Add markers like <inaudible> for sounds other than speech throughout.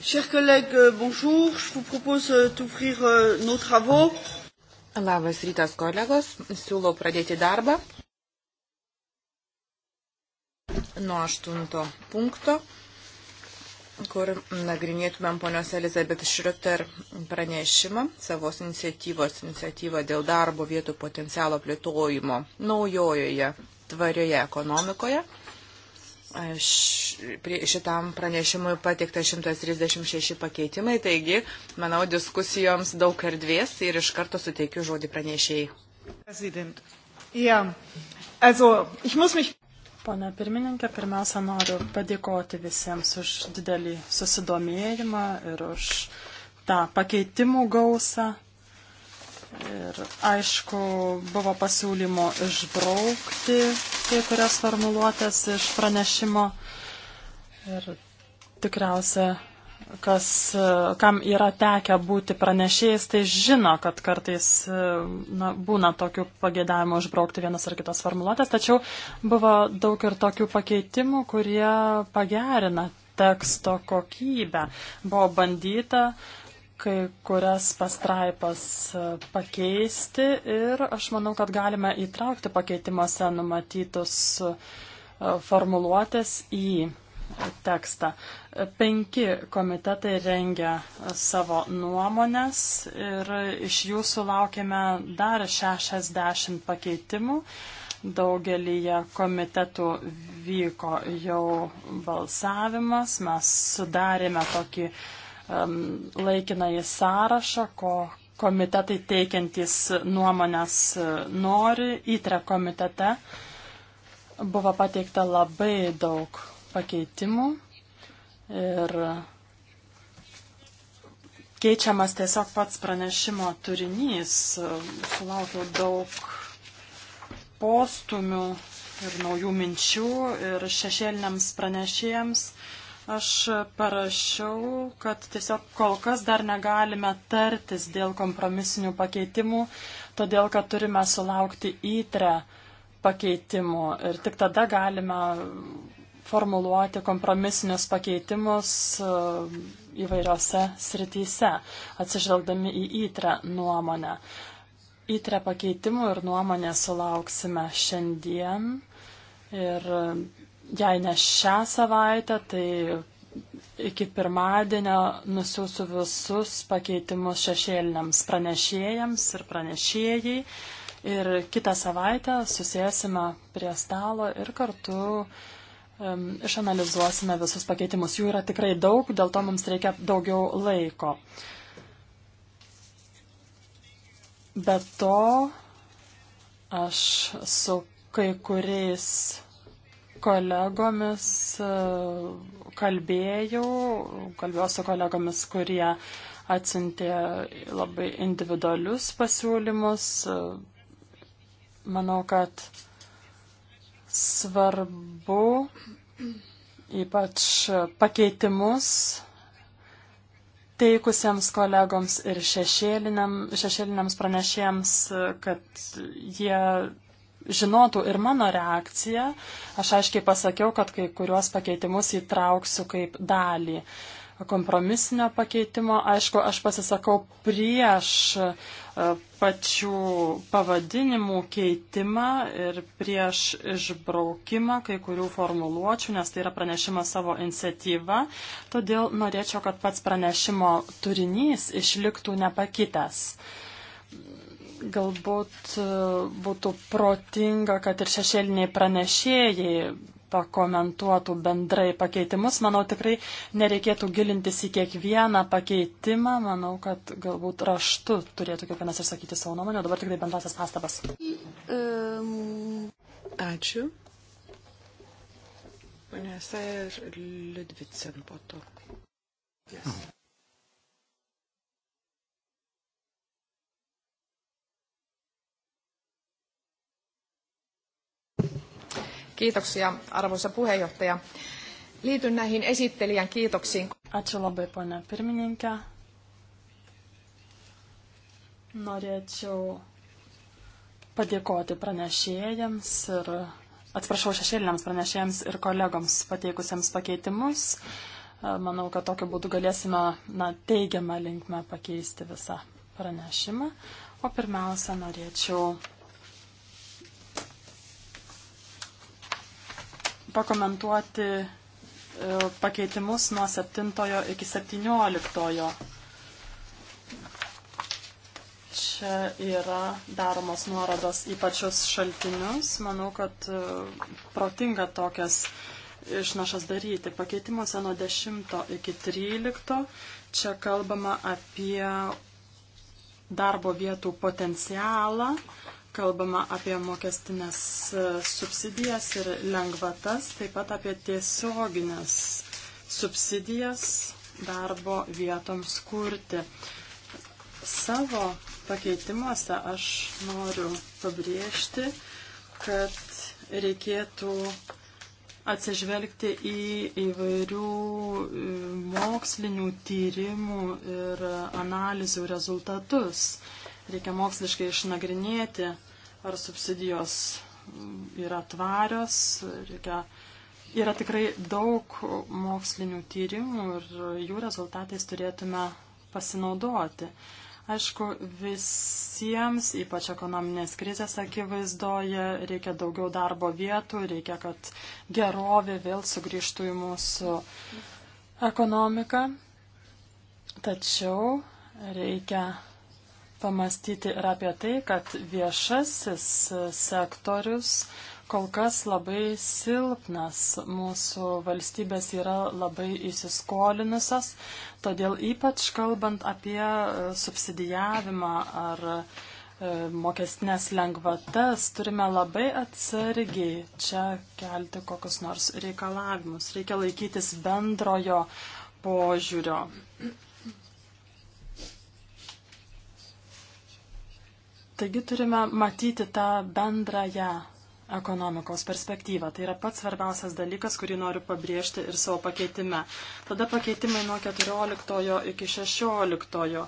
Chers collègues, euh, bonjour. Je vous propose euh, d'ouvrir euh, nos travaux. Labas rytas, kolegos. Siūlau pradėti darbą nuo aštunto punkto, kur nagrinėtumėm ponios Elizabeth Schroeter pranešimą savos iniciatyvos, iniciatyvą dėl darbo vietų potencialo plėtojimo naujojoje tvarioje ekonomikoje šitam pranešimui pateikta 136 pakeitimai, taigi, manau, diskusijoms daug erdvės ir iš karto suteikiu žodį pranešėjai. Yeah. Also, mich... Pone pirmininkė, pirmiausia, noriu padėkoti visiems už didelį susidomėjimą ir už tą pakeitimų gausą. Ir aišku, buvo pasiūlymo išbraukti kai kurias formuluotės iš pranešimo. Ir tikriausia, kas, kam yra tekę būti pranešėjais, tai žino, kad kartais na, būna tokių pagėdavimų išbraukti vienas ar kitas formuluotės, tačiau buvo daug ir tokių pakeitimų, kurie pagerina teksto kokybę. Buvo bandyta kai kurias pastraipas e, pakeisti ir aš manau, kad galime įtraukti pakeitimuose numatytus e, formuluotės į tekstą. Penki komitetai rengia savo nuomonės ir iš jų sulaukėme dar 60 pakeitimų. Daugelį komitetų vyko jau balsavimas, mes sudarėme tokį uh, um, laikinąjį sąrašą, ko komitetai teikiantys nuomonės e, nori. Įtre komitete buvo pateikta labai daug pakeitimų ir keičiamas tiesiog pats pranešimo turinys. Sulaukiau daug postumių ir naujų minčių ir šešėliniams pranešėjams Aš parašiau, kad tiesiog kol kas dar negalime tartis dėl kompromisinių pakeitimų, todėl kad turime sulaukti įtre pakeitimų ir tik tada galime formuluoti kompromisinius pakeitimus e, įvairiose srityse, atsižvelgdami į įtrę nuomonę. Įtrę pakeitimų ir nuomonę sulauksime šiandien ir jei ne šią savaitę, tai iki pirmadienio nusiųsiu visus pakeitimus šešėliniams pranešėjams ir pranešėjai. Ir kitą savaitę susėsime prie stalo ir kartu um, išanalizuosime visus pakeitimus. Jų yra tikrai daug, dėl to mums reikia daugiau laiko. Be to, aš su kai kuriais kolegomis e, kalbėjau, kalbėjau su kolegomis, kurie atsintė labai individualius pasiūlymus. E, manau, kad svarbu ypač pakeitimus teikusiems kolegoms ir šešėliniam, šešėliniams pranešėjams, kad jie žinotų ir mano reakciją, aš aiškiai pasakiau, kad kai kuriuos pakeitimus įtrauksiu kaip dalį kompromisinio pakeitimo. Aišku, aš pasisakau prieš e, pačių pavadinimų keitimą ir prieš išbraukimą kai kurių formuluočių, nes tai yra pranešimas savo iniciatyva. Todėl norėčiau, kad pats pranešimo turinys išliktų nepakitęs. Galbūt e, būtų protinga, kad ir šešėliniai pranešėjai pakomentuotų bendrai pakeitimus. Manau, tikrai nereikėtų gilintis į kiekvieną pakeitimą. Manau, kad galbūt raštu turėtų kiekvienas išsakyti savo nuomonę. Dabar tik tai bendrasias pastabas. Ačiū. Pane Sair Liudvicen po to. Yes. Kiitoksia, arvoisa puheenjohtaja. Liityn näihin esittelijän kiitoksiin. Ačiū labai, ponia pirmininkė. Norėčiau padėkoti pranešėjams ir, atsiprašau, šešėliniams pranešėjams ir kolegoms pateikusiems pakeitimus. Manau, kad tokiu būdu galėsime na, teigiamą linkmę pakeisti visą pranešimą. O pirmiausia, norėčiau pakomentuoti e, pakeitimus nuo 7 iki 17. Čia yra daromos nuorodos į pačius šaltinius. Manau, kad e, protinga tokias išnašas daryti. Pakeitimuose nuo 10 iki 13. Čia kalbama apie darbo vietų potencialą, kalbama apie mokestinės e, subsidijas ir lengvatas, taip pat apie tiesioginės subsidijas darbo vietoms kurti. Savo pakeitimuose aš noriu pabrėžti, kad reikėtų atsižvelgti į įvairių e, mokslinių tyrimų ir analizių rezultatus. Reikia moksliškai išnagrinėti ar subsidijos mm, yra tvarios. Reikia, yra tikrai daug mokslinių tyrimų ir jų rezultatais turėtume pasinaudoti. Aišku, visiems, ypač ekonominės krizės akivaizdoje, reikia daugiau darbo vietų, reikia, kad gerovė vėl sugrįžtų į mūsų ekonomiką. Tačiau reikia pamastyti ir apie tai, kad viešasis sektorius kol kas labai silpnas. Mūsų valstybės yra labai įsiskolinusios, todėl ypač kalbant apie e, subsidijavimą ar e, mokestinės lengvatas, turime labai atsargiai čia kelti kokius nors reikalavimus. Reikia laikytis bendrojo požiūrio. Taigi turime matyti tą bendrąją ekonomikos perspektyvą. Tai yra pats svarbiausias dalykas, kurį noriu pabrėžti ir savo pakeitime. Tada pakeitimai nuo 14 iki 16.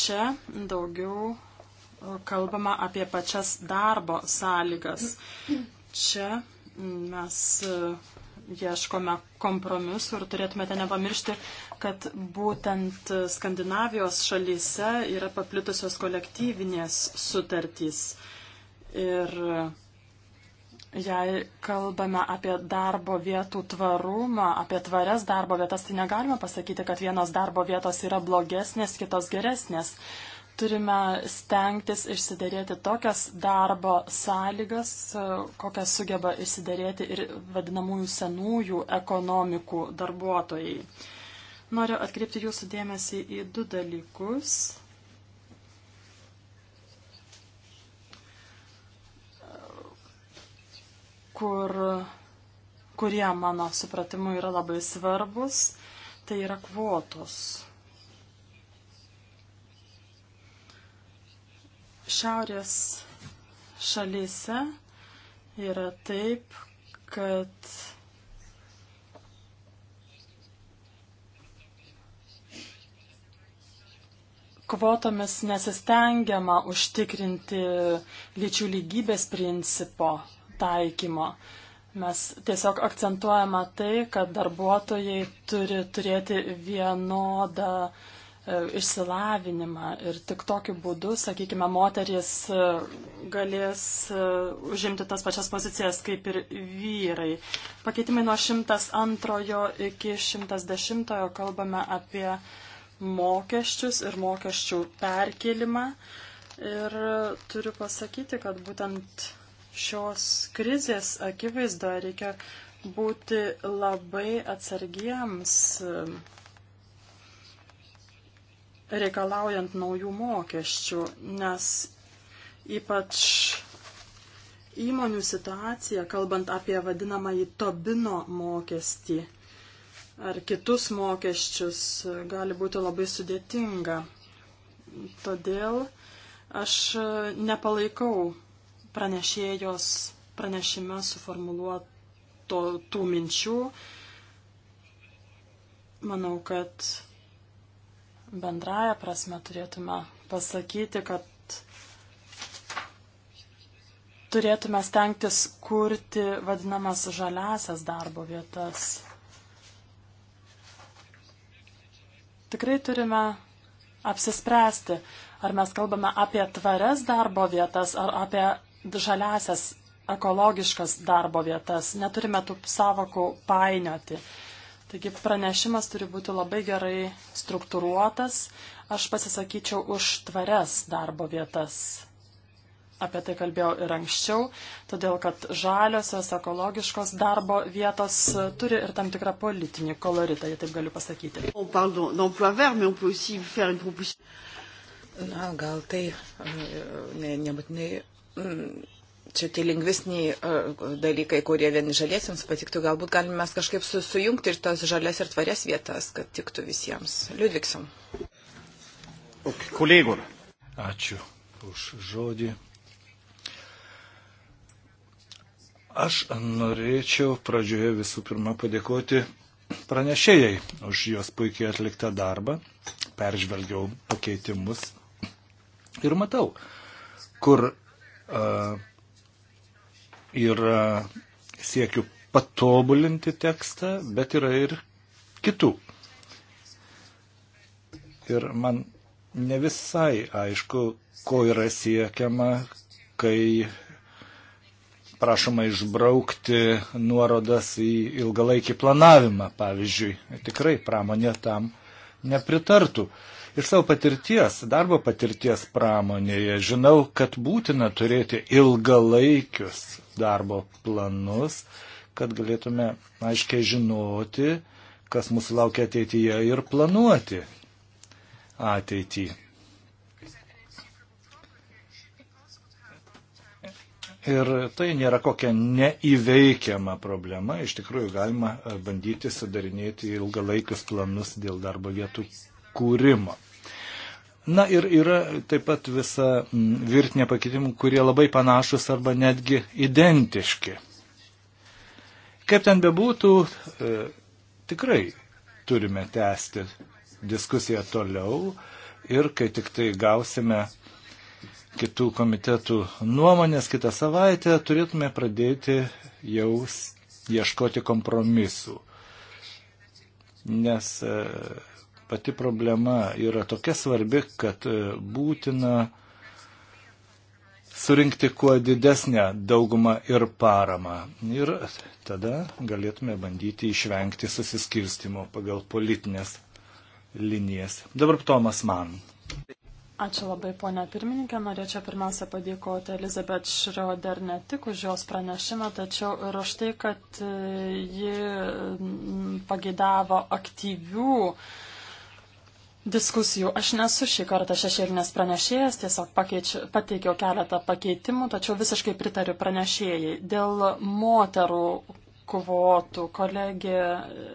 Čia daugiau e, kalbama apie pačias darbo sąlygas. Čia mes e, ieškome kompromisų ir turėtumėte nepamiršti kad būtent Skandinavijos šalyse yra paplitusios kolektyvinės sutartys. Ir jei kalbame apie darbo vietų tvarumą, apie tvarias darbo vietas, tai negalime pasakyti, kad vienos darbo vietos yra blogesnės, kitos geresnės. Turime stengtis išsiderėti tokias darbo sąlygas, kokias sugeba išsiderėti ir vadinamųjų senųjų ekonomikų darbuotojai. Noriu atkreipti jūsų dėmesį į du dalykus. Kur, kurie mano supratimu yra labai svarbus, tai yra kvotos. Šiaurės šalyse yra taip, kad kvotomis nesistengiama užtikrinti lyčių lygybės principo taikymo. Mes tiesiog akcentuojame tai, kad darbuotojai turi turėti vienodą e, išsilavinimą ir tik tokiu būdu, sakykime, moteris e, galės e, užimti tas pačias pozicijas kaip ir vyrai. Pakeitimai nuo 102 iki 110 kalbame apie mokesčius ir mokesčių perkelimą. Ir turiu pasakyti, kad būtent šios krizės akivaizdoje reikia būti labai atsargiems reikalaujant naujų mokesčių, nes ypač įmonių situacija, kalbant apie vadinamąjį Tobino mokestį, ar kitus mokesčius gali būti labai sudėtinga. Todėl aš nepalaikau pranešėjos pranešime suformuluoto tų minčių. Manau, kad bendraja prasme turėtume pasakyti, kad turėtume stengtis kurti vadinamas žaliasias darbo vietas. Tikrai turime apsispręsti, ar mes kalbame apie tvarias darbo vietas, ar apie žaliasias ekologiškas darbo vietas. Neturime tų savokų painioti. Taigi pranešimas turi būti labai gerai struktūruotas. Aš pasisakyčiau už tvarias darbo vietas apie tai kalbėjau ir anksčiau, todėl kad žaliosios, ekologiškos darbo vietos e, turi ir tam tikrą politinį koloritą, jei taip galiu pasakyti. Oh, Na, gal tai e, ne, nebūtinai. Mm, čia tie lingvistiniai e, dalykai, kurie vieni žaliesiams patiktų, galbūt galime mes kažkaip su, sujungti ir tas žalias ir tvarias vietas, kad tiktų visiems. Liudviksom. Okay, kolegur. Ačiū už žodį. Aš norėčiau pradžioje visų pirma padėkoti pranešėjai už jos puikiai atliktą darbą. Peržvelgiau pakeitimus ir matau, kur uh, yra siekių patobulinti tekstą, bet yra ir kitų. Ir man ne visai aišku, ko yra siekiama, kai uh, prašoma išbraukti nuorodas į ilgalaikį planavimą, pavyzdžiui. Tikrai pramonė tam nepritartų. Iš savo patirties, darbo patirties pramonėje žinau, kad būtina turėti ilgalaikius darbo planus, kad galėtume aiškiai žinoti, kas mūsų laukia ateityje ir planuoti ateityje. Ir tai nėra kokia neįveikiama problema. Iš tikrųjų galima e, bandyti sudarinėti ilgalaikius planus dėl darbo vietų kūrimo. Na ir yra taip pat visa virtinė pakeitimų, kurie labai panašus arba netgi identiški. Kaip ten bebūtų, e, tikrai turime tęsti diskusiją toliau ir kai tik tai gausime kitų komitetų nuomonės, kitą savaitę turėtume pradėti jau ieškoti kompromisų. Nes e, pati problema yra tokia svarbi, kad e, būtina surinkti kuo didesnę daugumą ir paramą. Ir tada galėtume bandyti išvengti susiskirstimo pagal politinės linijas. Dabar Tomas man. Ačiū labai, ponia pirmininkė. Norėčiau pirmiausia padėkoti Elizabet Šrioder ne tik už jos pranešimą, tačiau ir už tai, kad e, ji pageidavo aktyvių diskusijų. Aš nesu šį kartą šešėlinės pranešėjas, tiesiog pakeičiu, pateikiau keletą pakeitimų, tačiau visiškai pritariu pranešėjai. Dėl moterų kvotų kolegė e,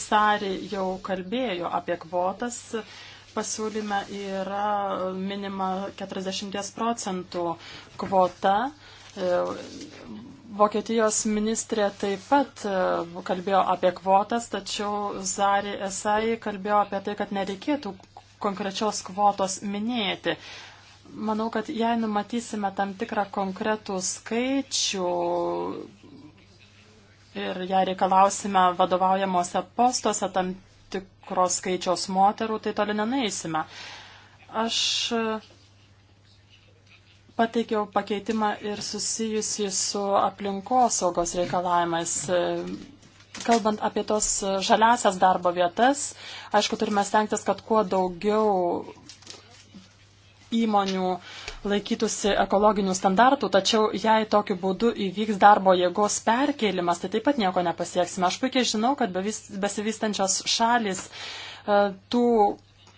Sari jau kalbėjo apie kvotas pasiūlyme yra minima 40 procentų kvota. E, Vokietijos ministrė taip pat e, kalbėjo apie kvotas, tačiau Zari Esai kalbėjo apie tai, kad nereikėtų konkrečios kvotos minėti. Manau, kad jei numatysime tam tikrą konkretų skaičių, ir ją reikalausime vadovaujamuose postuose tam tikros skaičios moterų, tai toli nenaisime. Aš e, pateikiau pakeitimą ir susijusi su aplinkosaugos reikalavimais. E, kalbant apie tos žaliasias darbo vietas, aišku, turime stengtis, kad kuo daugiau įmonių uh, laikytųsi ekologinių standartų, tačiau jei tokiu būdu įvyks darbo jėgos perkėlimas, tai taip pat nieko nepasieksime. Aš puikiai žinau, kad besivystančios šalis e, tų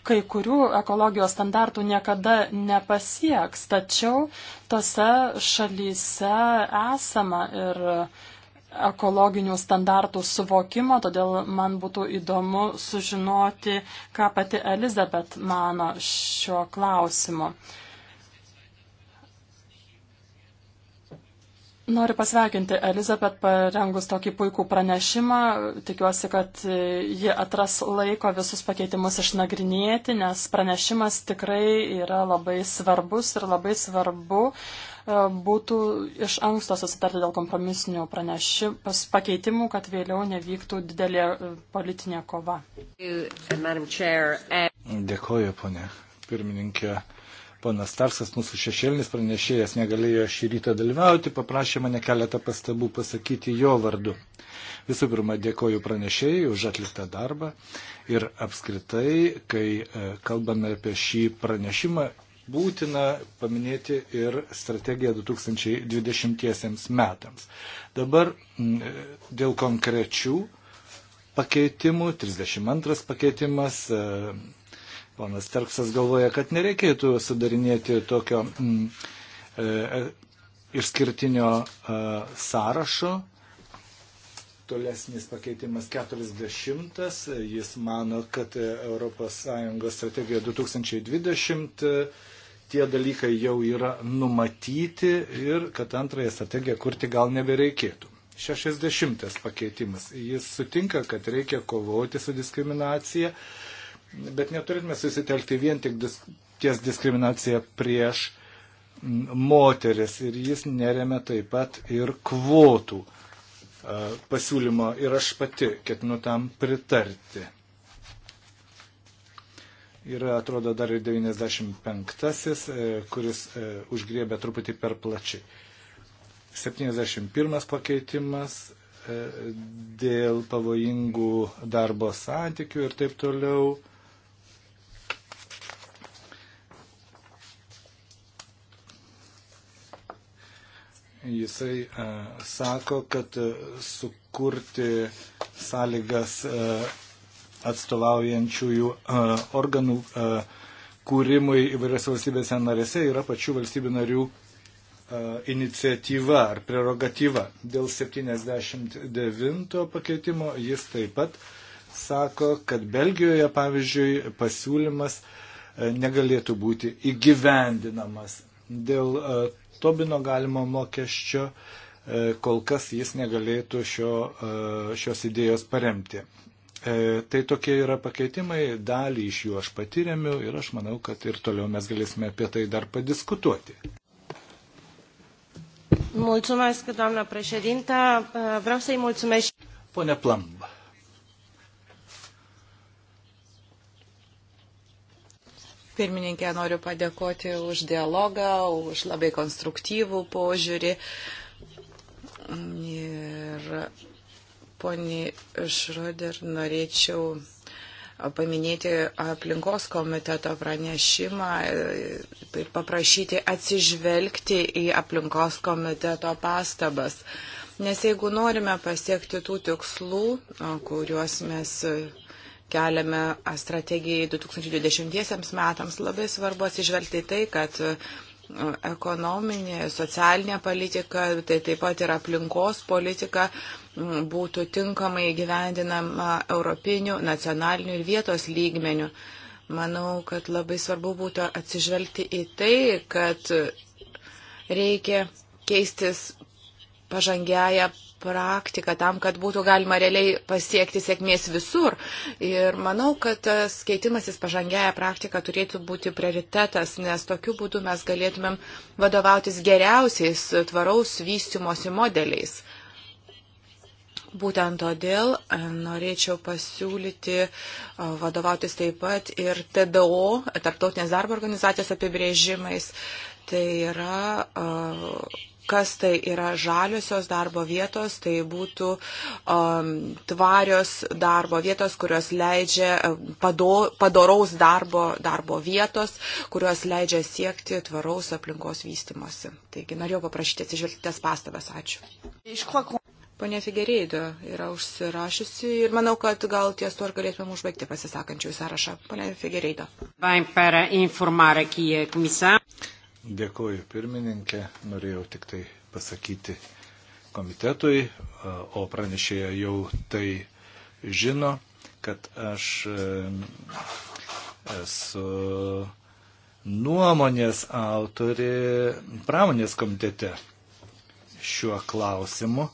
kai kurių ekologijos standartų niekada nepasieks, tačiau tose šalyse esama ir ekologinių standartų suvokimo, todėl man būtų įdomu sužinoti, ką pati Elizabet mano šiuo klausimu. Uh, Noriu pasveikinti Elizabet parengus tokį puikų pranešimą. Tikiuosi, kad ji atras laiko visus pakeitimus išnagrinėti, nes pranešimas tikrai yra labai svarbus ir labai svarbu e, būtų iš anksto susitarti dėl kompromisinių pakeitimų, kad vėliau nevyktų didelė e, politinė kova. Dėkoju, ponė pirmininkė. Ponas Tarsas, mūsų šešėlinis pranešėjas, negalėjo šį rytą dalyvauti, paprašė mane keletą pastabų pasakyti jo vardu. Visų pirma, dėkoju pranešėjai už atliktą darbą ir apskritai, kai e, kalbame apie šį pranešimą, būtina paminėti ir strategiją 2020 metams. Dabar e, dėl konkrečių pakeitimų, 32 pakeitimas e, Ponas Terksas galvoja, kad nereikėtų sudarinėti tokio mm, e, e išskirtinio e, sąrašo. Tolesnis pakeitimas 40. Jis mano, kad ES strategija 2020 e, tie dalykai jau yra numatyti ir kad antrąją strategiją kurti gal nebereikėtų. 60 pakeitimas. Jis sutinka, kad reikia kovoti su diskriminacija bet neturėtume susitelkti vien tik dis, ties diskriminacija prieš moteris ir jis neremia taip pat ir kvotų pasiūlymo ir aš pati ketinu tam pritarti. Yra, atrodo, dar ir 95-asis, e, kuris e, užgriebė truputį per plačiai. 71 pakeitimas e, dėl pavojingų darbo santykių ir taip toliau. Jisai e, sako, kad e, sukurti sąlygas e, atstovaujančiųjų e, organų e, kūrimui įvairiose valstybėse narėse yra pačių valstybių narių e, iniciatyva ar prerogatyva. Dėl 79 pakeitimo jis taip pat sako, kad Belgijoje, pavyzdžiui, pasiūlymas e, negalėtų būti įgyvendinamas dėl e, Tobino galimo mokesčio, e, kol kas jis negalėtų šio, e, šios idėjos paremti. E, tai tokie yra pakeitimai, dalį iš jų aš patyrėmiu ir aš manau, kad ir toliau mes galėsime apie tai dar padiskutuoti. Mulțumesc, doamna președintă. Vreau să-i mulțumesc. Pone Plamba. Pirmininkė, noriu padėkoti už dialogą, už labai konstruktyvų požiūrį. Ir poniai Šroder norėčiau paminėti aplinkos komiteto pranešimą ir paprašyti atsižvelgti į aplinkos komiteto pastabas. Nes jeigu norime pasiekti tų tikslų, kuriuos mes keliame strategijai 2020 metams, labai svarbu atsižvelgti tai, kad ekonominė, socialinė politika, tai taip pat ir aplinkos politika būtų tinkamai gyvendinama europinių, nacionalinių ir vietos lygmenių. Manau, kad labai svarbu būtų atsižvelgti į tai, kad reikia keistis pažangiają praktiką tam, kad būtų galima realiai pasiekti sėkmės visur. Ir manau, kad tas keitimasis pažangiaja praktika turėtų būti prioritetas, nes tokiu būdu mes galėtumėm vadovautis geriausiais tvaraus vystimosi modeliais. Būtent todėl e, norėčiau pasiūlyti e, vadovautis taip pat ir TDO, Tarptautinės darbo organizacijos apibrėžimais. Tai yra uh, kas tai yra žaliosios darbo vietos, tai būtų um, tvarios darbo vietos, kurios leidžia um, pado, padoraus darbo, darbo vietos, kurios leidžia siekti tvaraus aplinkos vystimosi. Taigi norėjau paprašyti atsižvelgti tas pastabas. Ačiū. Pone Figereido yra užsirašusi ir manau, kad gal ties tuo ir galėtumėm užbaigti pasisakančių sąrašą. Pone Figereido. Dėkuoju pirmininkė, norėjau tik tai pasakyti komitetui, o pranešėja jau tai žino, kad aš esu nuomonės autorė pramonės komitete šiuo klausimu.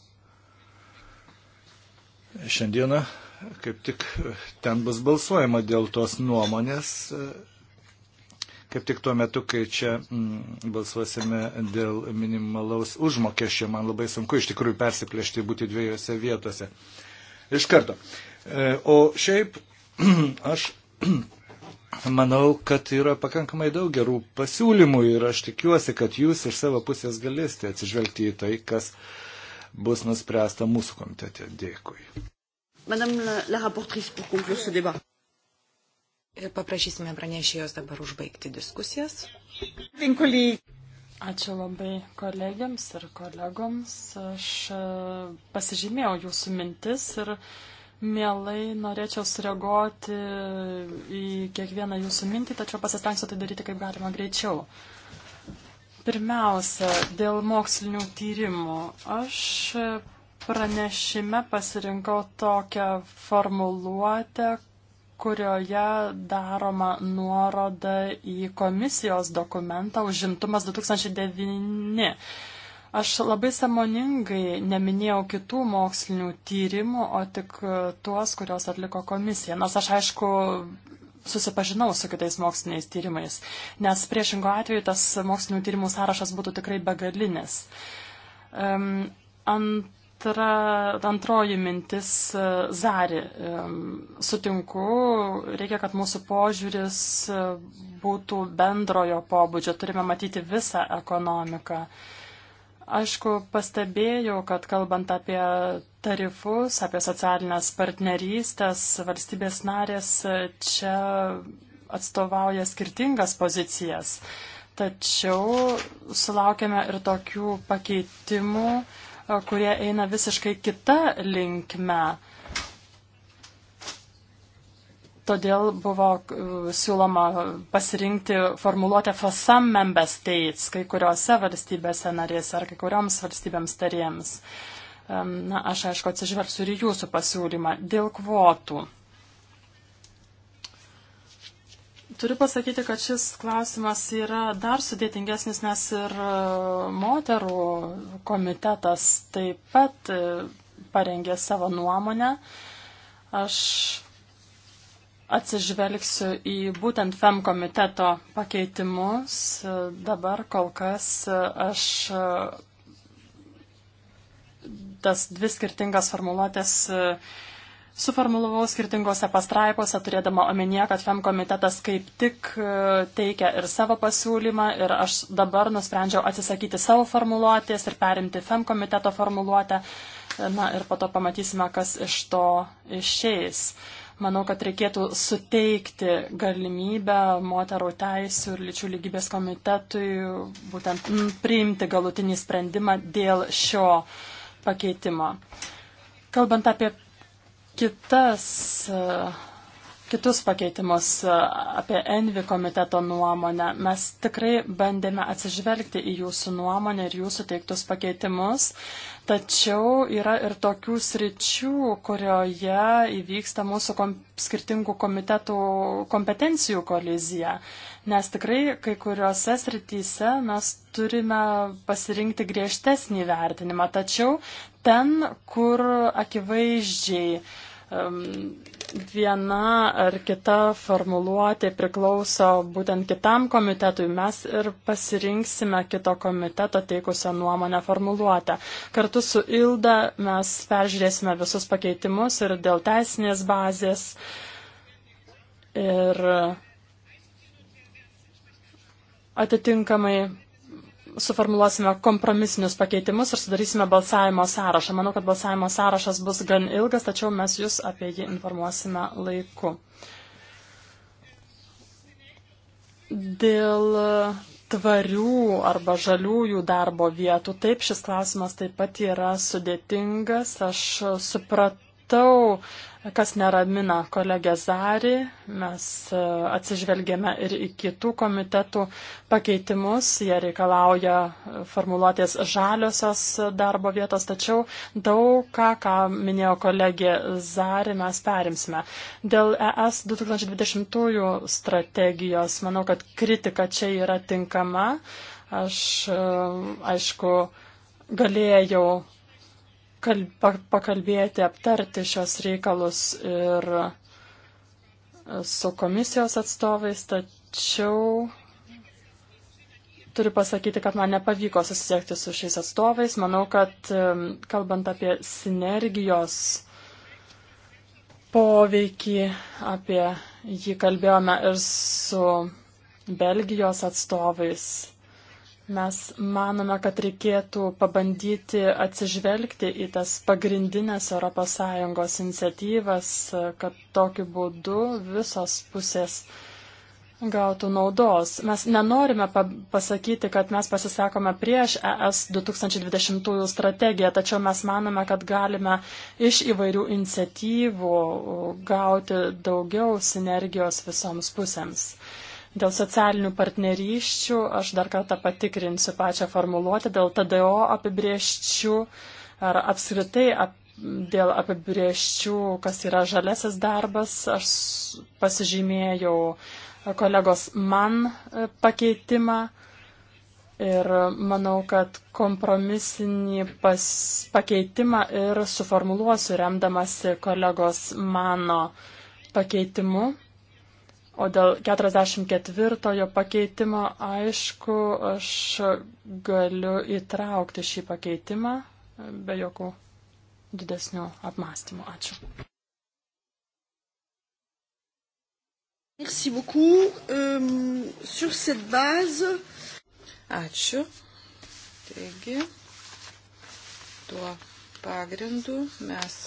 Šiandieną kaip tik ten bus balsuojama dėl tos nuomonės kaip tik tuo metu, kai čia mm, balsuosime dėl minimalaus užmokesčio. Man labai sunku iš tikrųjų persiplėšti būti dviejose vietose. Iš karto. E, o šiaip <clears throat> aš <clears throat> manau, kad yra pakankamai daug gerų pasiūlymų ir aš tikiuosi, kad jūs iš savo pusės galėsite atsižvelgti į tai, kas bus nuspręsta mūsų komitete. Dėkui. Madame la, la rapportrice, pour conclure ce débat. Ir paprašysime pranešėjos dabar užbaigti diskusijas. Vinkuliai. Ačiū labai kolegiams ir kolegoms. Aš e, pasižymėjau jūsų mintis ir mielai norėčiau sureaguoti į kiekvieną jūsų mintį, tačiau pasistengsiu tai daryti kaip galima greičiau. Pirmiausia, dėl mokslinių tyrimų. Aš pranešime pasirinkau tokią formuluotę, kurioje daroma nuoroda į komisijos dokumentą užimtumas 2009. Aš labai samoningai neminėjau kitų mokslinių tyrimų, o tik tuos, kurios atliko komisija. Nors aš aišku susipažinau su kitais moksliniais tyrimais, nes priešingo atveju tas mokslinių tyrimų sąrašas būtų tikrai begalinis. Um, ant antra, antroji mintis e, Zari. E, sutinku, reikia, kad mūsų požiūris e, būtų bendrojo pobūdžio, turime matyti visą ekonomiką. Aišku, pastebėjau, kad kalbant apie tarifus, apie socialinės partnerystės, valstybės narės čia atstovauja skirtingas pozicijas. Tačiau sulaukėme ir tokių pakeitimų, kurie eina visiškai kita linkme. Todėl buvo e, siūloma pasirinkti formuluotę for some member states, kai kuriuose valstybėse narėse ar kai kurioms valstybėms tarėms. Na, aš aišku atsižvelgsiu ir jūsų pasiūlymą dėl kvotų. Turiu pasakyti, kad šis klausimas yra dar sudėtingesnis, nes ir e, moterų komitetas taip pat e, parengė savo nuomonę. Aš atsižvelgsiu į būtent FEM komiteto pakeitimus. E, dabar kol kas aš tas dvi skirtingas formuluotės uh, suformulavau skirtingose pastraipose, turėdama omenyje, kad FEM komitetas kaip tik e, teikia ir savo pasiūlymą ir aš dabar nusprendžiau atsisakyti savo formuluotės ir perimti FEM komiteto formuluotę. Na ir po to pamatysime, kas iš to išeis. Manau, kad reikėtų suteikti galimybę moterų teisų ir lyčių lygybės komitetui būtent m, priimti galutinį sprendimą dėl šio pakeitimo. Kalbant apie kitas, kitus pakeitimus apie Envi komiteto nuomonę. Mes tikrai bandėme atsižvelgti į jūsų nuomonę ir jūsų teiktus pakeitimus, tačiau yra ir tokių sričių, kurioje įvyksta mūsų kom skirtingų komitetų kompetencijų kolizija. Nes tikrai kai kuriuose srityse mes turime pasirinkti griežtesnį vertinimą, tačiau ten, kur akivaizdžiai viena ar kita formuluotė priklauso būtent kitam komitetui, mes ir pasirinksime kito komiteto teikusią nuomonę formuluotę. Kartu su Ilda mes peržiūrėsime visus pakeitimus ir dėl teisinės bazės. Ir atitinkamai suformuluosime kompromisinius pakeitimus ir sudarysime balsavimo sąrašą. Manau, kad balsavimo sąrašas bus gan ilgas, tačiau mes jūs apie jį informuosime laiku. Dėl tvarių arba žaliųjų darbo vietų. Taip, šis klausimas taip pat yra sudėtingas. Aš supratau, kas neramina kolegę Zarį, mes e, atsižvelgėme ir į kitų komitetų pakeitimus, jie reikalauja e, formuluotės žaliosios darbo vietos, tačiau daug ką, ką minėjo kolegė Zarį, mes perimsime. Dėl ES 2020 strategijos, manau, kad kritika čia yra tinkama. Aš, e, aišku, galėjau pakalbėti, aptarti šios reikalus ir e, su komisijos atstovais, tačiau turiu pasakyti, kad man nepavyko susisiekti su šiais atstovais. Manau, kad e, kalbant apie sinergijos poveikį, apie jį kalbėjome ir su Belgijos atstovais. Mes manome, kad reikėtų pabandyti atsižvelgti į tas pagrindinės ES iniciatyvas, kad tokiu būdu visos pusės gautų naudos. Mes nenorime pa pasakyti, kad mes pasisakome prieš ES 2020 strategiją, tačiau mes manome, kad galime iš įvairių iniciatyvų gauti daugiau sinergijos visoms pusėms. Dėl socialinių partnerysčių aš dar kartą patikrinsiu pačią formuluotę, dėl TDO apibrieščių ar apskritai ap, dėl apibrieščių, kas yra žalesis darbas, aš pasižymėjau kolegos man e, pakeitimą. Ir manau, kad kompromisinį pas, pakeitimą ir suformuluosiu remdamasi kolegos mano pakeitimu. O dėl 44 pakeitimo, aišku, aš galiu įtraukti šį pakeitimą be jokių didesnių apmąstymų. Ačiū. Merci beaucoup. Um, sur cette base. Ačiū. Taigi, tuo pagrindu mes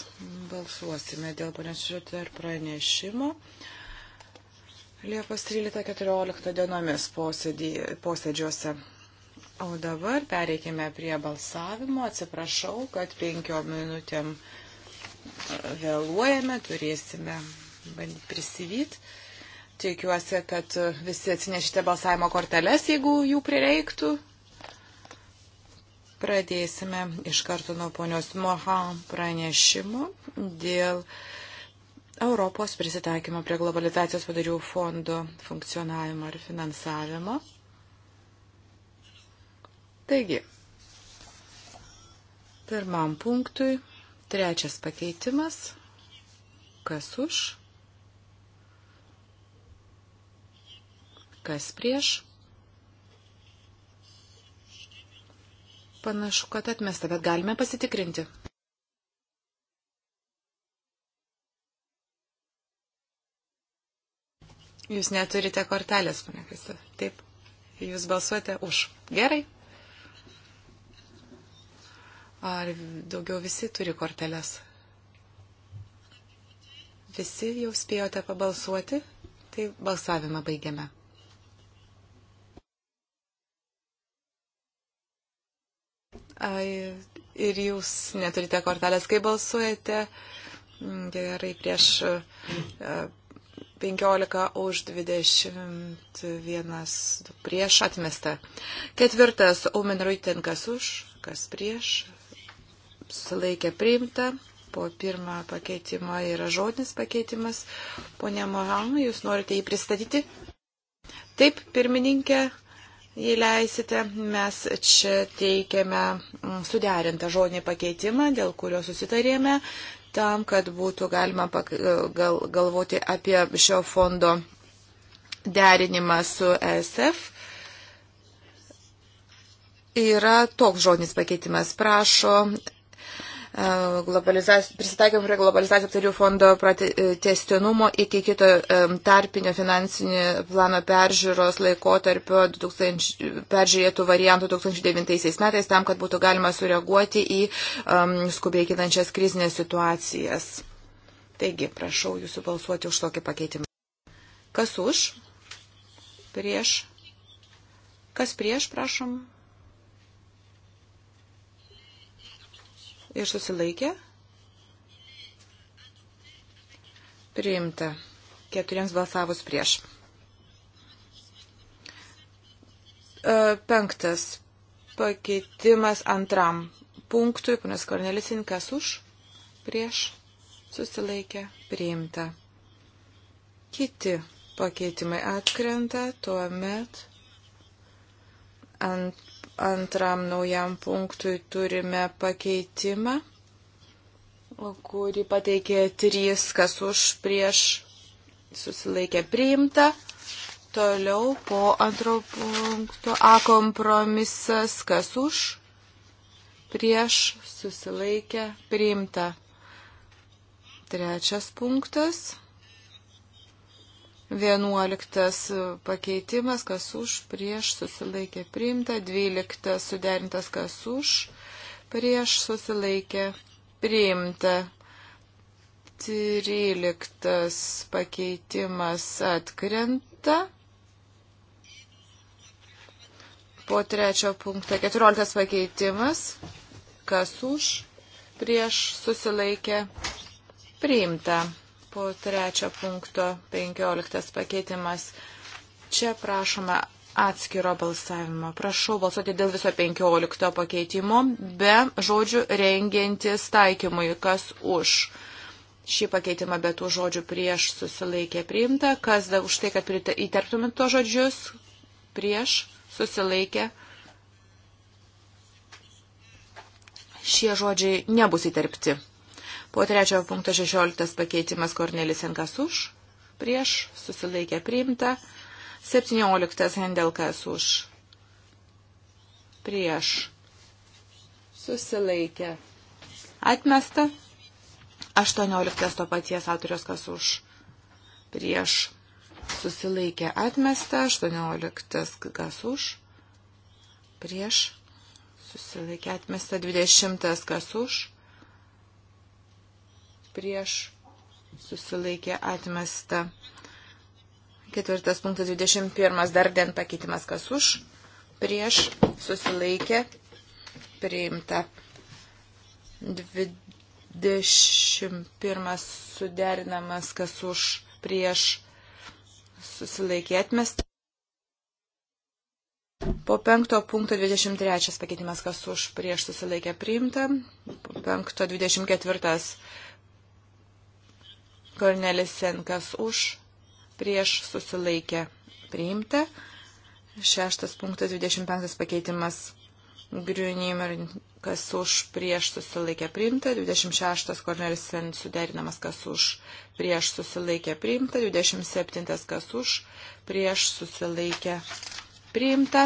balsuosime dėl panašių ir pranešimo. Uh, Liepos 13-14 dienomis posėdį, posėdžiuose. O dabar pereikime prie balsavimo. Atsiprašau, kad penkiom minutėm e, vėluojame, turėsime bandyti prisivyti. Tikiuosi, kad visi atsinešite balsavimo korteles, jeigu jų prireiktų. Pradėsime iš karto nuo ponios Mohan pranešimo dėl Europos prisitaikymo prie globalizacijos padarių fondo funkcionavimo ir finansavimo. Taigi, pirmam punktui trečias pakeitimas. Kas už? Kas prieš? Panašu, kad atmesta, bet galime pasitikrinti. Jūs neturite kortelės, pane Krista. Taip. Jūs balsuojate už. Gerai. Ar daugiau visi turi korteles? Visi jau spėjote pabalsuoti, tai balsavimą baigiame. Ai, ir jūs neturite kortelės, kai balsuojate. Mm, gerai, prieš e, 15 už 21 prieš atmesta. Ketvirtas Umen Ruiten kas už, kas prieš. Sulaikė priimta. Po pirmą pakeitimą yra žodinis pakeitimas. Pone Mohan, jūs norite jį pristatyti? Taip, pirmininkė. Jei leisite, mes čia teikiame mm, suderintą žodinį pakeitimą, dėl kurio susitarėme, tam, kad būtų galima e, gal, galvoti apie šio fondo derinimą su ESF. Yra toks žodinis pakeitimas, prašo prisitaikėm prie globalizacijos aptarių fondo testinumo iki kito e, tarpinio finansinio plano peržiūros laikotarpio 2000, peržiūrėtų variantų 2009 metais tam, kad būtų galima sureaguoti į um, skubiai kitančias krizinės situacijas. Taigi, prašau jūsų balsuoti už tokį pakeitimą. Kas už? Prieš? Kas prieš, prašom? ir susilaikė. Priimta. Keturiems balsavus prieš. E, penktas pakeitimas antram punktui, kuris Kornelisinkas už, prieš, susilaikė, priimta. Kiti pakeitimai atkrenta, tuomet ant Antram naujam punktui turime pakeitimą, kurį pateikė trys, kas už prieš susilaikė priimta. Toliau po antro punkto A kompromisas, kas už prieš susilaikė priimta. Trečias punktas. 11 pakeitimas, kas už, prieš susilaikė priimta, 12 suderintas, kas už, prieš susilaikė priimta, 13 pakeitimas atkrenta. Po trečio punkto 14 pakeitimas, kas už, prieš susilaikė priimta po trečio punkto 15 pakeitimas. Čia prašome atskiro balsavimo. Prašau balsuoti dėl viso 15 pakeitimo, be žodžių rengiantis taikymui, kas už šį pakeitimą be tų žodžių prieš susilaikė priimta, kas da, už tai, kad įterptumėt to žodžius prieš susilaikė. Šie žodžiai nebus įterpti. Po trečiojo punkto 16 pakeitimas Kornelis Enkas už, prieš, susilaikė priimta. 17 Hendelkas už, prieš, susilaikė atmesta. 18 to paties autorios kas už, prieš, susilaikė atmesta. 18 kas už, prieš, susilaikė atmesta. 20 kas už prieš susilaikė atmesta. Ketvirtas punktas 21. Dar den pakeitimas kas už. Prieš susilaikė priimta. 21. Suderinamas kas už. Prieš susilaikė atmesta. Po penkto punkto 23 pakeitimas, kas už prieš susilaikė priimta. Po penkto 24 Kornelis Senkas už, prieš susilaikė priimta. Šeštas punktas 25 pakeitimas Griunimer, kas už prieš susilaikė priimta, 26 Kornelis Sen suderinamas, kas už prieš susilaikė priimta, 27 kas už prieš susilaikė priimta.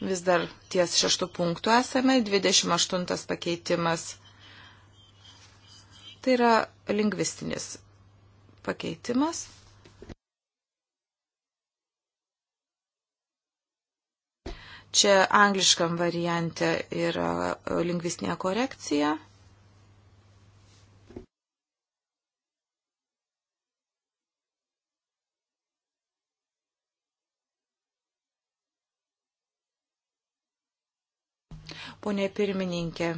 Vis dar ties šeštų punktų esame, 28 pakeitimas Tai yra lingvistinis pakeitimas. Čia angliškam variante yra e, lingvistinė korekcija. Pone pirmininkė,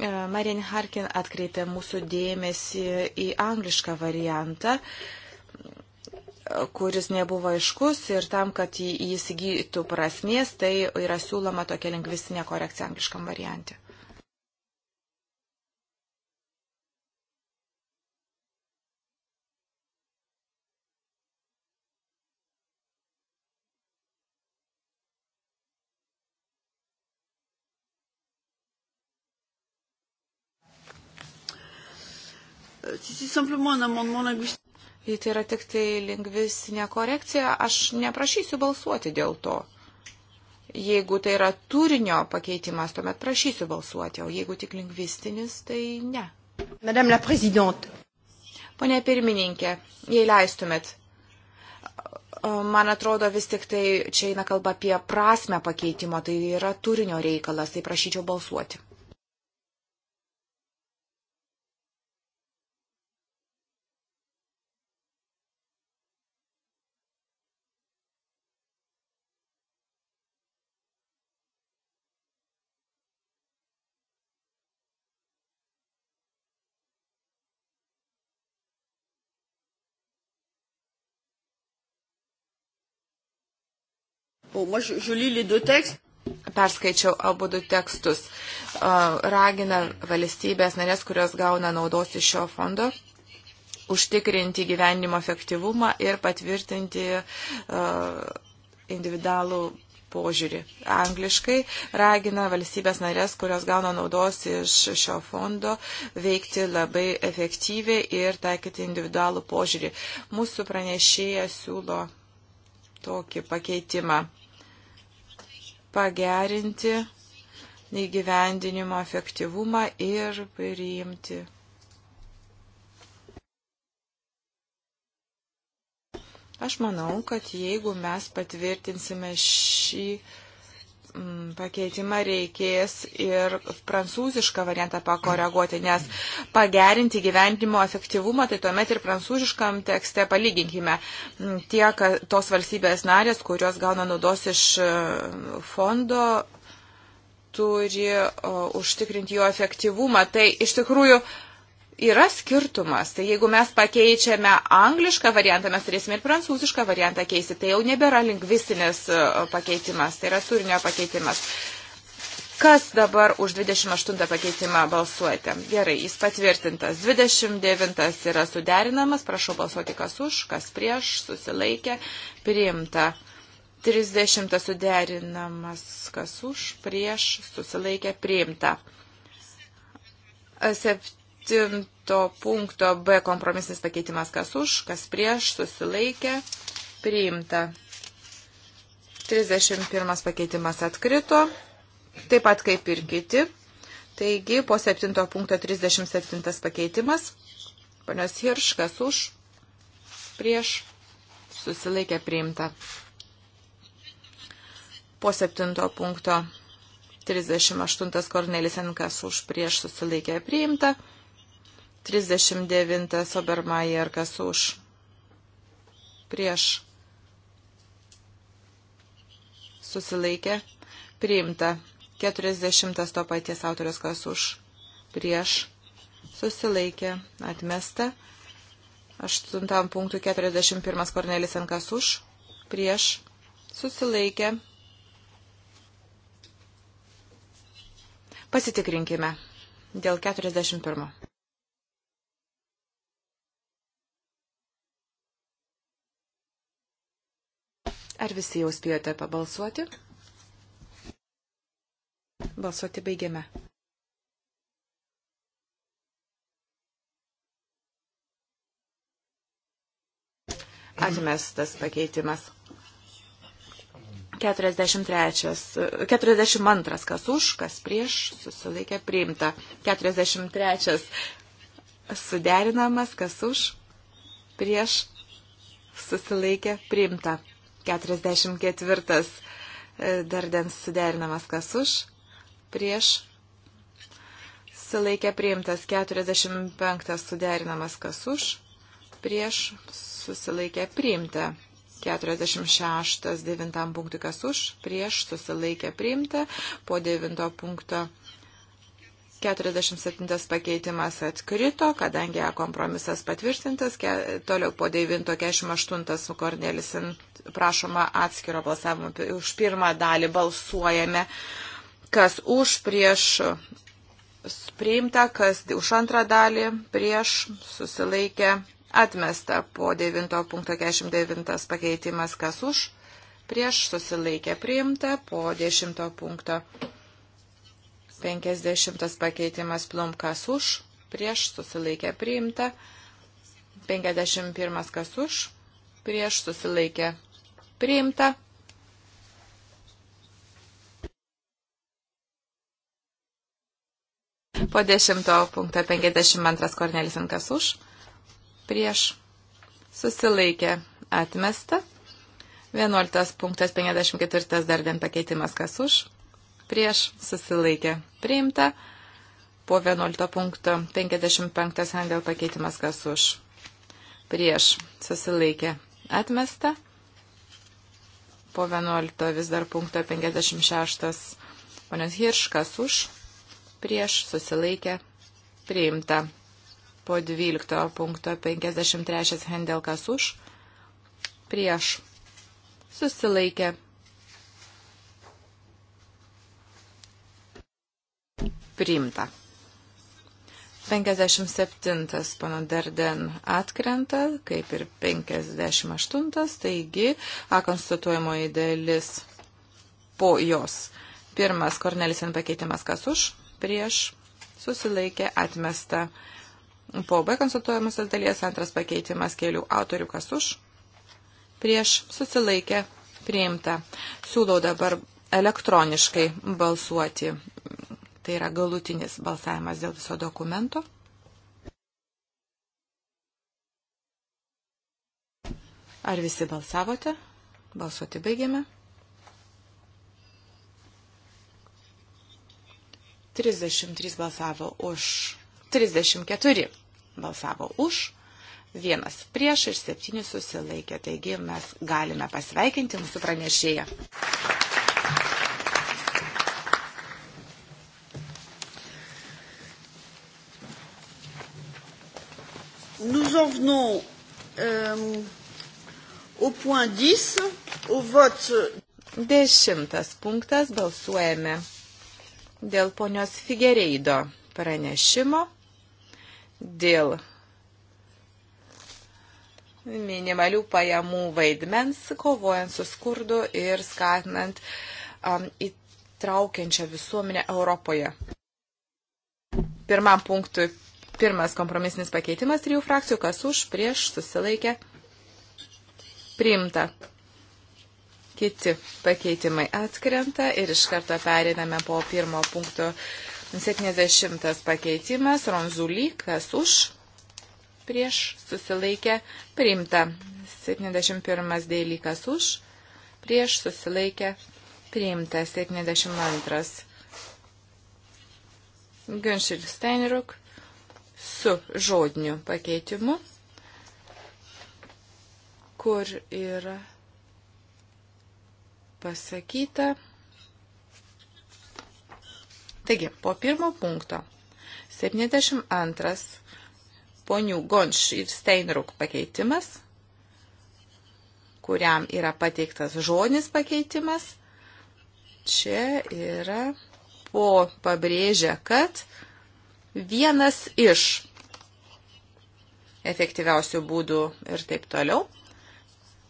E, Marin Harkin atkreipė mūsų dėmesį į anglišką variantą kuris nebuvo aiškus ir tam, kad jis įgytų prasmės, tai yra siūloma tokia lingvistinė korekcija angliškam variantui. Jei tai yra tik tai lingvistinė korekcija, aš neprašysiu balsuoti dėl to. Jeigu tai yra turinio pakeitimas, tuomet prašysiu balsuoti, o jeigu tik lingvistinis, tai ne. Madame la Prezidente. Pone pirmininkė, jei leistumėt, man atrodo vis tik tai čia eina kalba apie prasme pakeitimo, tai yra turinio reikalas, tai prašyčiau balsuoti. propos. Moi, je, je lis les deux textes. Perskaičiau abu du tekstus. Ragina valstybės narės, kurios gauna naudos iš šio fondo, užtikrinti gyvenimo efektyvumą ir patvirtinti individualų požiūrį. Angliškai ragina valstybės narės, kurios gauna naudos iš šio fondo, veikti labai efektyviai ir taikyti individualų požiūrį. Mūsų pranešėja siūlo tokį pakeitimą pagerinti įgyvendinimo efektyvumą ir priimti. Aš manau, kad jeigu mes patvirtinsime šį Mm, pakeitimą reikės ir prancūzišką variantą pakoreguoti, nes pagerinti gyvendimo efektyvumą, tai tuomet ir prancūziškam tekste palyginkime mm, tie, kad tos valstybės narės, kurios gauna naudos iš mm, fondo, turi o, užtikrinti jo efektyvumą. Tai iš tikrųjų yra skirtumas. Tai jeigu mes pakeičiame anglišką variantą, mes turėsime ir prancūzišką variantą keisti. Tai jau nebėra lingvistinis e, pakeitimas, tai yra turinio pakeitimas. Kas dabar už 28 pakeitimą balsuojate? Gerai, jis patvirtintas. 29 yra suderinamas, prašau balsuoti kas už, kas prieš, susilaikė, priimta. 30 suderinamas, kas už, prieš, susilaikė, priimta. 7 septinto punkto B kompromisinis pakeitimas kas už, kas prieš, susilaikė, priimta. 31 pakeitimas atkrito, taip pat kaip ir kiti. Taigi po 7 punkto 37 pakeitimas. Panios Hirškas už, prieš, susilaikė priimta. Po 7 punkto 38 Kornelis Enkas už, prieš, susilaikė priimta. 39 Obermajer, kas už, prieš, susilaikė, priimta. 40 to paties autorius, kas už, prieš, susilaikė, atmesta. 8 punktų 41 Kornelis Ankas už, prieš, susilaikė. Pasitikrinkime dėl 41. Ar visi jau spėjote pabalsuoti? Balsuoti baigiame. Atmestas pakeitimas. 43, 42, kas už, kas prieš, susilaikė priimta. 43, suderinamas, kas už, prieš, susilaikė priimta. 44 e, dar dens suderinamas kas už, prieš susilaikė priimtas 45 suderinamas kas už, prieš susilaikė priimta 46 devintam punktui kas už, prieš susilaikė priimta po devinto punkto 47 pakeitimas atkrito, kadangi kompromisas patvirtintas, toliau po 9.48 Kornelisin prašoma atskiro balsavimo. Už pirmą dalį balsuojame, kas už prieš priimta, kas už antrą dalį prieš susilaikė atmesta po 9.49 pakeitimas, kas už prieš susilaikė priimta po 10. .00 50 pakeitimas plumkas už, prieš susilaikė priimta. 51 kas už, prieš susilaikė priimta. Po 10 punktą 52 Kornelis Ankas už, prieš susilaikė atmesta. 11 punktas 54 dar den pakeitimas kas už, prieš susilaikė priimta. Po 11 punkto 55 handel pakeitimas kas už prieš susilaikė atmesta. Po 11 vis dar punkto 56 ponios Hirškas už prieš susilaikė priimta. Po 12 punkto 53 handelkas už prieš susilaikė priimta priimta. 57 pana Darden atkrenta, kaip ir 58, taigi A konstatuojamoji dalis po jos. Pirmas Kornelisen pakeitimas kas už, prieš, susilaikė, atmesta. Po B konstatuojamosios dalies antras pakeitimas kelių autorių kas už, prieš, susilaikė, priimta. Siūlau dabar elektroniškai balsuoti Tai yra galutinis balsavimas dėl viso dokumento. Ar visi balsavote? Balsuoti baigėme. 33 balsavo už, 34 balsavo už, vienas prieš ir septyni susilaikė. Taigi mes galime pasveikinti mūsų pranešėją. nous en venons euh, au point 10, au vote. Dešimtas punktas balsuojame dėl ponios Figereido pranešimo, dėl minimalių pajamų vaidmens, kovojant su skurdu ir skatinant um, įtraukiančią visuomenę Europoje. Pirmam punktui Pirmas kompromisinis pakeitimas trijų frakcijų, kas už, prieš, susilaikė, priimta. Kiti pakeitimai atkrenta ir iš karto periname po pirmo punkto 70 pakeitimas, ronzulį, kas už, prieš, susilaikė, priimta. 71 dėlykas už, prieš, susilaikė, priimta. 72. Günšil Steinruk, su žodiniu pakeitimu, kur yra pasakyta. Taigi, po pirmo punkto 72 ponių Gonš ir Steinruk pakeitimas, kuriam yra pateiktas žodis pakeitimas, čia yra po pabrėžę, kad vienas iš efektyviausių būdų ir taip toliau.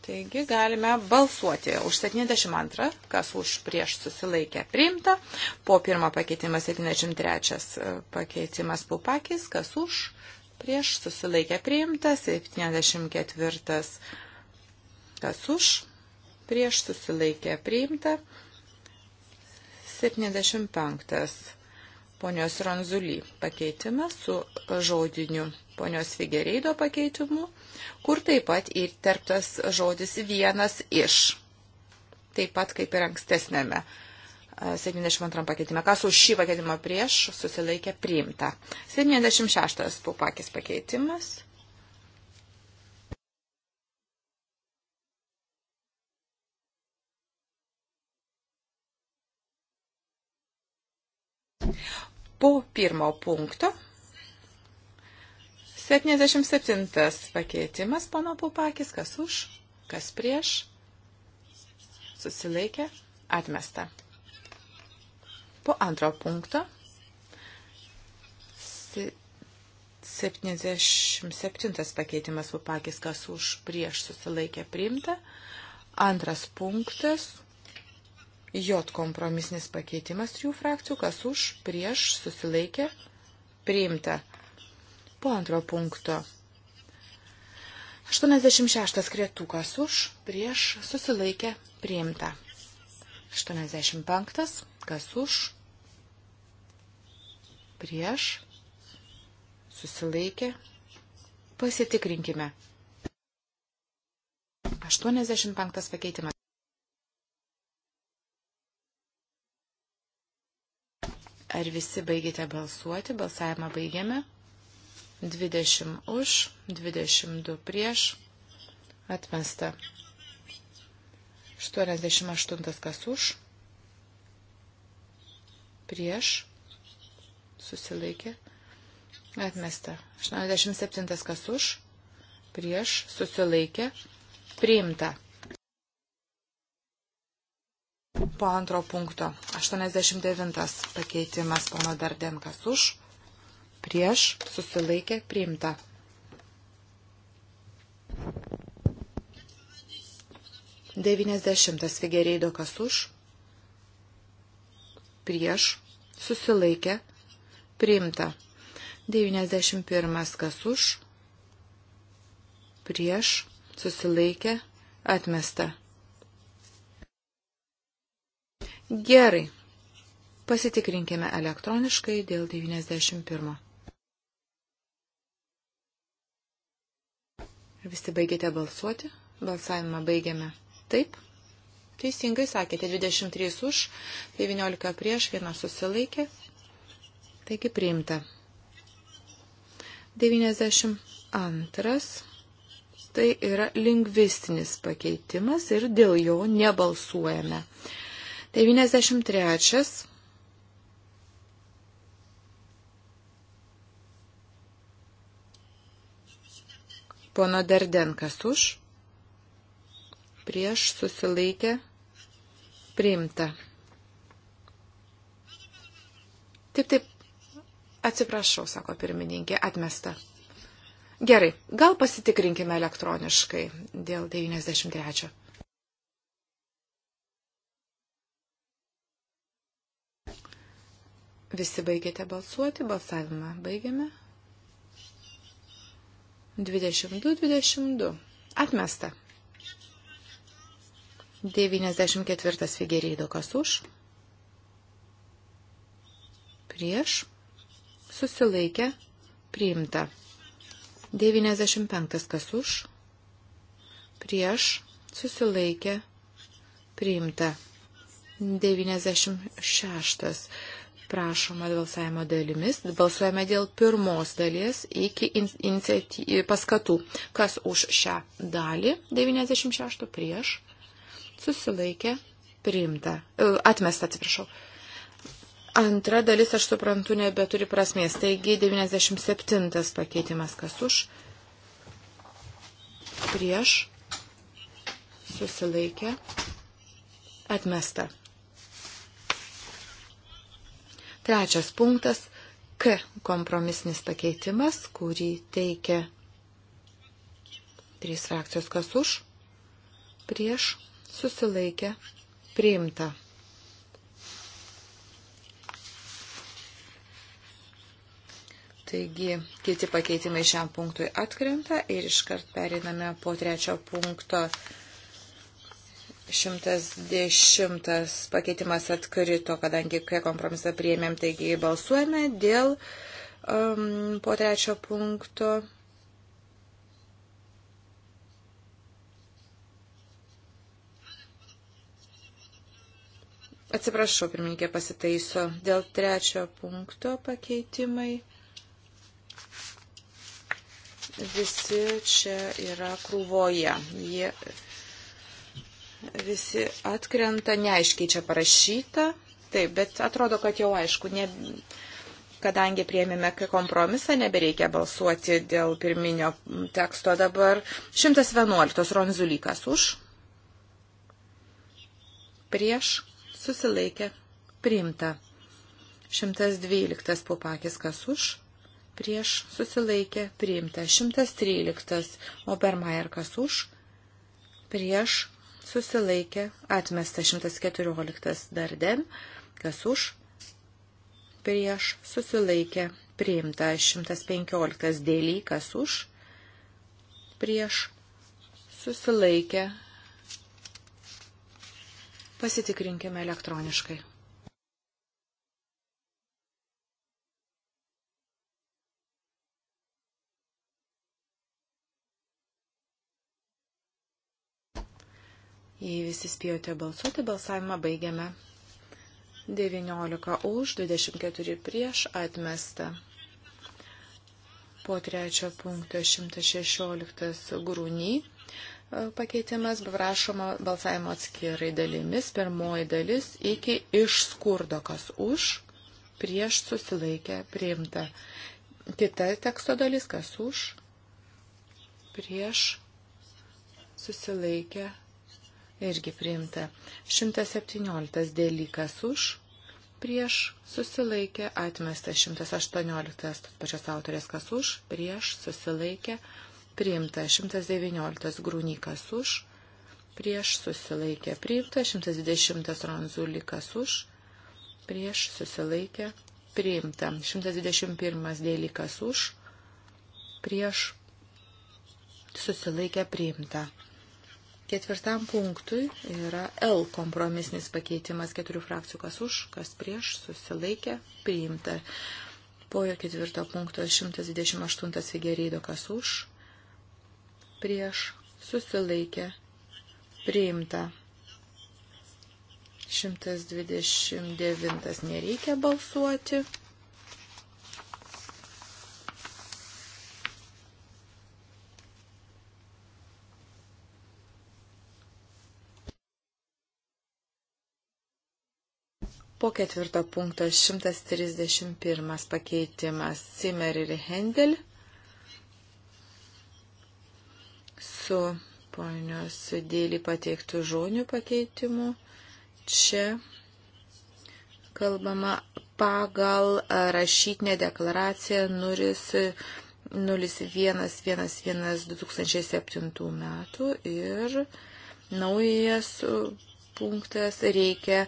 Taigi galime balsuoti už 72, kas už prieš susilaikę priimta, po pirmą pakeitimą 73 pakeitimas pupakis, kas už prieš susilaikę priimta, 74 kas už prieš susilaikę priimta, 75 ponios Ranzuly pakeitimą su žodiniu ponios Figereido pakeitimu, kur taip pat įterptas žodis vienas iš. Taip pat kaip ir ankstesnėme 72 pakeitime. Kas už šį pakeitimą prieš susilaikė priimta. 76 pupakis pakeitimas. po pirmo punkto. 77 pakeitimas, pono Pupakis, kas už, kas prieš, susilaikė, atmesta. Po antro punkto 77 pakeitimas Upakis, kas už prieš susilaikė priimta. Antras punktas J kompromisnis pakeitimas trijų frakcijų, kas už, prieš, susilaikė, priimta. Po antro punkto. 86 kretų, kas už, prieš, susilaikė, priimta. 85, kas už, prieš, susilaikė, pasitikrinkime. 85 pakeitimas. Ar visi baigėte balsuoti? Balsavimą baigėme. 20 už, 22 prieš. Atmesta. 88 kas už. Prieš. Susilaikė. Atmesta. 87 kas už. Prieš. Susilaikė. Priimta po antro punkto. 89 pakeitimas pono Dardenkas už, prieš, susilaikė, priimta. Devyniasdešimtas Figereido kas už, prieš, susilaikė, priimta. Devyniasdešimt pirmas kas už, prieš, susilaikė, atmesta. Gerai. Pasitikrinkime elektroniškai dėl 91. Ar visi baigėte balsuoti? Balsavimą baigėme. Taip. Teisingai sakėte, 23 už, 19 prieš, vienas susilaikė. Taigi priimta. 92 tai yra lingvistinis pakeitimas ir dėl jo nebalsuojame. 93. Pono Dardenkas už, prieš susilaikė, priimta. Taip, taip, atsiprašau, sako pirmininkė, atmesta. Gerai, gal pasitikrinkime elektroniškai dėl 93. Visi baigėte balsuoti, balsavimą baigėme. 22, 22. Atmesta. 94 Figerėdo kas už. Prieš. Susilaikė. Priimta. 95 kas už. Prieš. Susilaikė. Priimta. 96 Prašoma balsavimo dalimis. Balsuojame dėl pirmos dalies iki paskatų. Kas už šią dalį? 96 prieš. Susilaikė. Priimta. E, atmesta, atsiprašau. Antra dalis, aš suprantu, nebeturi prasmės. Taigi 97 pakeitimas kas už. Prieš. Susilaikė. Atmesta. Trečias punktas - K kompromisnis pakeitimas, kurį teikia trys frakcijos kas už, prieš susilaikę priimta. Taigi kiti pakeitimai šiam punktui atkrenta ir iškart periname po trečio punkto 110 pakeitimas atkrito, kadangi kai kompromisą priėmėm, taigi balsuojame dėl um, po trečio punkto. Atsiprašau, pirmininkė pasitaiso. Dėl trečio punkto pakeitimai visi čia yra krūvoje. Jie visi atkrenta, neaiškiai čia parašyta, taip, bet atrodo, kad jau aišku, ne, kadangi prieimėme kompromisą, nebereikia balsuoti dėl pirminio teksto dabar. 111 Ronzulykas už, prieš, susilaikė, priimta. 112 Pupakis kas už, prieš, susilaikė, priimta. 113 Obermajer kas už, prieš, susilaikė, atmesta 114 darden, kas už, prieš, susilaikė, priimta 115 dėly, kas už, prieš, susilaikė, pasitikrinkime elektroniškai. Jei visi spėjote balsuoti, balsavimą baigiame. 19 už, 24 prieš atmesta. Po trečio punkto 116 grūny e, pakeitimas prašoma balsavimo atskirai dalimis. Pirmoji dalis iki iš skurdo, kas už, prieš susilaikę priimta. Kita teksto dalis, kas už, prieš susilaikę priimta irgi priimta. 117 dalykas už, prieš susilaikė, atmesta 118 pačios autorės kas už, prieš susilaikė, priimta 119 grūnykas už, prieš susilaikė, priimta 120 ranzulikas už, prieš susilaikė, priimta 121 dalykas už, prieš susilaikė, priimta. Ketvirtam punktui yra L kompromisnis pakeitimas keturių frakcijų, kas už, kas prieš, susilaikė, priimta. Po jo ketvirto punkto 128 Figereido, kas už, prieš, susilaikė, priimta. 129 nereikia balsuoti. Po ketvirto punkto 131 pakeitimas Zimmer ir Hendel su ponios dėlį pateiktų žonių pakeitimu. Čia kalbama pagal rašytinę deklaraciją nuris 0111-2007 metų ir naujas punktas reikia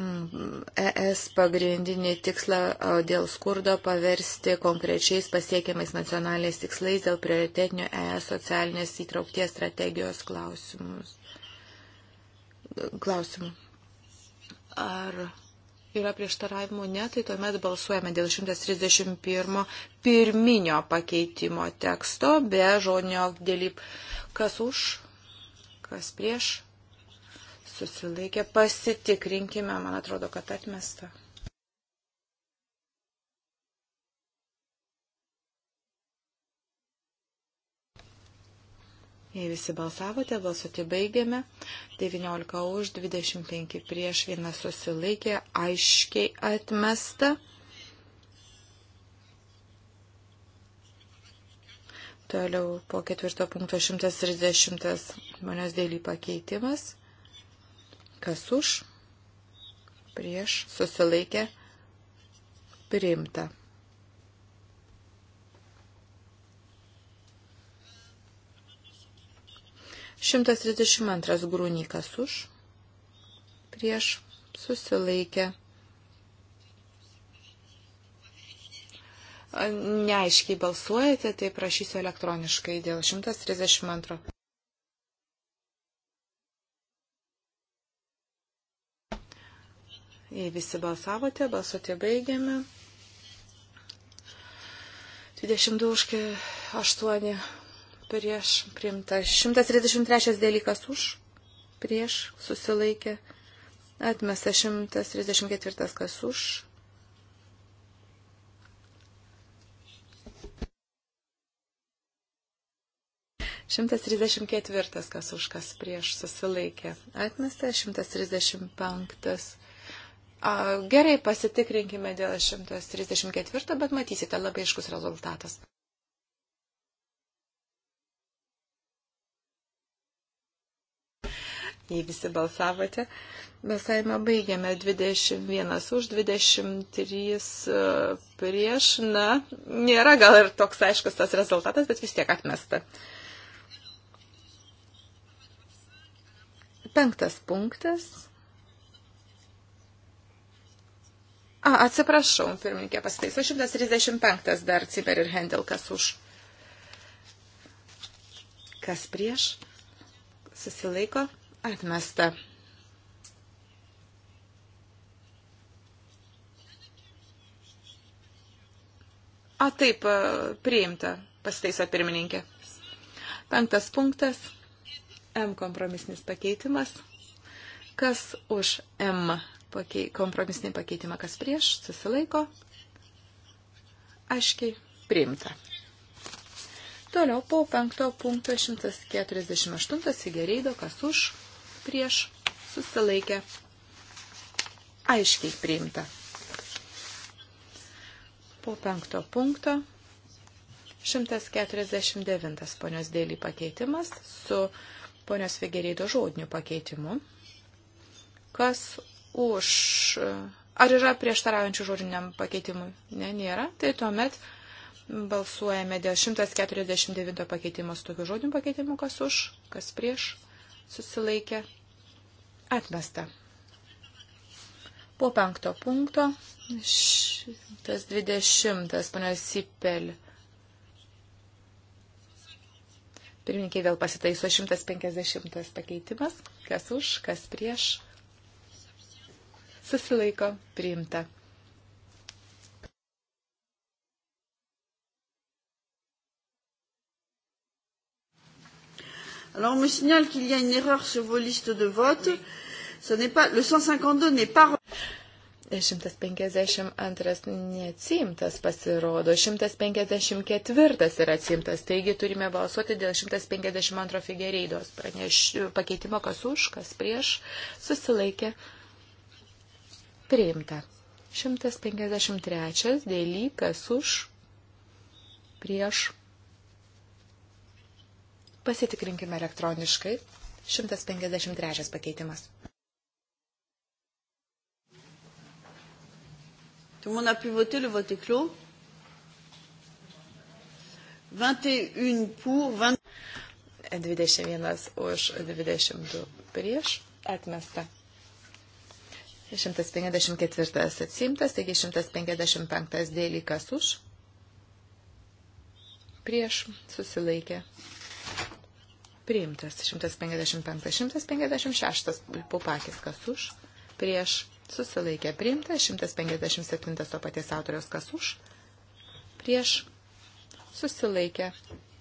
Mm, ES pagrindinį tikslą dėl skurdo paversti konkrečiais pasiekiamais nacionaliniais tikslais dėl prioritetinio ES socialinės įtraukties strategijos klausimus. klausimų. Ar yra prieštaravimų? Ne, tai tuomet balsuojame dėl 131 pirminio pakeitimo teksto be žodinio dėlyp. Kas už, kas prieš, susilaikė, pasitikrinkime, man atrodo, kad atmesta. Jei visi balsavote, balsuoti baigėme. 19 už, 25 prieš, vienas susilaikė, aiškiai atmesta. Toliau po ketvirto punkto 130 manęs dėlį pakeitimas. Kas už? Prieš susilaikė priimta. Šimtas trisdešimt antras grūnykas už, prieš susilaikę. Neaiškiai balsuojate, tai prašysiu elektroniškai dėl 132. Jei visi balsavote, balsuoti baigiame. 22 už 8 prieš priimta. 133 dalykas už prieš susilaikė. Atmesta 134 kas už. Šimtas trisdešimt ketvirtas, kas už kas prieš susilaikė. Atmesta šimtas trisdešimt penktas. Gerai, pasitikrinkime dėl 134, bet matysite labai iškus rezultatas. Jei visi balsavote, balsavimą baigėme 21 už, 23 e, prieš, na, nėra gal ir toks aiškus tas rezultatas, bet vis tiek atmesta. Penktas punktas A, atsiprašau, pirmininkė pasitaiso. 135 dar Ciber ir Hendel, kas už. Kas prieš? Susilaiko? Atmesta. A, taip, priimta, pasitaiso pirmininkė. Penktas punktas. M kompromisinis pakeitimas. Kas už M pakei, kompromisinį pakeitimą, kas prieš, susilaiko, aiškiai priimta. Toliau po penkto punkto 148 įgereido, kas už, prieš, susilaikė, aiškiai priimta. Po penkto punkto 149 ponios dėlį pakeitimas su ponios Figereido žodiniu pakeitimu. Kas už. Ar yra prieštaraujančių žodiniam pakeitimui? Ne, nėra. Tai tuomet balsuojame dėl 149 pakeitimo su tokiu žodiniu pakeitimu, kas už, kas prieš, susilaikė, atmesta. Po penkto punkto, tas 20, ponios Sipel. Pirmininkai vėl pasitaiso 150 pakeitimas, kas už, kas prieš, susilaiko priimta. Alors on me signale qu'il y a une erreur sur vos listes de vote. Ce n'est pas le 152 n'est pas 152 neatsimtas pasirodo, 154 yra atsimtas, taigi turime balsuoti dėl 152 figereidos praneš, pakeitimo, kas už, kas prieš, susilaikė priimta. 153 dalykas už prieš. Pasitikrinkime elektroniškai. 153 pakeitimas. Tout le monde a pu voter, le vote est clos. 21 pour, 20... 21 už, 22 prieš, atmesta. 154 atsimtas, taigi 155 dėlykas už. Prieš susilaikė. Priimtas 155, 156 pupakis kas už. Prieš susilaikė priimtas 157 to paties autoriaus kas už. Prieš susilaikė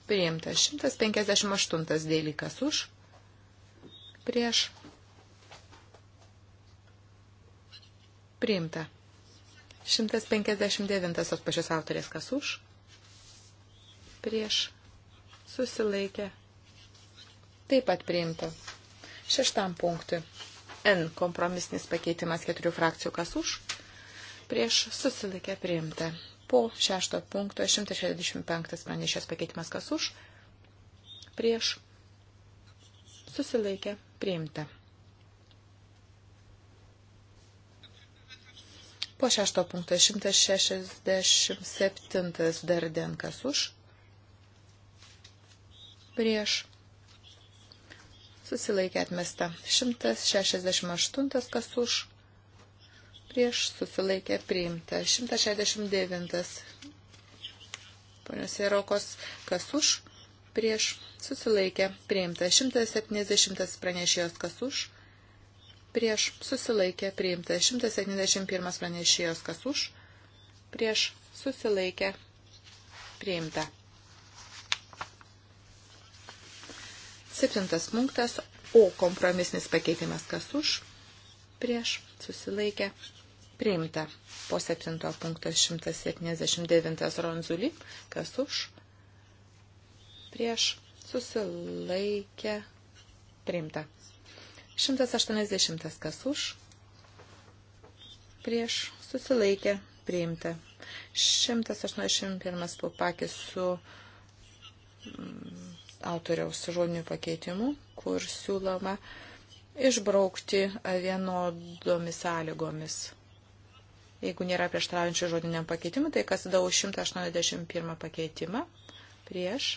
priimtas 158 dėlykas už. Prieš Priimta. 159 tos pačios autorės kas už. Prieš. Susilaikė. Taip pat priimta. Šeštam punktui. N kompromisinis pakeitimas keturių frakcijų kas už. Prieš susilaikė priimta. Po šešto punkto 165 pranešės pakeitimas kas už. Prieš susilaikė priimta. Po šešto punkto 167 Dardenkas už. Prieš. Susilaikė atmesta. 168 kas už. Prieš susilaikė priimta. 169. Ponios Jerokos kas už. Prieš susilaikė priimta. 170 pranešėjos kas už prieš susilaikė priimta. 171 pranešėjos kas už, prieš susilaikė priimta. Septintas punktas, o kompromisnis pakeitimas kas už, prieš susilaikė priimta. Po septinto punktas 179 ronzulį, kas už, prieš susilaikė priimta. 180 kas už, prieš susilaikė priimta. 181 pupakis su mm, autoriaus žodinių pakeitimų, kur siūloma išbraukti vienodomis sąlygomis. Jeigu nėra prieštraujančių žodiniam pakeitimui, tai kas dau 181 pakeitimą prieš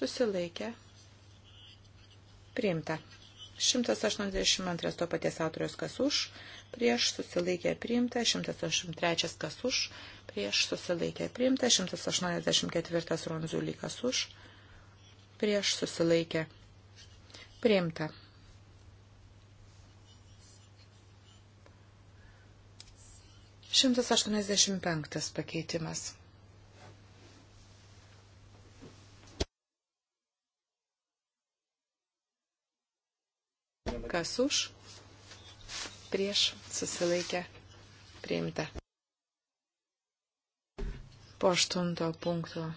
susilaikę priimta. 182 to paties autorius kas už, prieš susilaikė priimta, 183 kas už, prieš susilaikė priimta, 184 ronzulį kas už, prieš susilaikė priimta. Šimtas aštuoniasdešimt penktas pakeitimas. Kas už? Prieš susilaikę priimta. Po aštunto punkto.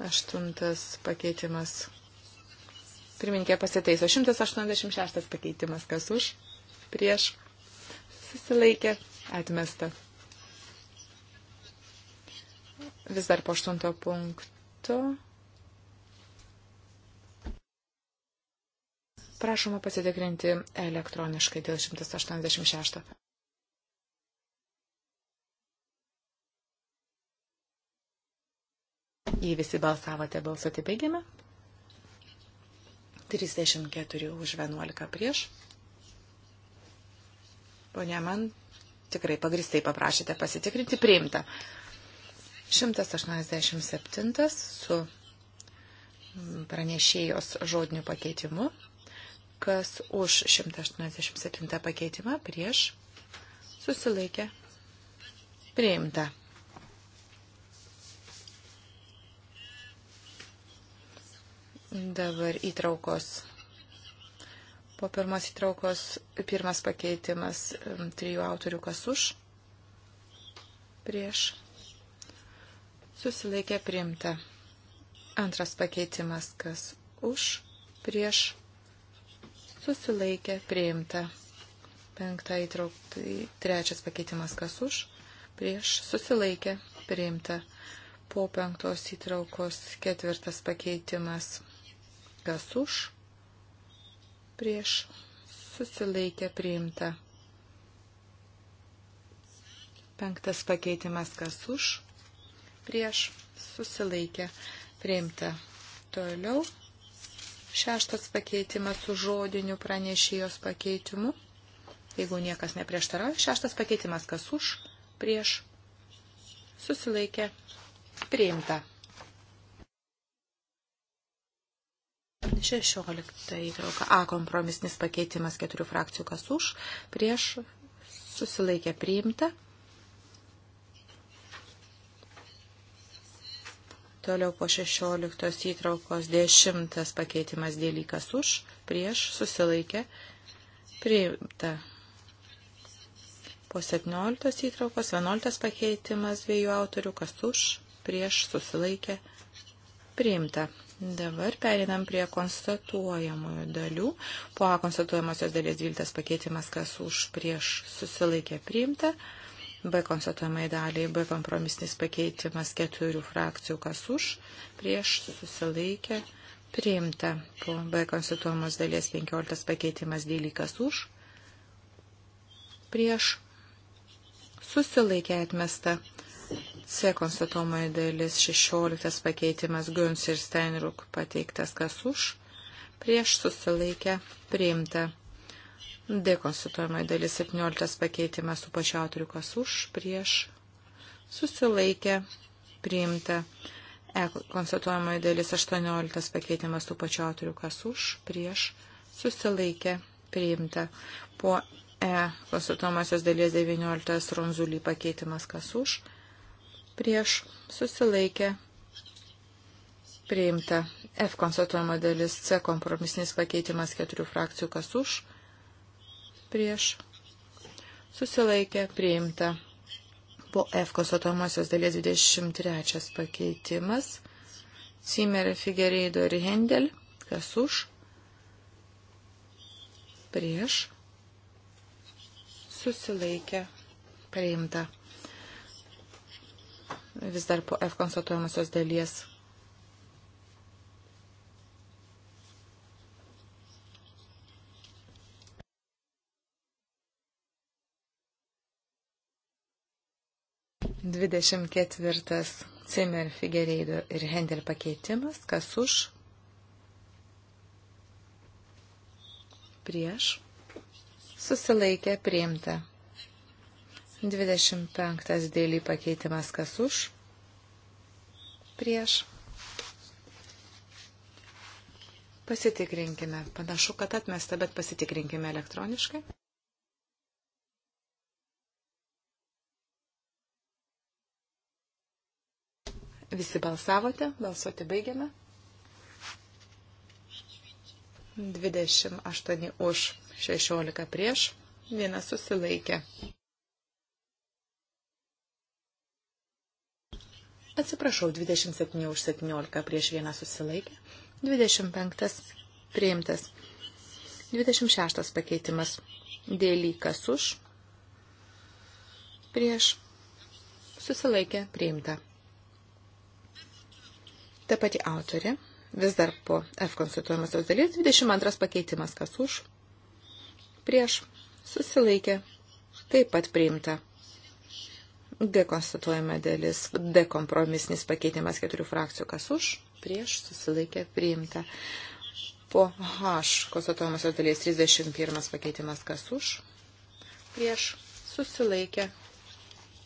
Aštuntas pakeitimas. Pirminkė pasitaiso. 186 pakeitimas. Kas už? Prieš susilaikė atmesta. Vis dar po aštunto punkto. Prašoma pasitikrinti elektroniškai dėl 186. Jei visi balsavote, balsuoti baigiame. 34 už 11 prieš. Pone, man tikrai pagristai paprašėte pasitikrinti priimtą. 187 su pranešėjos žodiniu pakeitimu kas už 187 pakeitimą prieš susilaikė priimta. Dabar įtraukos. Po pirmas įtraukos, pirmas pakeitimas trijų autorių kas už, prieš, susilaikė priimta. Antras pakeitimas kas už, prieš, susilaikė priimta. Penktą įtraukti trečias pakeitimas kas už, prieš susilaikė priimta. Po penktos įtraukos ketvirtas pakeitimas kas už, prieš susilaikė priimta. Penktas pakeitimas kas už, prieš susilaikė priimta. Toliau Šeštas pakeitimas su žodiniu pranešėjos pakeitimu. Jeigu niekas neprieštarauja, šeštas pakeitimas kas už, prieš, susilaikė, priimta. Šešioliktą įtrauką A kompromisnis pakeitimas keturių frakcijų kas už, prieš, susilaikė, priimta. Toliau po 16 įtraukos 10 pakeitimas dėlykas už, prieš, susilaikė, priimta. Po 17 įtraukos 11 pakeitimas dviejų autorių, kas už, prieš, susilaikė, priimta. Dabar perinam prie konstatuojamųjų dalių. Po konstatuojamosios dalies 12 pakeitimas, kas už, prieš, susilaikė, priimta. Priimta. B konstatuojamai daliai, B kompromisinis pakeitimas keturių frakcijų, kas už, prieš susilaikė, priimta. Po B konstatuojamos dalies 15 pakeitimas dėlykas už, prieš susilaikė atmesta. C konstatuojamoji dalis 16 pakeitimas Guns ir Steinruk pateiktas kas už, prieš susilaikę priimta. Dekonstituojama dalis 17 pakeitimas su pačiu autoriu, kas už, prieš, susilaikė, priimta. E konstatuojamoji dalis 18 pakeitimas tų pačių autorių, kas už, prieš, susilaikė, priimta. Po E konstatuojamosios dalies 19 ronzulį pakeitimas, kas už, prieš, susilaikė, priimta. F konstatuojama dalis C kompromisinis pakeitimas keturių frakcijų, kas už, prieš prieš susilaikė priimta. Po F konstatuojamosios dalies 23 pakeitimas. Cimer, Figereido ir Hendel. Kas už? Prieš susilaikė priimta. Vis dar po F konstatuojamosios dalies 24. Cimer Figereido ir Hendel pakeitimas. Kas už? Prieš. Susilaikė priimta. 25. Dėlį pakeitimas. Kas už? Prieš. Pasitikrinkime. Panašu, kad atmesta, bet pasitikrinkime elektroniškai. Visi balsavote, balsuoti baigiame. 28 už, 16 prieš, vienas susilaikė. Atsiprašau, 27 už 17 prieš vieną susilaikė. 25 priimtas. 26 pakeitimas. Dėlykas už prieš susilaikė priimta. Ta pati autorė, vis dar po F konstatuojamasios dalies, 22 pakeitimas, kas už, prieš, susilaikė, taip pat priimta. D konstatuojama dalis, D kompromisnis pakeitimas keturių frakcijų, kas už, prieš, susilaikė, priimta. Po H konstatuojamosios dalies 31 pakeitimas, kas už, prieš, susilaikė,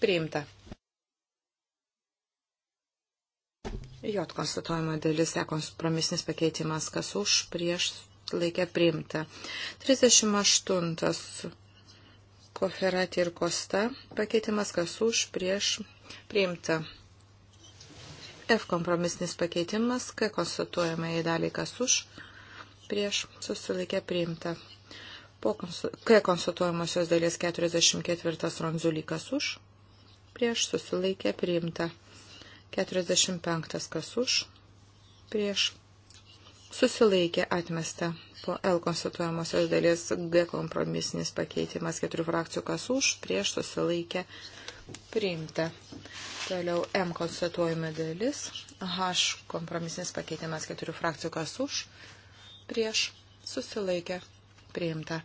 priimta. Jot konstatuojama dalis, e, kompromisinis pakeitimas, kas už, prieš, laikė priimta. 38. Koferati ir Kosta pakeitimas, kas už, prieš, priimta. F kompromisinis pakeitimas, kai konstatuojama į dalį, kas už, prieš, susilaikė priimta. Po K konstatuojamosios dalies 44 Ronzulikas už, prieš, susilaikė priimta. 45 kas už, prieš, susilaikė atmesta po L konstatuojamosios dalies G kompromisinis pakeitimas keturių frakcijų kas už, prieš, susilaikė priimta. Toliau M konstatuojama dalis, H kompromisinis pakeitimas keturių frakcijų kas už, prieš, susilaikė priimta.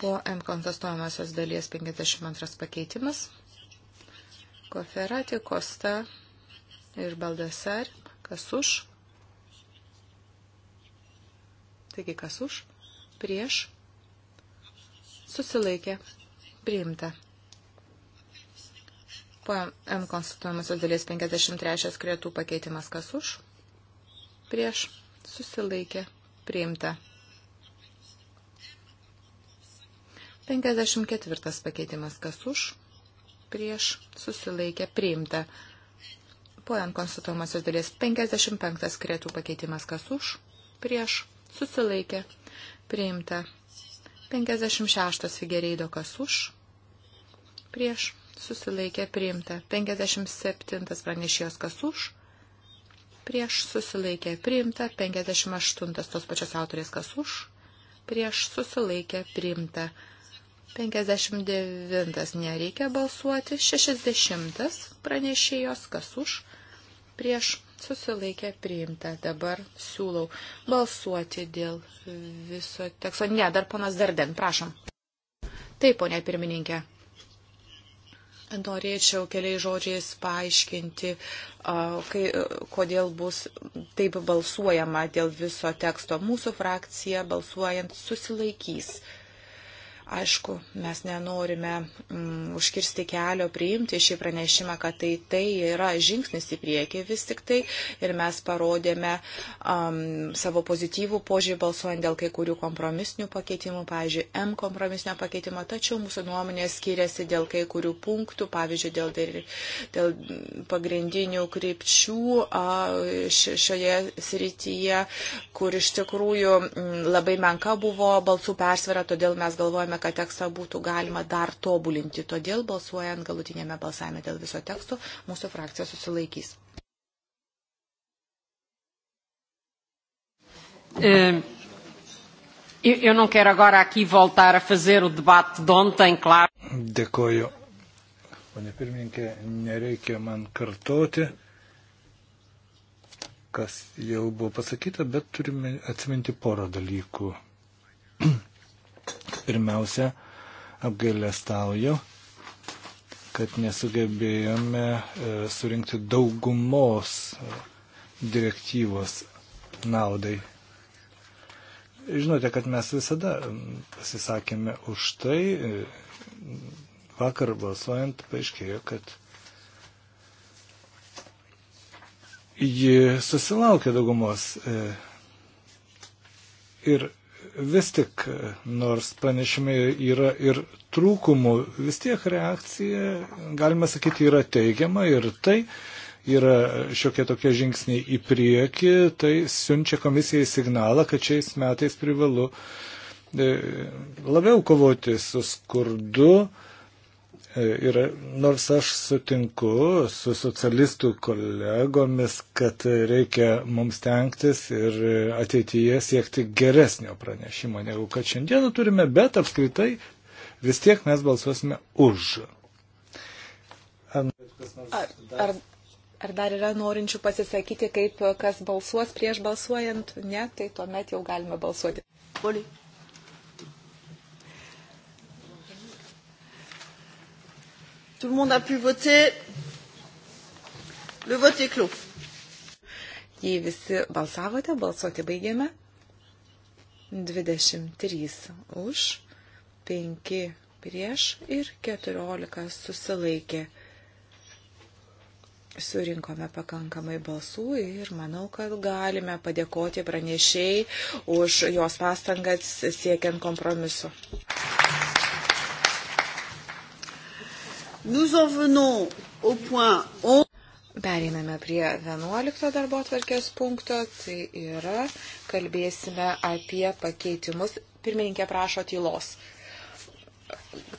Po M kontestuojamosios dalies 52 pakeitimas. Koferati Kosta iš Baldasar, kas už. Taigi kas už, prieš, susilaikė, priimta. Po M konstatuojamosios dalies 53 kretų pakeitimas kas už, prieš, susilaikė, priimta. 54 pakeitimas kas už, prieš, susilaikė, priimta. Po ant konstatuomasios dalies 55 kretų pakeitimas kas už, prieš, susilaikė, priimta. 56 figereido kas už, prieš, susilaikė, priimta. 57 pranešėjos kas už, prieš, susilaikė, priimta. 58 tos pačios autorės kas už, prieš, susilaikė, priimta. 59 nereikia balsuoti, 60 pranešėjos, kas už, prieš susilaikė priimta. Dabar siūlau balsuoti dėl viso teksto. Ne, dar panas Darden, prašom. Taip, ponė pirmininkė. Norėčiau keliai žodžiais paaiškinti, kai, kodėl bus taip balsuojama dėl viso teksto. Mūsų frakcija balsuojant susilaikys Aišku, mes nenorime mm, užkirsti kelio priimti šį pranešimą, kad tai, tai yra žingsnis į priekį vis tik tai ir mes parodėme um, savo pozityvų požiūrį balsuojant dėl kai kurių kompromisinių pakeitimų, pavyzdžiui, M kompromisinio pakeitimo, tačiau mūsų nuomonė skiriasi dėl kai kurių punktų, pavyzdžiui, dėl, dėl, dėl pagrindinių krypčių a, šioje srityje, kur iš tikrųjų m, labai menka buvo balsų persvara, todėl mes galvojame, kad tekstą būtų galima dar tobulinti. Todėl balsuojant galutinėme balsavime dėl viso teksto mūsų frakcija susilaikys. E... Eu não quero agora aqui voltar a fazer o debate de ontem, claro. Dėkoju. Pane pirmininkė, nereikia man kartoti, kas jau buvo pasakyta, bet turime atsiminti porą dalykų. <clears throat> Pirmiausia, apgailestauju, kad nesugebėjome e, surinkti daugumos e, direktyvos naudai. Žinote, kad mes visada pasisakėme už tai. E, vakar balsuojant paaiškėjo, kad ji susilaukė daugumos. Ir vis tik, nors pranešime yra ir trūkumų, vis tiek reakcija, galima sakyti, yra teigiama ir tai yra šiokie tokie žingsniai į priekį, tai siunčia komisijai signalą, kad šiais metais privalu e, labiau kovoti su skurdu, Ir nors aš sutinku su socialistų kolegomis, kad reikia mums tenktis ir ateityje siekti geresnio pranešimo negu kad šiandieną turime, bet apskritai vis tiek mes balsuosime už. Ar, ar, ar, ar dar yra norinčių pasisakyti, kaip kas balsuos prieš balsuojant? Ne, tai tuomet jau galime balsuoti. Poli. Tout le monde a pu voter. Le vote est clos. Jei visi balsavote, balsuoti baigėme. 23 už, 5 prieš ir 14 susilaikė. Surinkome pakankamai balsų ir manau, kad galime padėkoti pranešėjai už jos pastangas siekiant kompromisu. Nous en venons au point 11. Pereiname prie 11 darbo atvarkės punkto, tai yra kalbėsime apie pakeitimus. Pirmininkė prašo tylos.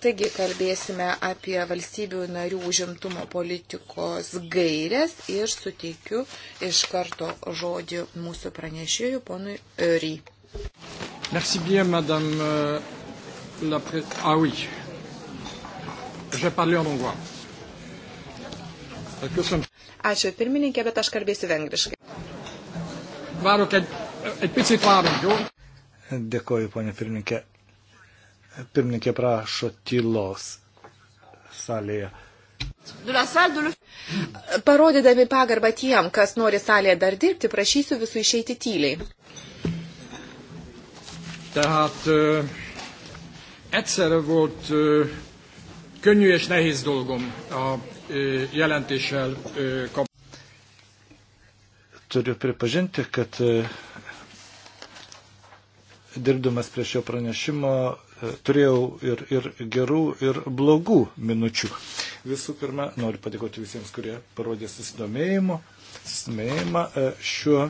Taigi kalbėsime apie valstybių narių užimtumo politikos gairias ir suteikiu iš karto žodį mūsų pranešėjų ponui Ry. Merci bien, madame euh, la pre... Ah oui, Ačiū pirmininkė, bet aš kalbėsiu vengriškai. Dėkoju, ponė pirmininkė. Pirmininkė prašo tylos salėje. Parodydami pagarbą tiem, kas nori salėje dar dirbti, prašysiu visų išeiti tyliai. Tehát uh, egyszerre volt uh, Könnyű és nehéz dolgom a jelentéssel kapcsolatban. Turiu pripažinti, kad dirbdamas prie šio pranešimo turėjau ir, ir gerų, ir blogų minučių. Visų pirma, noriu padėkoti visiems, kurie parodė susidomėjimą šiuo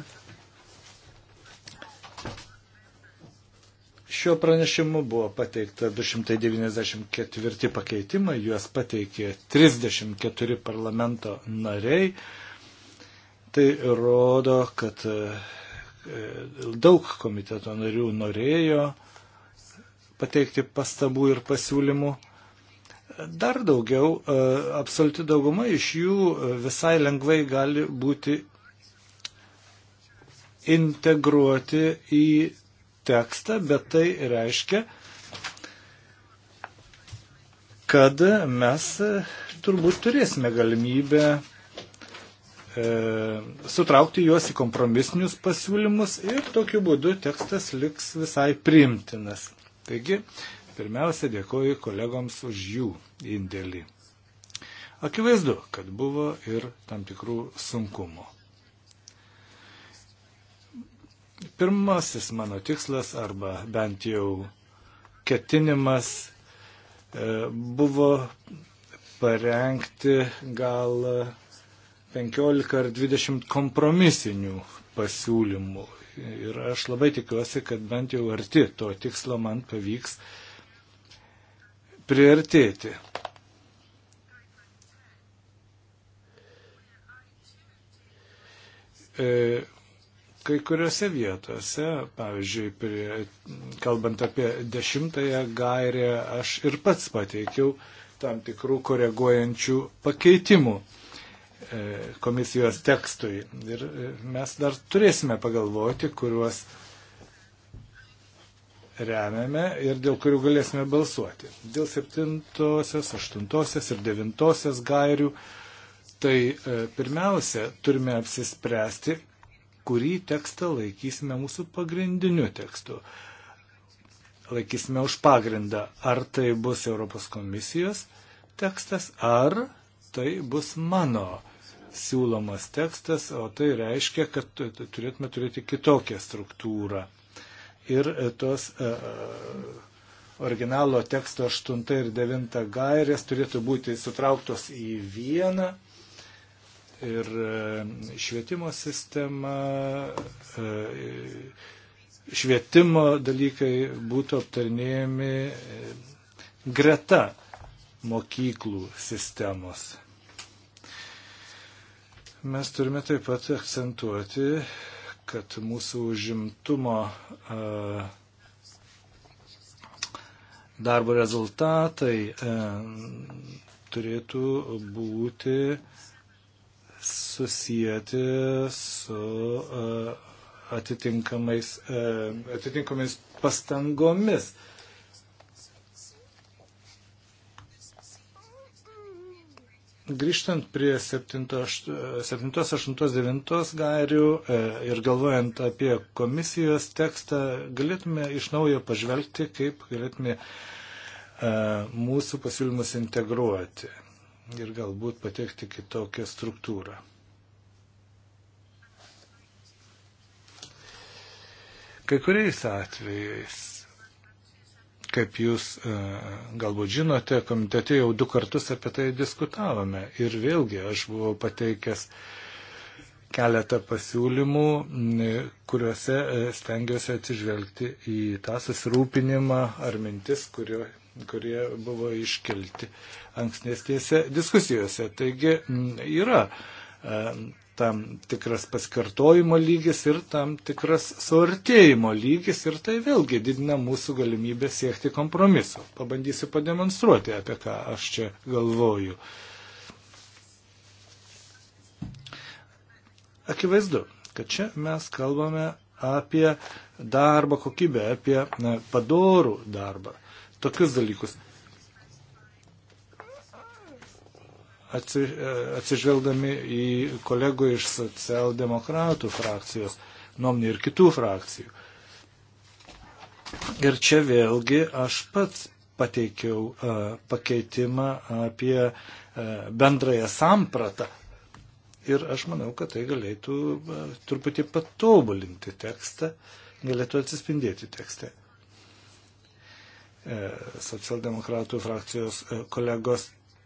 Šiuo pranešimu buvo pateikta 294 pakeitimai, juos pateikė 34 parlamento nariai. Tai rodo, kad e, e, daug komiteto narių norėjo pateikti pastabų ir pasiūlymų. Dar daugiau, e, absoliuti dauguma iš jų visai lengvai gali būti integruoti į tekstą, bet tai reiškia, kad mes turbūt turėsime galimybę e, sutraukti juos į kompromisinius pasiūlymus ir tokiu būdu tekstas liks visai primtinas. Taigi, pirmiausia, dėkoju kolegoms už jų indėlį. Akivaizdu, kad buvo ir tam tikrų sunkumų. Pirmasis mano tikslas arba bent jau ketinimas e, buvo parengti gal 15 ar 20 kompromisinių pasiūlymų. Ir aš labai tikiuosi, kad bent jau arti to tikslo man pavyks priartėti. E, Kai kuriuose vietose, pavyzdžiui, prie, kalbant apie dešimtąją gairę, aš ir pats pateikiau tam tikrų koreguojančių pakeitimų e, komisijos tekstui. Ir e, mes dar turėsime pagalvoti, kuriuos remiame ir dėl kurių galėsime balsuoti. Dėl septintosios, aštuntosios ir devintosios gairių, tai e, pirmiausia, turime apsispręsti, kurį tekstą laikysime mūsų pagrindiniu tekstu. Laikysime už pagrindą, ar tai bus Europos komisijos tekstas, ar tai bus mano siūlomas tekstas, o tai reiškia, kad turėtume turėti kitokią struktūrą. Ir e, tos e, e, originalo teksto 8 ir 9 gairės turėtų būti sutrauktos į vieną ir e, švietimo sistema, e, švietimo dalykai būtų aptarnėjami e, greta mokyklų sistemos. Mes turime taip pat akcentuoti, kad mūsų užimtumo darbo rezultatai turėtų būti uh, susijęti su e, atitinkamais, e, atitinkamais pastangomis. Grįžtant prie 7, 8, 9 gairių e, ir galvojant apie komisijos tekstą, galėtume iš naujo pažvelgti, kaip galėtume mūsų pasiūlymus integruoti ir galbūt patekti kitokią struktūrą. Kai kuriais atvejais, kaip jūs e, galbūt žinote, komitete jau du kartus apie tai diskutavome ir vėlgi aš buvau pateikęs keletą pasiūlymų, e, kuriuose e, stengiuosi atsižvelgti į tą susirūpinimą ar mintis, kurio, kurie buvo iškelti ankstesnėse diskusijose. Taigi yra e, tam tikras pasikartojimo lygis ir tam tikras suartėjimo lygis ir tai vėlgi didina mūsų galimybę siekti kompromiso. Pabandysiu pademonstruoti, apie ką aš čia galvoju. Akivaizdu, kad čia mes kalbame apie darbo kokybę, apie padorų darbą tokius dalykus. Atsi, e, atsižvelgdami į kolegų iš socialdemokratų frakcijos nuomonį ir kitų frakcijų. Ir čia vėlgi aš pats pateikiau a, e, pakeitimą apie a, e, bendrąją sampratą. Ir aš manau, kad tai galėtų a, truputį patobulinti tekstą, galėtų atsispindėti tekste. E, socialdemokratų frakcijos e, kolegos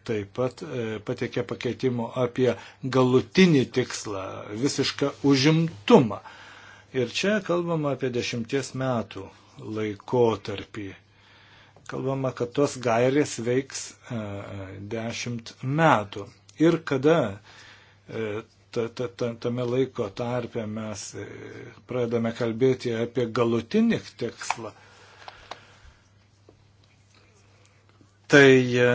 taip pat e, pateikė pakeitimo apie galutinį tikslą - visišką užimtumą. Ir čia kalbama apie dešimties metų laikotarpį. Kalbama, kad tos gairės veiks dešimt metų. Ir kada ta, ta, ta, tame laiko tarpe mes pradedame kalbėti apie galutinį tikslą, Tai e,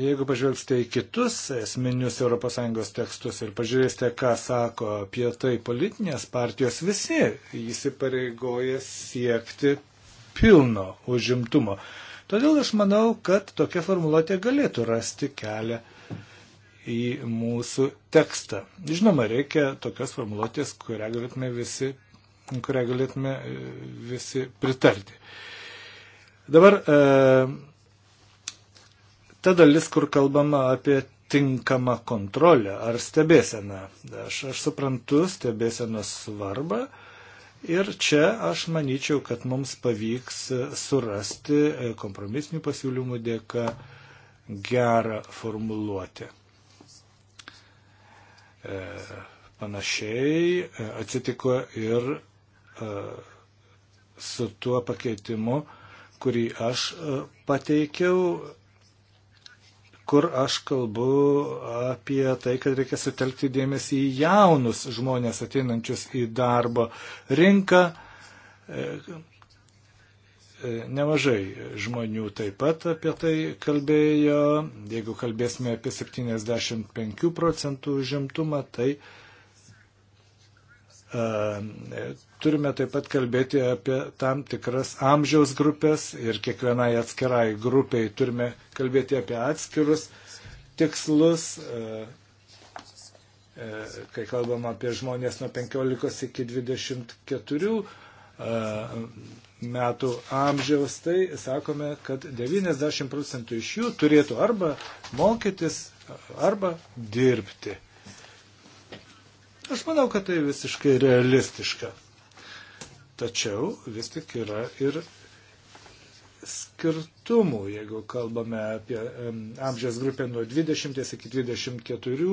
jeigu pažvelgsite į kitus esminius ES tekstus ir pažiūrėsite, ką sako apie tai politinės partijos, visi įsipareigoja siekti pilno užimtumo. Todėl aš manau, kad tokia formuluotė galėtų rasti kelią į mūsų tekstą. Žinoma, reikia tokios formuluotės, kurią galėtume visi, kurią galėtume e, visi pritarti. Dabar e, ta dalis, kur kalbama apie tinkamą kontrolę ar stebėseną. Aš, aš suprantu stebėsenos svarbą ir čia aš manyčiau, kad mums pavyks surasti e, kompromisinių pasiūlymų dėka gerą formuluotę. E, panašiai e, atsitiko ir e, su tuo pakeitimu, e, kurį aš e, pateikiau, kur aš kalbu apie tai, kad reikia sutelkti dėmesį į jaunus žmonės ateinančius į darbo rinką. E, e, nemažai žmonių taip pat apie tai kalbėjo. Jeigu kalbėsime apie 75 procentų žimtumą, tai Ehm, turime taip pat kalbėti apie tam tikras amžiaus grupės ir kiekvienai atskirai grupiai turime kalbėti apie atskirus tikslus. Ehm, e, kai kalbam apie žmonės nuo 15 iki 24 ehm, metų amžiaus, tai sakome, kad 90 procentų iš jų turėtų arba mokytis, arba dirbti. Aš manau, kad tai visiškai realistiška. Tačiau vis tik yra ir skirtumų, jeigu kalbame apie amžiaus grupę nuo 20 iki 24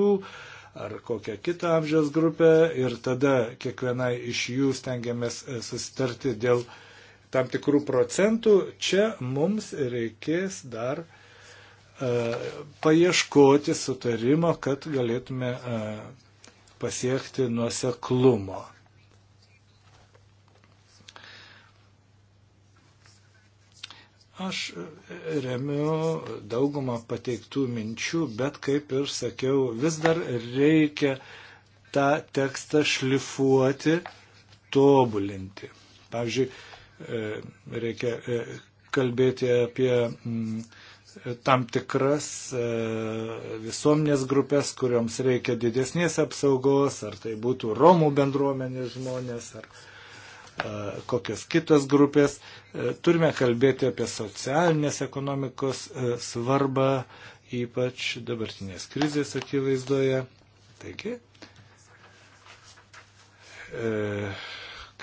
ar kokią kitą amžiaus grupę ir tada kiekvienai iš jų stengiamės e, susitarti dėl tam tikrų procentų. Čia mums reikės dar e, paieškoti sutarimo, kad galėtume e, pasiekti nuoseklumo. Aš remiu daugumą pateiktų minčių, bet kaip ir sakiau, vis dar reikia tą tekstą šlifuoti, tobulinti. Pavyzdžiui, e, reikia e, kalbėti apie mm, tam tikras e, visuomenės grupės, kuriuoms reikia didesnės apsaugos, ar tai būtų Romų bendruomenės žmonės, ar e, kokios kitos grupės. E, turime kalbėti apie socialinės ekonomikos svarbą, ypač dabartinės krizės akivaizdoje. Taigi,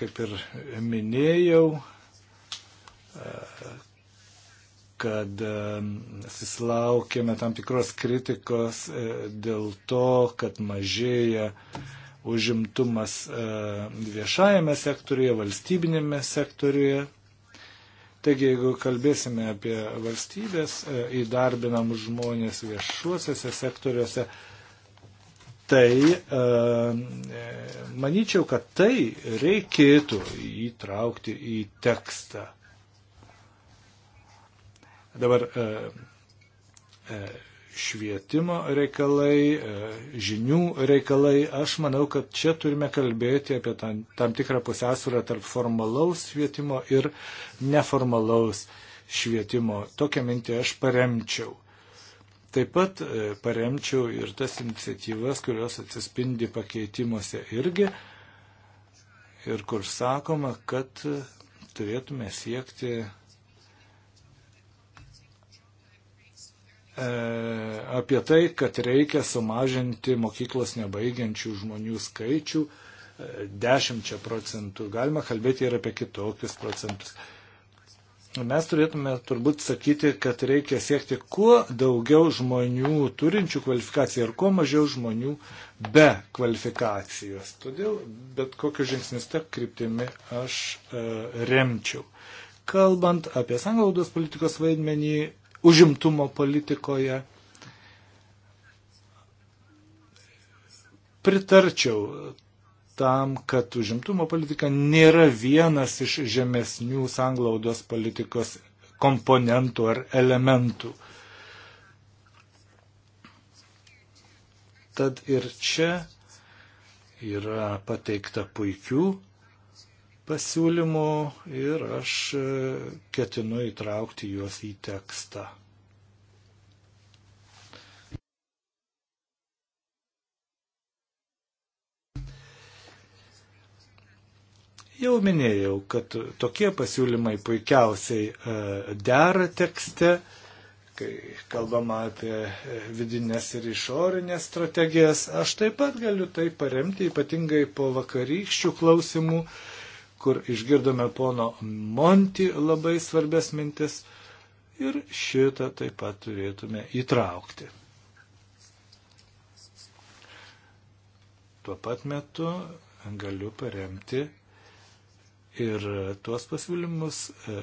kaip ir minėjau, kad susilaukėme tam tikros kritikos e, dėl to, kad mažėja užimtumas e, viešajame sektoriuje, valstybinėme sektoriuje. Taigi, jeigu kalbėsime apie valstybės e, įdarbinamus žmonės viešuosiuose sektoriuose, tai manyčiau, kad tai reikėtų įtraukti į tekstą. Dabar e, e, švietimo reikalai, e, žinių reikalai, aš manau, kad čia turime kalbėti apie tam, tam tikrą pusiausvyrą tarp formalaus švietimo ir neformalaus švietimo. Tokią mintį aš paremčiau. Taip pat paremčiau ir tas iniciatyvas, kurios atsispindi pakeitimuose irgi, ir kur sakoma, kad turėtume siekti E, apie tai, kad reikia sumažinti mokyklos nebaigiančių žmonių skaičių 10 e, procentų. Galima kalbėti ir apie kitokius procentus. Mes turėtume turbūt sakyti, kad reikia siekti kuo daugiau žmonių turinčių kvalifikaciją ir kuo mažiau žmonių be kvalifikacijos. Todėl bet kokius žingsnius tą kryptimį aš e, remčiau. Kalbant apie sanglaudos politikos vaidmenį, užimtumo politikoje. Pritarčiau tam, kad užimtumo politika nėra vienas iš žemesnių sanglaudos politikos komponentų ar elementų. Tad ir čia yra pateikta puikių pasiūlymų ir aš e, ketinu įtraukti juos į tekstą. Jau minėjau, kad tokie pasiūlymai puikiausiai e, dera tekste, kai kalbama apie e, vidinės ir išorinės strategijas. Aš taip pat galiu tai paremti, ypatingai po vakarykščių klausimų kur išgirdome pono Monti labai svarbės mintis ir šitą taip pat turėtume įtraukti. Tuo pat metu galiu paremti ir tuos pasiūlymus, e,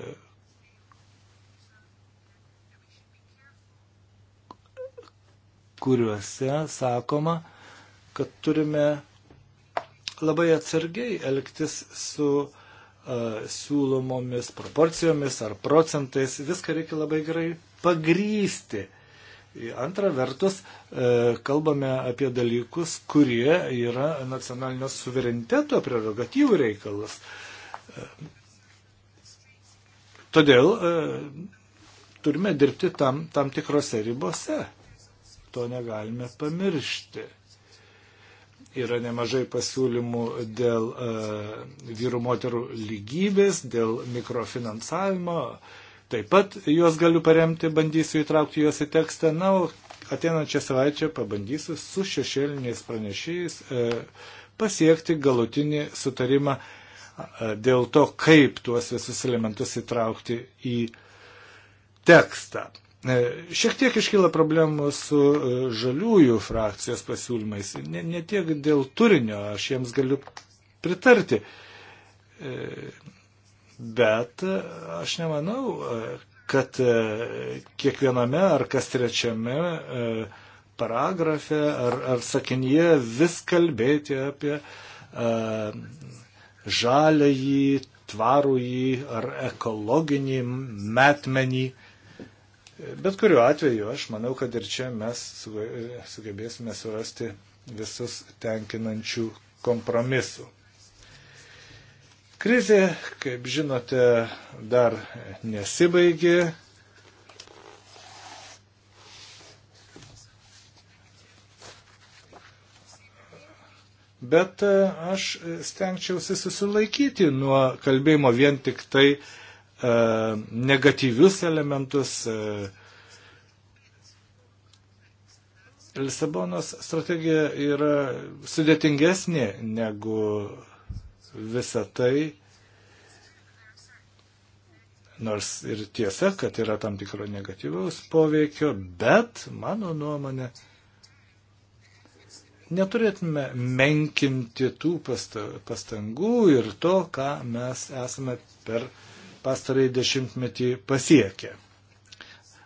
kuriuose sakoma, kad turime labai atsargiai elgtis su uh, siūlomomis proporcijomis ar procentais. Viską reikia labai gerai pagrysti. Antra vertus, uh, kalbame apie dalykus, kurie yra nacionalinio suvereniteto prerogatyvų reikalas. Uh, todėl turime dirbti tam, tam tikrose ribose. To negalime pamiršti. Yra nemažai pasiūlymų dėl e, vyrų moterų lygybės, dėl mikrofinansavimo. Taip pat juos galiu paremti, bandysiu įtraukti juos į tekstą. Na, ateinančią savaitę pabandysiu su šešėliniais pranešėjais e, pasiekti galutinį sutarimą e, dėl to, kaip tuos visus elementus įtraukti į tekstą. E, šiek tiek iškyla problemų su e, žaliųjų frakcijos pasiūlymais. Ne, ne tiek dėl turinio, aš jiems galiu pritarti. E, bet aš nemanau, kad kiekviename ar kas trečiame paragrafe ar, ar sakinyje vis kalbėti apie žalėjį, tvarųjį ar ekologinį metmenį. A, Bet kuriuo atveju aš manau, kad ir čia mes sugebėsime surasti visus tenkinančių kompromisų. Krizė, kaip žinote, dar nesibaigė. Bet e, aš stengčiausi susilaikyti nuo kalbėjimo vien tik tai uh, E, negatyvius elementus. E, Lisabonos strategija yra sudėtingesnė negu visa tai, nors ir tiesa, kad yra tam tikro negatyvaus poveikio, bet mano nuomonė, neturėtume menkinti tų pastangų ir to, ką mes esame per pastarai dešimtmetį pasiekė.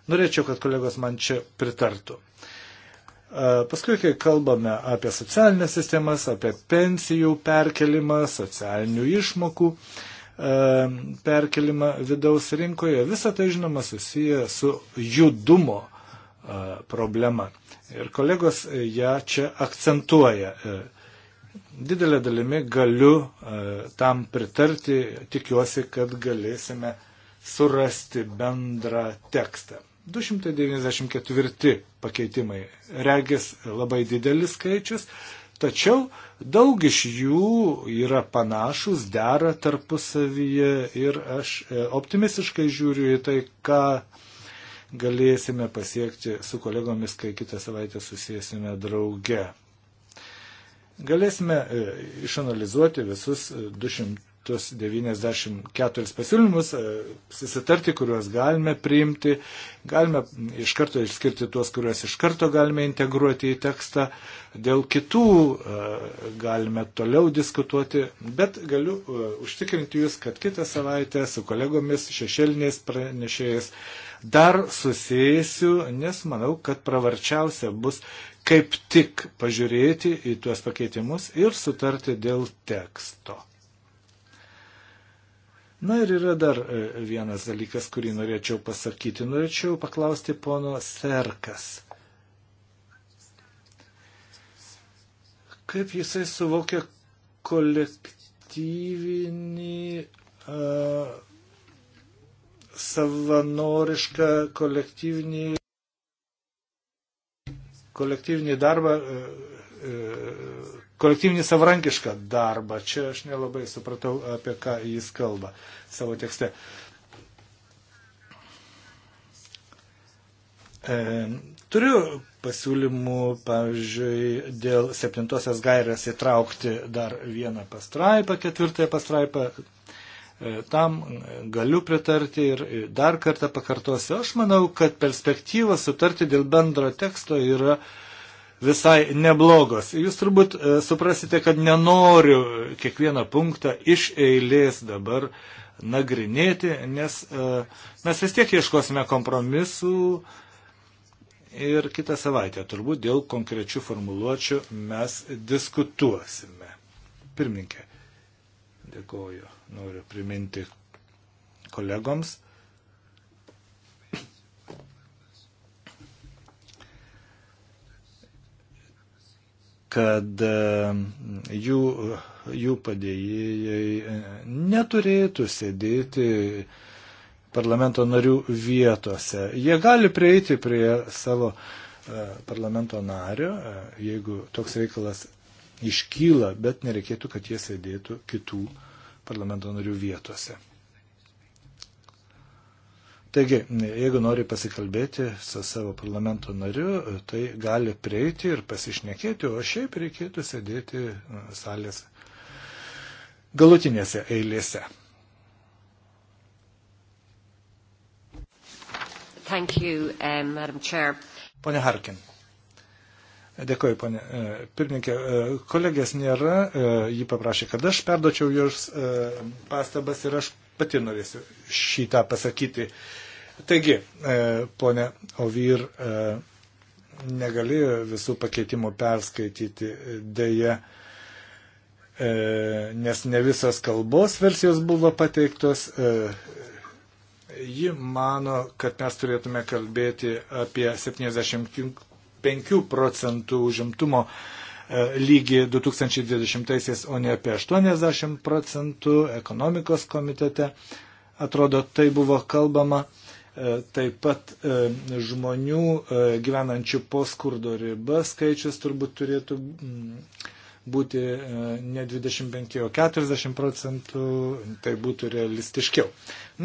Norėčiau, kad kolegos man čia pritartų. Paskui, kai kalbame apie socialinės sistemas, apie pensijų perkelimą, socialinių išmokų perkelimą vidaus rinkoje, visa tai, žinoma, susiję su judumo problema. Ir kolegos ją čia akcentuoja e, didelė dalimi galiu e, tam pritarti, tikiuosi, kad galėsime surasti bendrą tekstą. 294 pakeitimai. Regis labai didelis skaičius, tačiau daug iš jų yra panašus, dera tarpusavyje ir aš e, optimistiškai žiūriu į tai, ką galėsime pasiekti su kolegomis, kai kitą savaitę susėsime drauge. Galėsime e, išanalizuoti visus 294 e, pasiūlymus, e, susitarti, kuriuos galime priimti, galime iš karto išskirti tuos, kuriuos iš karto galime integruoti į tekstą, dėl kitų galime toliau diskutuoti, bet galiu užtikrinti Jūs, kad kitą savaitę su kolegomis šešėliniais pranešėjais dar susėsiu, nes manau, kad pravarčiausia bus kaip tik pažiūrėti į tuos pakeitimus ir sutarti dėl teksto. Na ir yra dar e, vienas dalykas, kurį norėčiau pasakyti. Norėčiau paklausti pono Serkas. Kaip jisai suvokia kolektyvinį, a, e, savanorišką kolektyvinį kolektyvinį darbą, e, e, kolektyvinį savarankišką darbą. Čia aš nelabai supratau, apie ką jis kalba savo tekste. E, turiu pasiūlymų, pavyzdžiui, dėl septintosios gairės įtraukti dar vieną pastraipą, ketvirtąją pastraipą, E, tam e, galiu pritarti ir e, dar kartą pakartosiu. Aš manau, kad perspektyva sutarti dėl bendro teksto yra visai neblogos. Jūs turbūt suprasite, kad nenoriu kiekvieną punktą iš eilės dabar nagrinėti, nes mes vis tiek ieškosime kompromisų ir kitą savaitę turbūt dėl konkrečių formuluočių mes diskutuosime. Pirmininkė, dėkoju. Noriu priminti kolegoms, kad e, jų, jų padėjėjai e, neturėtų sėdėti parlamento narių vietose. Jie gali prieiti prie savo e, parlamento nario, jeigu toks reikalas iškyla, bet nereikėtų, kad jie sėdėtų kitų parlamento narių vietose. Taigi, jeigu nori pasikalbėti su savo parlamento nariu, tai gali prieiti ir pasišnekėti, o šiaip reikėtų sėdėti salės galutinėse eilėse. Thank you, um, Madam Chair. Pone Harkin. Dėkoju, ponė e, pirmininkė. E, kolegės nėra, e, ji paprašė, kad aš perdočiau jos pastabas ir aš pati norėsiu šitą pasakyti. Taigi, ponė Ovir negalėjo visų pakeitimų perskaityti dėje, nes ne visos kalbos versijos buvo pateiktos. Ji mano, kad mes turėtume kalbėti apie 70 5 procentų užimtumo e, lygį 2020-aisiais, o ne apie 80 procentų ekonomikos komitete. Atrodo, tai buvo kalbama e, taip pat e, žmonių gyvenančių po skurdo riba skaičius turbūt turėtų mm, būti ne 25, o 40 procentų, tai būtų realistiškiau.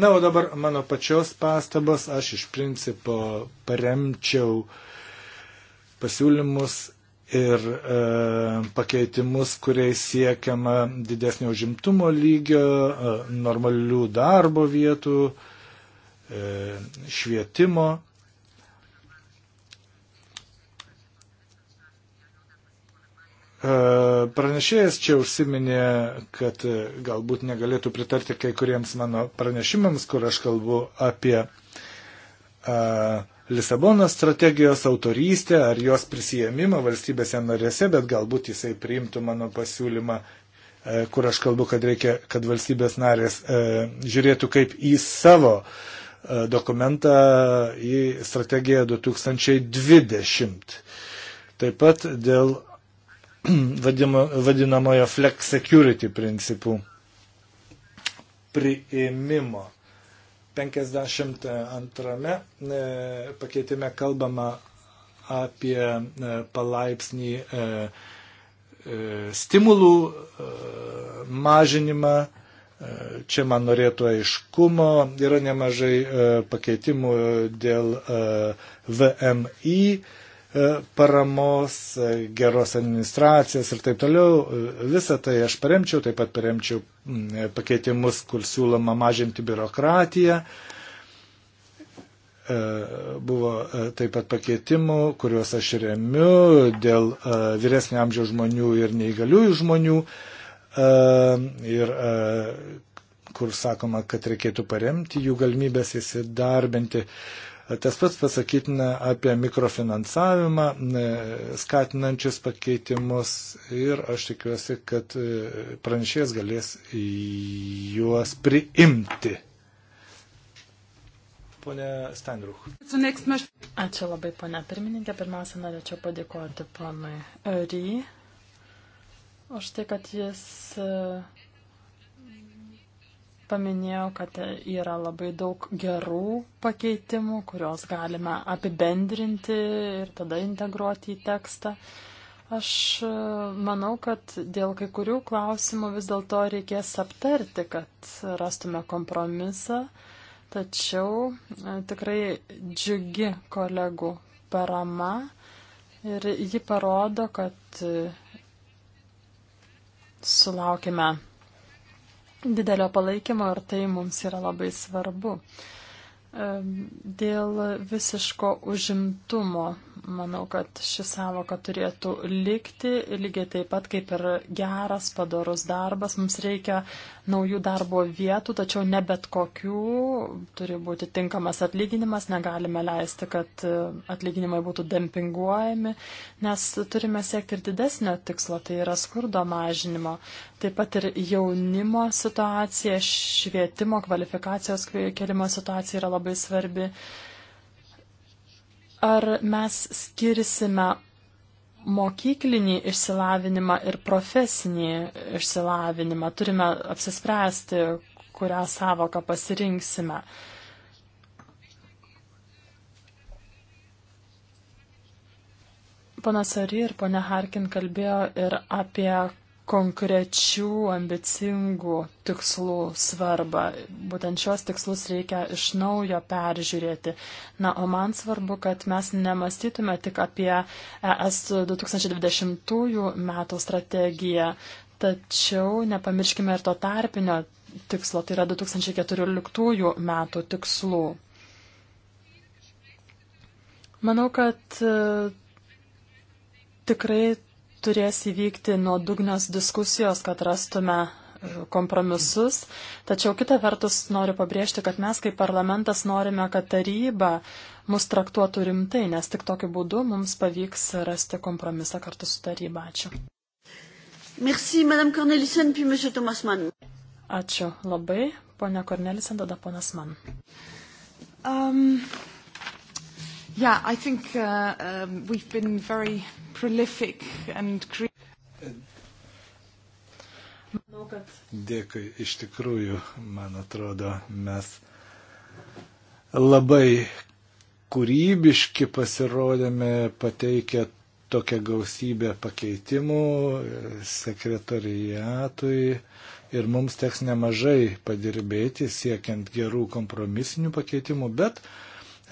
Na, o dabar mano pačios pastabas, aš iš principo paremčiau uh, pasiūlymus ir e, pakeitimus, kuriais siekiama didesnio užimtumo lygio, e, normalių darbo vietų, e, švietimo. E, pranešėjas čia užsiminė, kad galbūt negalėtų pritarti kai kuriems mano pranešimams, kur aš kalbu apie e, Lisabonos strategijos autorystę ar jos prisijėmimą valstybėse narėse, bet galbūt jisai priimtų mano pasiūlymą, e, kur aš kalbu, kad reikia, kad valstybės narės e, žiūrėtų kaip į savo e, dokumentą, į strategiją 2020. Taip pat dėl <clears throat> vadinamojo flex security principų priėmimo 52 e, pakeitime kalbama apie e, palaipsnį e, stimulų mažinimą. Čia man norėtų aiškumo. Yra nemažai pakeitimų dėl VMI E, paramos, e, geros administracijos ir taip toliau. E, Visą tai aš paremčiau, taip pat paremčiau pakeitimus, kur siūloma mažinti biurokratiją. Buvo taip pat pakeitimų, kuriuos aš remiu dėl vyresnio amžiaus žmonių ir neįgaliųjų žmonių. Ir kur sakoma, kad reikėtų paremti jų galimybės įsidarbinti. Uh, Tas pats pasakytina apie mikrofinansavimą, e, skatinančius pakeitimus ir aš tikiuosi, kad e, pranešėjas galės juos priimti. Pone Steinruch. Ačiū labai, pone pirmininkė. Pirmiausia, norėčiau padėkoti ponui Ry už tai, kad jis uh, paminėjo, kad yra labai daug gerų pakeitimų, kuriuos galime apibendrinti ir tada integruoti į tekstą. Aš e, manau, kad dėl kai kurių klausimų vis dėlto reikės aptarti, kad rastume kompromisą, tačiau e, tikrai džiugi kolegų parama ir ji parodo, kad e, sulaukime didelio palaikymo ir tai mums yra labai svarbu. Dėl visiško užimtumo Manau, kad ši savoka turėtų likti lygiai taip pat kaip ir geras, padarus darbas. Mums reikia naujų darbo vietų, tačiau ne bet kokių. Turi būti tinkamas atlyginimas, negalime leisti, kad e, atlyginimai būtų dempinguojami, nes turime siekti ir didesnio tikslo, tai yra skurdo mažinimo. Taip pat ir jaunimo situacija, švietimo kvalifikacijos kelimo situacija yra labai svarbi ar mes skirsime mokyklinį išsilavinimą ir profesinį išsilavinimą. Turime apsispręsti, kurią savoką pasirinksime. Pana Sari ir pana Harkin kalbėjo ir apie konkrečių, ambicingų tikslų svarbą. Būtent šios tikslus reikia iš naujo peržiūrėti. Na, o man svarbu, kad mes nemastytume tik apie ES 2020 metų strategiją, tačiau nepamirškime ir to tarpinio tikslo, tai yra 2014 metų tikslų. Manau, kad e, tikrai turės įvykti nuodugnios diskusijos, kad rastume e, kompromisus. Tačiau kita vertus noriu pabrėžti, kad mes kaip parlamentas norime, kad taryba mus traktuotų rimtai, nes tik tokiu būdu mums pavyks rasti kompromisą kartu su taryba. Ačiū. Merci, Madame Cornelissen, puis Monsieur Thomas Mann. Ačiū labai, ponia Cornelissen, tada ponas Mann. Um, Yeah, I think uh, um, we've been very prolific and creative. Manau, kad. Dėkui, iš tikrųjų, man atrodo, mes labai kūrybiški pasirodėme, pateikė tokią gausybę pakeitimų sekretariatui ir mums teks nemažai padirbėti siekiant gerų kompromisinių pakeitimų, bet uh,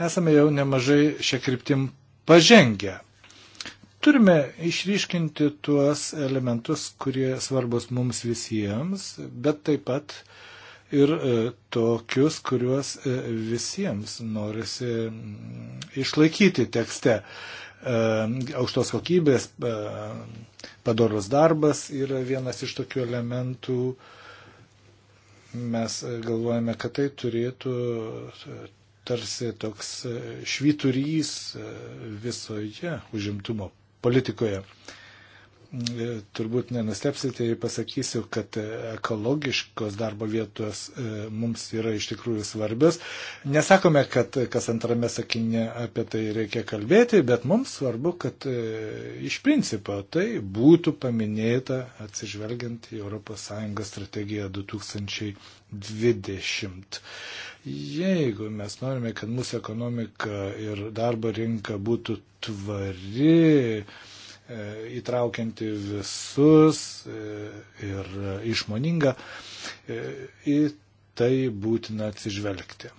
esame jau nemažai šią kryptim pažengę. Turime išryškinti tuos elementus, kurie svarbus mums visiems, bet taip pat ir e, tokius, kuriuos e, visiems norisi mm, išlaikyti tekste. E, aukštos kokybės padoros darbas yra vienas iš tokių elementų. Mes galvojame, kad tai turėtų tarsi toks e, švyturys e, visoje užimtumo politikoje. Uh, E, turbūt nenustepsite, jei pasakysiu, kad ekologiškos darbo vietos e, mums yra iš tikrųjų svarbios. Nesakome, kad kas antrame sakinė apie tai reikia kalbėti, bet mums svarbu, kad e, iš principo tai būtų paminėta atsižvelgiant į ES strategiją 2020. Jeigu mes norime, kad mūsų ekonomika ir darbo rinka būtų tvari, E, įtraukianti visus e, ir išmoninga. E, į tai būtina atsižvelgti.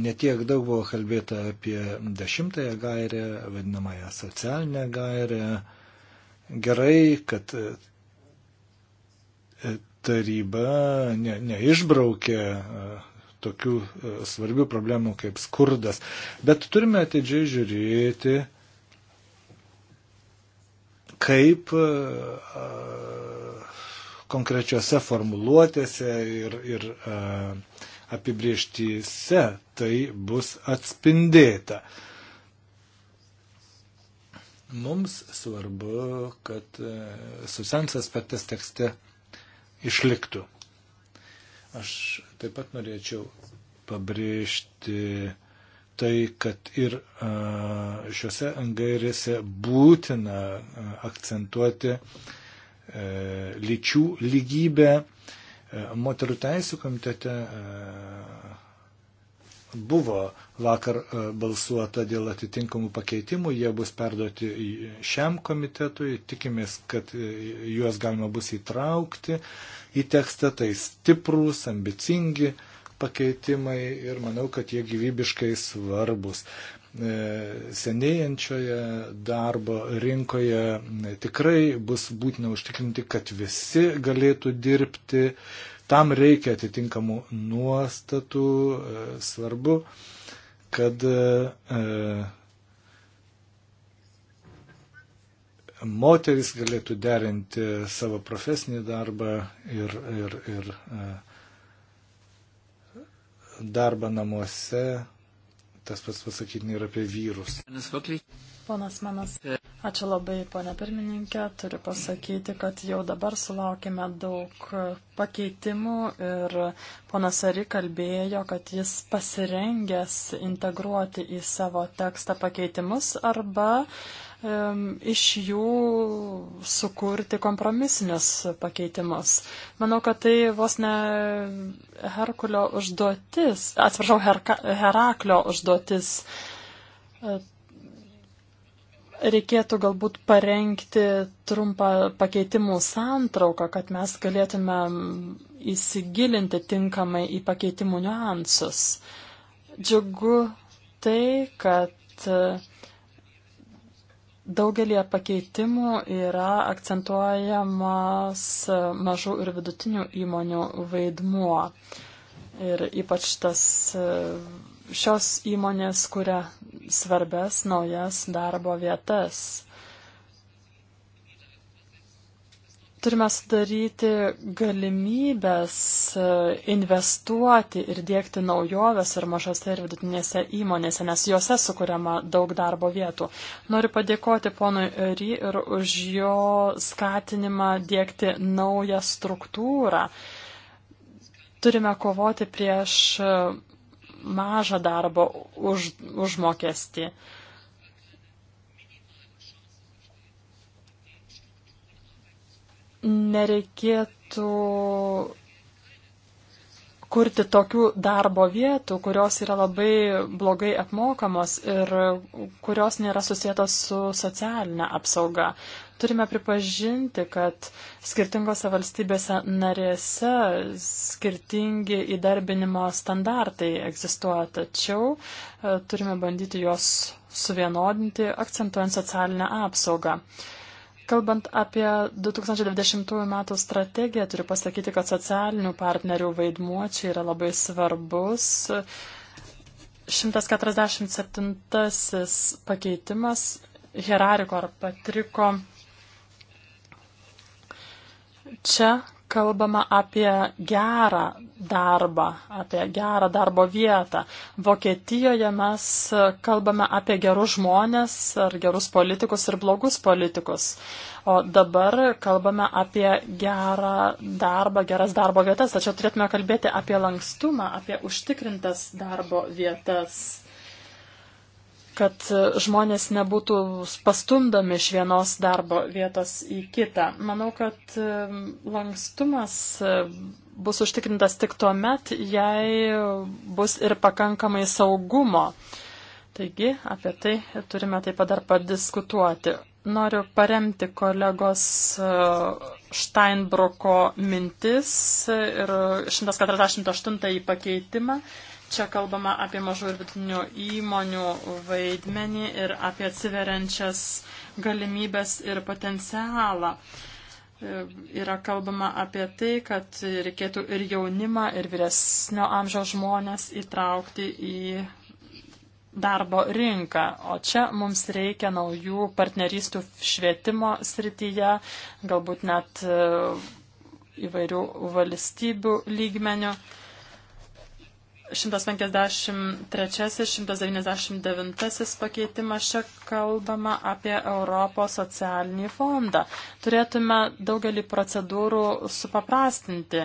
Netiek daug buvo kalbėta apie dešimtąją gairę, vadinamąją socialinę gairę. Gerai, kad taryba ne, neišbraukė ne tokių e, svarbių problemų kaip skurdas. Bet turime atidžiai žiūrėti, kaip e, konkrečiose formuluotėse ir, ir apibrieštyse tai bus atspindėta. Mums svarbu, kad e, socialinis aspektas tekste išliktų. Aš taip pat norėčiau pabrėžti tai, kad ir šiuose angairėse būtina akcentuoti e, lyčių lygybę. E, moterų teisų komitete e, buvo vakar e, balsuota dėl atitinkamų pakeitimų, jie bus perduoti šiam komitetui, tikimės, kad e, juos galima bus įtraukti į tekstą, tai stiprūs, ambicingi pakeitimai ir manau, kad jie gyvybiškai svarbus. E, senėjančioje darbo rinkoje tikrai bus būtina užtikrinti, kad visi galėtų dirbti, tam reikia atitinkamų nuostatų, e, svarbu, kad e, moteris galėtų derinti savo profesinį darbą ir, ir, ir e, darbą namuose. Tas pats pasakyti ir apie vyrus. Ponas Manas, ačiū labai, ponė pirmininkė. Turiu pasakyti, kad jau dabar sulaukime daug pakeitimų ir ponas Ari kalbėjo, kad jis pasirengęs integruoti į savo tekstą pakeitimus arba iš jų sukurti kompromisinius pakeitimus. Manau, kad tai vos ne Herkulio užduotis, atsiprašau, Herka, Heraklio užduotis reikėtų galbūt parengti trumpą pakeitimų santrauką, kad mes galėtume įsigilinti tinkamai į pakeitimų niuansus. Džiugu tai, kad daugelie pakeitimų yra akcentuojamas mažų ir vidutinių įmonių vaidmuo. Ir ypač tas šios įmonės kuria svarbias naujas darbo vietas. Turime sudaryti galimybės e, investuoti ir dėkti naujoves ir mažose ir vidutinėse įmonėse, nes juose sukuriama daug darbo vietų. Noriu padėkoti ponui Ry ir už jo skatinimą dėkti naują struktūrą. Turime kovoti prieš e, mažą darbo už, užmokestį. Nereikėtų kurti tokių darbo vietų, kurios yra labai blogai apmokamos ir kurios nėra susijėtos su socialinė apsauga turime pripažinti, kad skirtingose valstybėse narėse skirtingi įdarbinimo standartai egzistuoja, tačiau e, turime bandyti juos suvienodinti, akcentuojant socialinę apsaugą. Kalbant apie 2020 metų strategiją, turiu pasakyti, kad socialinių partnerių vaidmuo čia yra labai svarbus. 147 pakeitimas Hierariko ar Patriko Čia kalbama apie gerą darbą, apie gerą darbo vietą. Vokietijoje mes kalbame apie gerus žmonės ar gerus politikus ir blogus politikus. O dabar kalbame apie gerą darbą, geras darbo vietas. Tačiau turėtume kalbėti apie lankstumą, apie užtikrintas darbo vietas kad žmonės nebūtų pastumdomi iš vienos darbo vietos į kitą. Manau, kad lankstumas bus užtikrintas tik tuo met, jei bus ir pakankamai saugumo. Taigi, apie tai turime taip pat dar padiskutuoti. Noriu paremti kolegos e, Steinbroko mintis ir 148 pakeitimą Čia kalbama apie mažų ir vidutinių įmonių vaidmenį ir apie atsiveriančias galimybės ir potencialą. E, yra kalbama apie tai, kad reikėtų ir jaunimą, ir vyresnio amžiaus žmonės įtraukti į darbo rinką. O čia mums reikia naujų partnerystų švietimo srityje, galbūt net e, įvairių valstybių lygmenių. 153-199 pakeitimas čia kalbama apie Europos socialinį fondą. Turėtume daugelį procedūrų supaprastinti.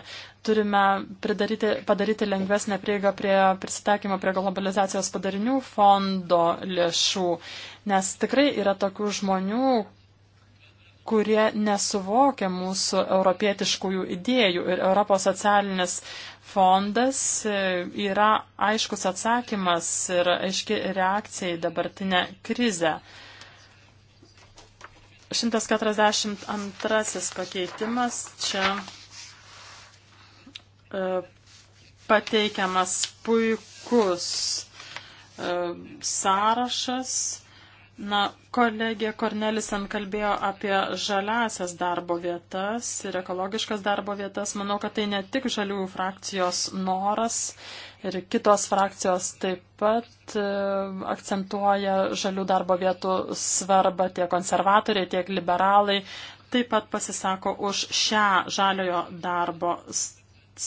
Turime pridaryti, padaryti lengvesnę prieigą prie prisitaikymo prie globalizacijos padarinių fondo lėšų, nes tikrai yra tokių žmonių, kurie nesuvokia mūsų europietiškųjų idėjų ir Europos socialinis fondas e, yra aiškus atsakymas ir aiški reakcija į dabartinę krizę. 142 pakeitimas čia e, pateikiamas puikus e, sąrašas Na, kolegė Kornelisen kalbėjo apie žaliasias darbo vietas ir ekologiškas darbo vietas. Manau, kad tai ne tik žaliųjų frakcijos noras ir kitos frakcijos taip pat e, akcentuoja žalių darbo vietų svarbą tiek konservatoriai, tiek liberalai. Taip pat pasisako už šią žaliojo darbo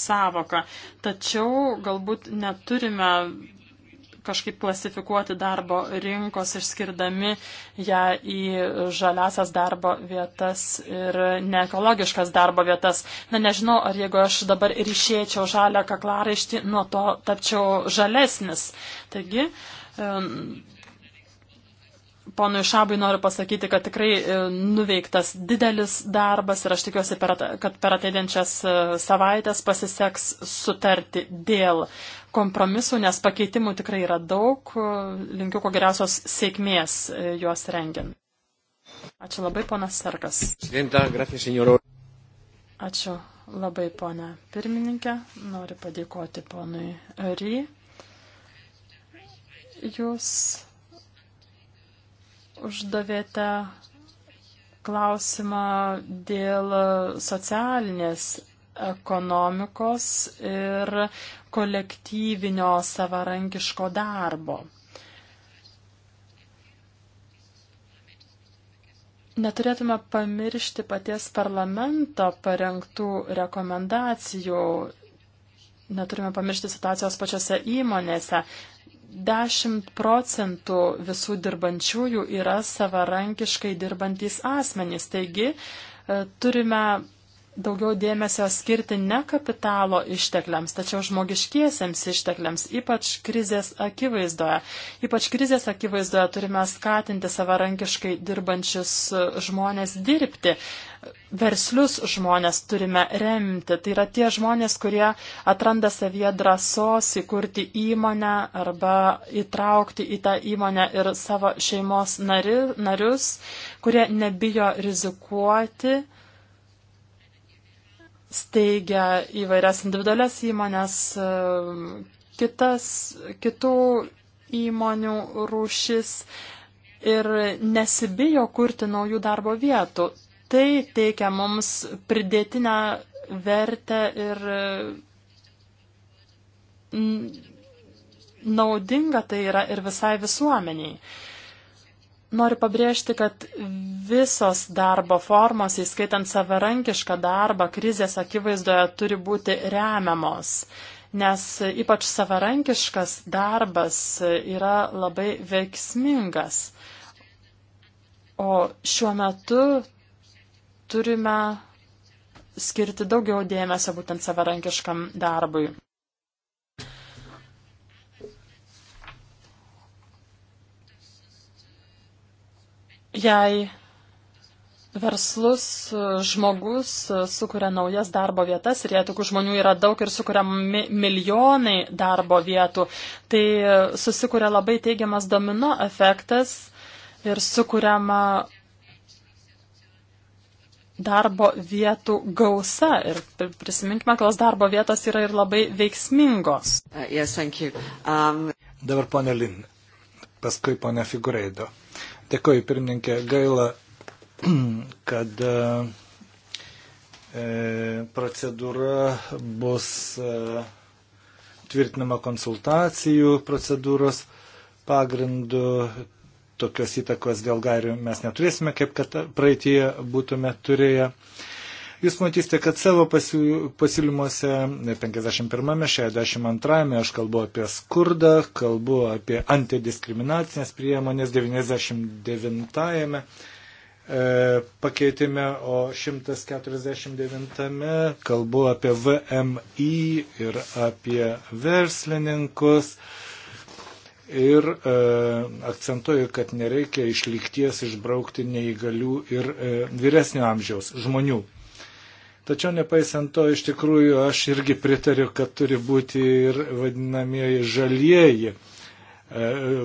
savoką. Tačiau galbūt neturime kažkaip klasifikuoti darbo rinkos, išskirdami ją į žaliasias darbo vietas ir neekologiškas darbo vietas. Na nežinau, ar jeigu aš dabar ir išėčiau žalę kaklaraištį, nuo to tapčiau žalesnis. Taigi, ponui Šabui noriu pasakyti, kad tikrai e, nuveiktas didelis darbas ir aš tikiuosi, kad per ateinančias e, savaitės pasiseks sutarti dėl kompromisų, nes pakeitimų tikrai yra daug. Linkiu ko geriausios sėkmės e, juos rengiant. Ačiū labai, ponas Sarkas. Ačiū labai, ponė pirmininkė. Noriu padėkoti ponui Ry. Jūs uždavėte klausimą dėl socialinės ekonomikos ir kolektyvinio savarankiško darbo. Neturėtume pamiršti paties parlamento parengtų rekomendacijų, neturime pamiršti situacijos pačiose įmonėse. 10 procentų visų dirbančiųjų yra savarankiškai dirbantis asmenys, taigi e, turime daugiau dėmesio skirti ne kapitalo ištekliams, tačiau žmogiškiesiems ištekliams, ypač krizės akivaizdoje. Ypač krizės akivaizdoje turime skatinti savarankiškai dirbančius žmonės dirbti. Verslius žmonės turime remti. Tai yra tie žmonės, kurie atranda savyje drąsos įkurti įmonę arba įtraukti į tą įmonę ir savo šeimos nari, narius, kurie nebijo rizikuoti steigia įvairias individualias įmonės, e, kitas, kitų įmonių rūšis ir nesibijo kurti naujų darbo vietų. Tai teikia mums pridėtinę vertę ir e, naudinga tai yra ir visai visuomeniai. Noriu pabrėžti, kad visos darbo formos, įskaitant savarankišką darbą, krizės akivaizdoje turi būti remiamos, nes ypač savarankiškas darbas yra labai veiksmingas. O šiuo metu turime skirti daugiau dėmesio būtent savarankiškam darbui. jei verslus žmogus sukuria naujas darbo vietas ir jei tokių žmonių yra daug ir sukuria mi milijonai darbo vietų, tai susikuria labai teigiamas domino efektas ir sukuriama darbo vietų gausa. Ir prisiminkime, kad tos darbo vietos yra ir labai veiksmingos. Uh, yes, um... Dabar ponė Lin, paskui ponė Figureido. Dėkoju, pirmininkė, gaila, <clears throat> kad e, e, procedūra bus e, tvirtinama konsultacijų procedūros pagrindu. Tokios įtakos dėl gairių mes neturėsime, kaip kad praeitie būtume turėję. Jūs matysite, kad savo pasiūlymuose 51-62 aš kalbu apie skurdą, kalbu apie antidiskriminacinės priemonės 99-ame e, pakeitime, o 149-ame kalbu apie VMI ir apie verslininkus ir e, akcentuoju, kad nereikia išlikties išbraukti neįgalių ir e, vyresnio amžiaus žmonių. Tačiau nepaisant to, iš tikrųjų, aš irgi pritariu, kad turi būti ir vadinamieji žalieji, e,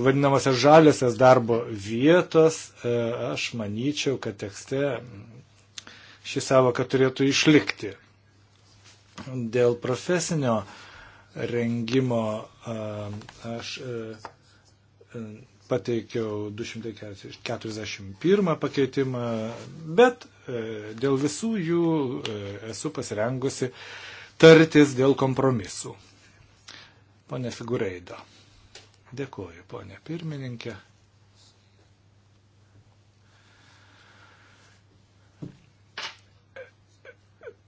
vadinamosios žaliosios darbo vietos. E, aš manyčiau, kad tekste šį savoką turėtų išlikti. Dėl profesinio rengimo e, aš pateikiau 241 pakeitimą, bet E, dėl visų jų e, esu pasirengusi tartis dėl kompromisų. Pone Figureido. Dėkuoju, ponė pirmininkė.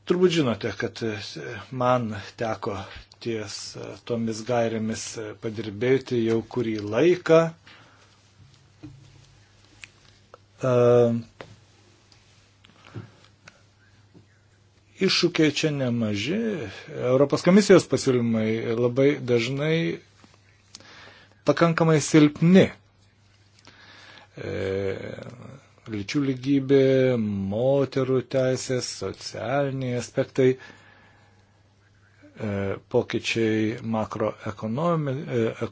Turbūt žinote, kad man teko ties tomis gairėmis padirbėti jau kurį laiką. E, iššūkiai čia nemaži. Europos komisijos pasiūlymai labai dažnai pakankamai silpni. E, lyčių lygybė, moterų teisės, socialiniai aspektai, e, pokyčiai makroekonomi, e,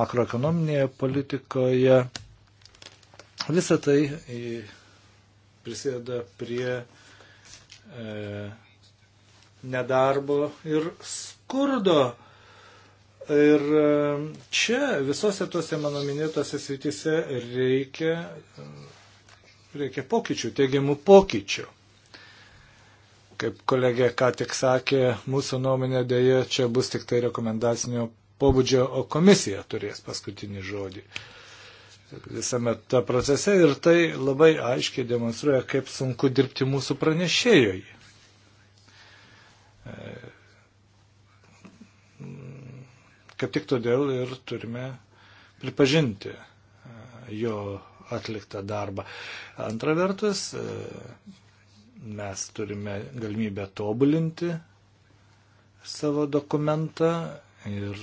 makroekonominėje politikoje. Visą tai prisideda prie e, nedarbo ir skurdo. Ir e, čia visose tuose mano minėtose srityse reikia, e, reikia pokyčių, teigiamų pokyčių. Kaip kolegė ką tik sakė, mūsų nuomonė dėja čia bus tik tai rekomendacinio pobūdžio, o komisija turės paskutinį žodį. Uh, visame ta procese ir tai labai aiškiai demonstruoja, kaip sunku dirbti mūsų pranešėjoj. E, kaip tik todėl ir turime pripažinti e, jo atliktą darbą. Antra vertus, e, mes turime galimybę tobulinti savo dokumentą ir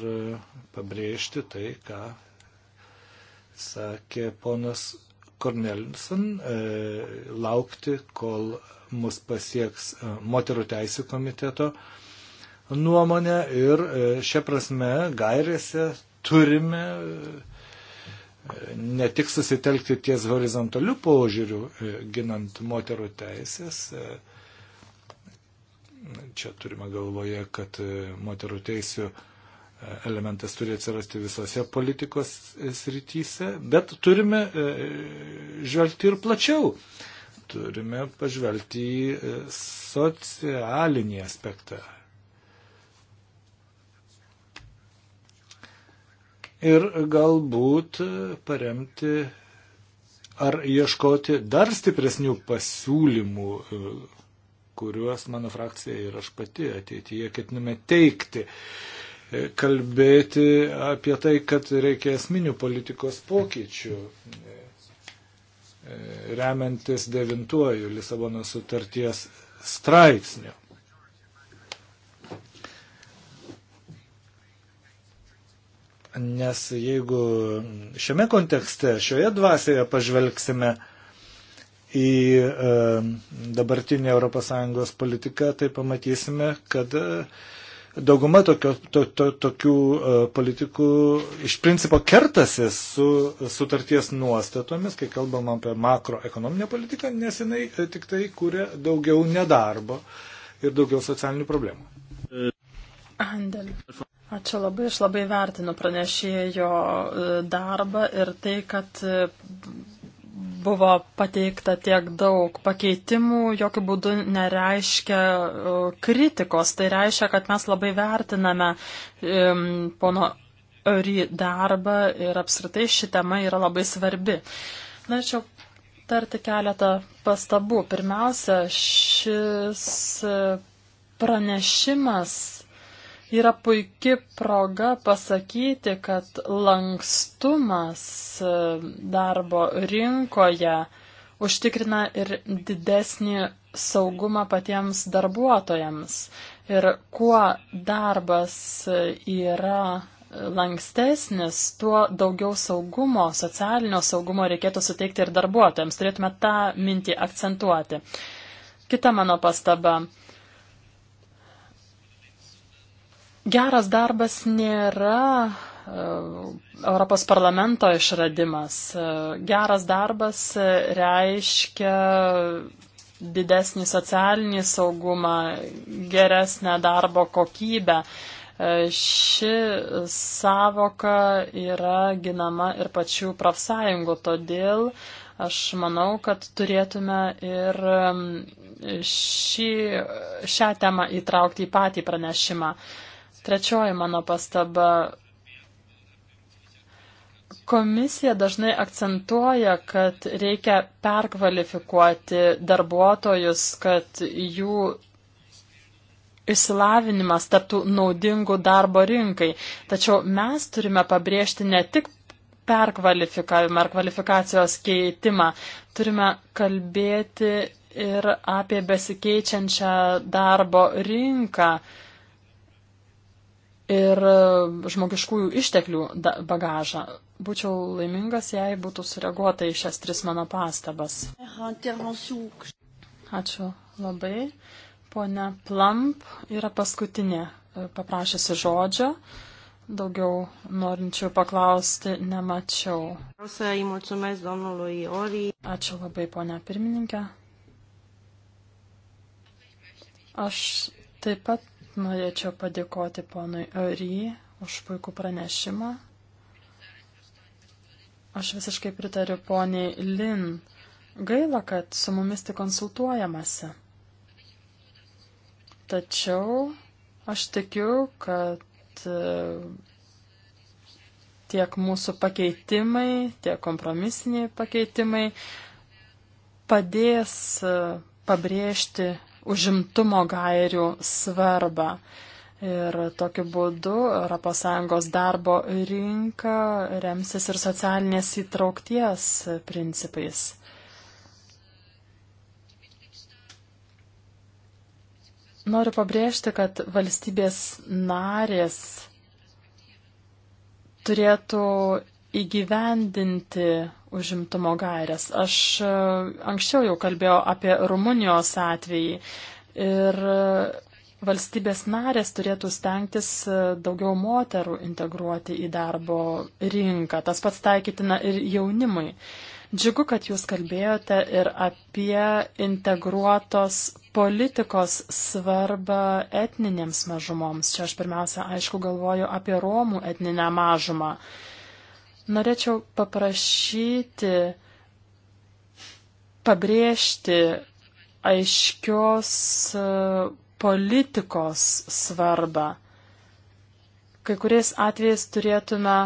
pabrėžti tai, ką sakė ponas Cornelison, e, laukti, kol mus pasieks e, moterų teisų komiteto nuomonę ir e, šia prasme gairėse turime ne tik susitelkti ties horizontaliu požiūriu, ginant moterų teisės, čia turime galvoje, kad moterų teisų elementas turi atsirasti visose politikos e, srityse, bet turime e, žvelgti ir plačiau. Turime pažvelgti į e, socialinį aspektą. Ir galbūt paremti ar ieškoti dar stipresnių pasiūlymų, kuriuos mano frakcija ir aš pati ateityje ketiname teikti kalbėti apie tai, kad reikia esminių politikos pokyčių, remiantis devintuoju Lisabono sutarties straipsniu. Nes jeigu šiame kontekste, šioje dvasioje pažvelgsime į e, dabartinį ES politiką, tai pamatysime, kad e, dauguma tokio, to, to, tokių e, politikų iš principo kertasi su sutarties nuostatomis, kai kalbam apie makroekonominę politiką, nes jinai e, tik tai kuria daugiau nedarbo ir daugiau socialinių problemų. Andel. Ačiū labai, aš labai vertinu pranešėjo e, darbą ir tai, kad buvo pateikta tiek daug pakeitimų, jokių būdų nereiškia e, kritikos. Tai reiškia, kad mes labai vertiname um, pono Ry darbą ir apskritai ši tema yra labai svarbi. Norėčiau tarti keletą pastabų. Pirmiausia, šis pranešimas yra puikia proga pasakyti, kad lankstumas e, darbo rinkoje užtikrina ir didesnį saugumą patiems darbuotojams. Ir kuo darbas e, yra lankstesnis, tuo daugiau saugumo, socialinio saugumo reikėtų suteikti ir darbuotojams. Turėtume tą mintį akcentuoti. Kita mano pastaba. Geras darbas nėra e, Europos parlamento išradimas. E, geras darbas e, reiškia didesnį socialinį saugumą, geresnę darbo kokybę. Ši savoka yra ginama ir pačių profsąjungų, todėl aš manau, kad turėtume ir šį, šią temą įtraukti į patį pranešimą. Uh, Trečioji mano pastaba. Komisija dažnai akcentuoja, kad reikia perkvalifikuoti darbuotojus, kad jų išsilavinimas taptų naudingų darbo rinkai. Tačiau mes turime pabrėžti ne tik perkvalifikavimą ar kvalifikacijos keitimą, turime kalbėti ir apie besikeičiančią darbo rinką ir e, žmogiškųjų išteklių bagažą. Būčiau laimingas, jei būtų sureaguota į šias tris mano pastabas. Ačiū labai. Pone Plamp yra paskutinė e, paprašysi žodžio. Daugiau norinčių paklausti nemačiau. Ačiū labai, ponia pirmininkė. Aš taip pat Norėčiau padėkoti ponui Ry už puikų pranešimą. Aš visiškai pritariu poniai Lin. Gaila, kad su mumis tik konsultuojamasi. Tačiau aš tikiu, kad e, tiek mūsų pakeitimai, tiek kompromisiniai pakeitimai padės e, pabrėžti užimtumo gairių svarbą. Ir tokiu būdu ES darbo rinka remsis ir socialinės įtraukties principais. Noriu pabrėžti, kad valstybės narės turėtų įgyvendinti užimtumo gairias. Aš e, anksčiau jau kalbėjau apie Rumunijos atvejį ir e, valstybės narės turėtų stengtis e, daugiau moterų integruoti į darbo rinką. Tas pats taikytina ir jaunimui. Džiugu, kad jūs kalbėjote ir apie integruotos politikos svarbą etninėms mažumoms. Čia aš pirmiausia, aišku, galvoju apie Romų etninę mažumą. Uh, Norėčiau paprašyti pabrėžti aiškios e, politikos svarbą. Kai kuriais atvejais turėtume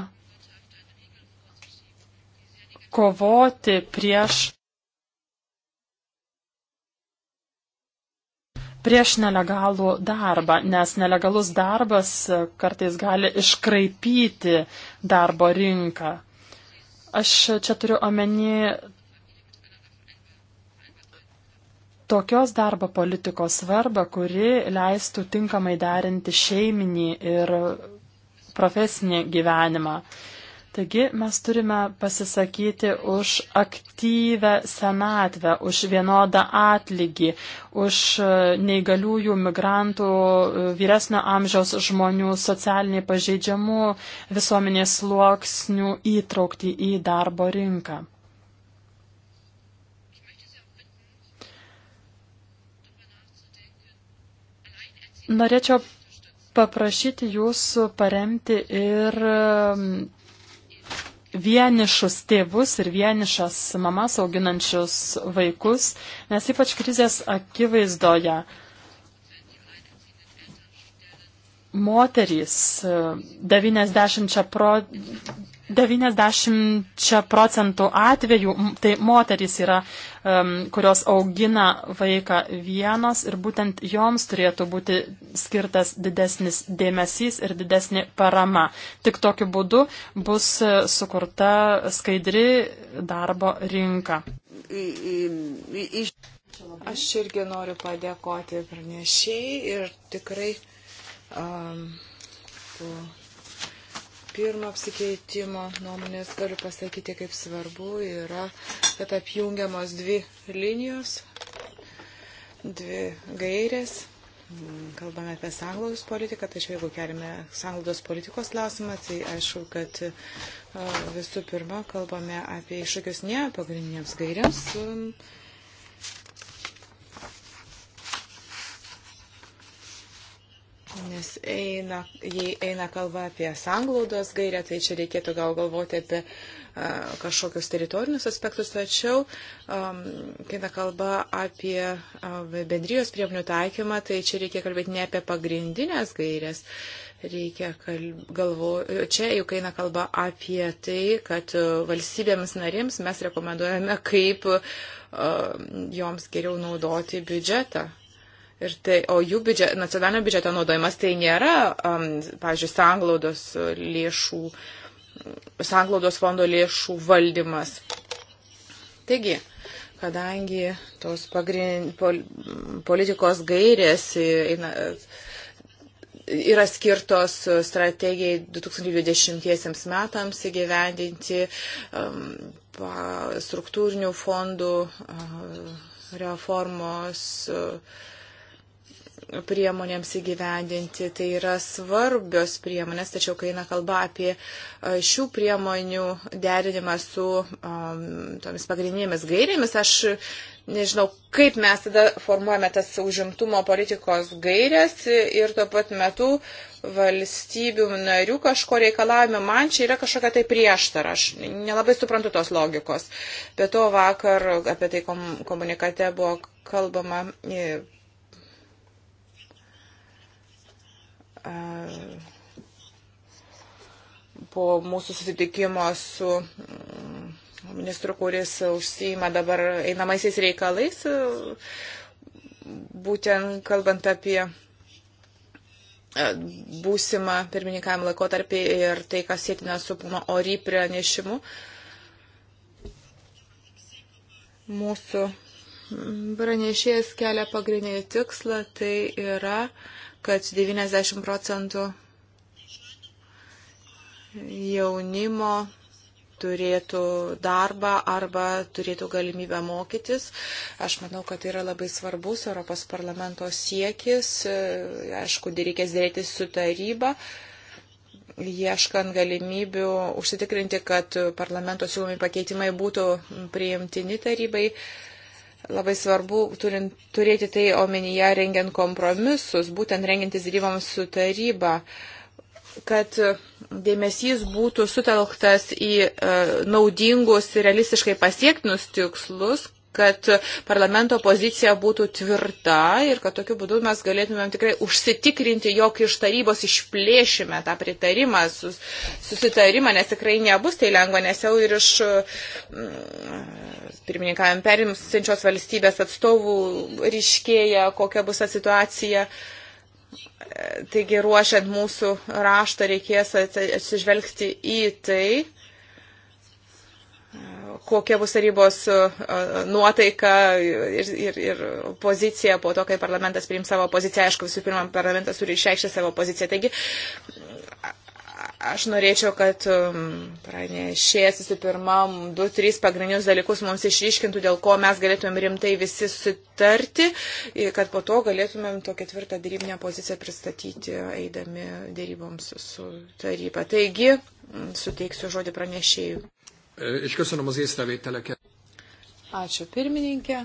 kovoti prieš prieš nelegalų darbą, nes nelegalus darbas e, kartais gali iškraipyti darbo rinką. Aš čia turiu omeny tokios darbo politikos svarbą, kuri leistų tinkamai derinti šeiminį ir profesinį gyvenimą. Taigi mes turime pasisakyti už aktyvę senatvę, už vienodą atlygį, už e, neįgaliųjų migrantų, e, vyresnio amžiaus žmonių, socialiniai pažeidžiamų visuomenės sluoksnių įtraukti į darbo rinką. Norėčiau paprašyti jūsų paremti ir vienišus tėvus ir vienišas mamas auginančius vaikus, nes ypač krizės akivaizdoje moterys 90 e, pro, 90 procentų atvejų tai moterys yra, um, kurios augina vaiką vienos ir būtent joms turėtų būti skirtas didesnis dėmesys ir didesnė parama. Tik tokiu būdu bus e, sukurta skaidri darbo rinka. Aš irgi noriu padėkoti pranešiai ir tikrai um, pirmo apsikeitimo nuomonės galiu pasakyti, kaip svarbu yra, kad apjungiamos dvi linijos, dvi gairės. Kalbame apie sanglaudos politiką, tačiau jeigu kelime sanglaudos politikos klausimą, tai aišku, kad visų pirma kalbame apie iššūkius ne pagrindiniams gairiams. Um, Nes eina, jei eina kalba apie sanglaudos gairę, tai čia reikėtų gal galvoti apie uh, kažkokius teritorinius aspektus, tačiau, um, kai eina kalba apie uh, bendrijos priemonių taikymą, tai čia reikia kalbėti ne apie pagrindinės gairės, reikia galvoti, čia juk eina kalba apie tai, kad valstybėms narims mes rekomenduojame, kaip uh, joms geriau naudoti biudžetą. Ir tai, o jų biudžet, nacionalinio biudžeto naudojimas tai nėra, um, pavyzdžiui, sanglaudos lėšų, sanglaudos fondo lėšų valdymas. Taigi, kadangi tos pagrind, pol, politikos gairės eina, yra skirtos strategijai 2020 metams įgyvendinti um, struktūrinių fondų uh, reformos. Uh, priemonėms įgyvendinti. Tai yra svarbios priemonės, tačiau kai eina kalba apie e, šių priemonių derinimą su um, tomis pagrindinėmis gairėmis, aš nežinau, kaip mes tada formuojame tas užimtumo politikos gairias ir tuo pat metu valstybių narių kažko reikalavime. Man čia yra kažkokia tai prieštara. Aš nelabai suprantu tos logikos. Be to vakar apie tai komunikate buvo kalbama e, po mūsų susitikimo su mm, ministru, kuris užsima dabar einamaisiais reikalais, būtent kalbant apie e, būsimą pirmininkavimo laikotarpį ir tai, kas sėtina su Puma Ori pranešimu. Mūsų pranešėjas kelia pagrindinį tikslą, tai yra uh, kad 90 procentų jaunimo turėtų darbą arba turėtų galimybę mokytis. Aš manau, kad tai yra labai svarbus Europos parlamento siekis. Aišku, reikės dėrėtis su taryba ieškant galimybių užsitikrinti, kad parlamento siūlomi pakeitimai būtų priimtini tarybai. Uh, Labai svarbu turint, turėti tai omenyje rengiant kompromisus, būtent rengiantis dėrybams su taryba, kad dėmesys būtų sutelktas į e, naudingus ir realistiškai pasiektinus tikslus, kad parlamento pozicija būtų tvirta ir kad tokiu būdu mes galėtumėm tikrai užsitikrinti, jog iš tarybos išplėšime tą pritarimą, sus, susitarimą, nes tikrai nebus tai lengva, nes jau ir iš mm, pirmininkavim perimsinčios valstybės atstovų ryškėja, kokia bus ta situacija. Taigi ruošiant mūsų raštą reikės atsižvelgti į tai kokia bus tarybos e, e, nuotaika ir, ir, ir pozicija po to, kai parlamentas priims savo poziciją. Aišku, visų pirma, parlamentas turi išreikšti savo poziciją. Taigi, aš norėčiau, kad um, pranešėjas visų pirma, du, trys pagrindinius dalykus mums išryškintų, dėl ko mes galėtumėm rimtai visi sutarti, kad po to galėtumėm tokią tvirtą darybinę poziciją pristatyti, eidami daryboms su taryba. Taigi, suteiksiu žodį pranešėjui és köszönöm az észrevételeket. Ačiū pirmininkė.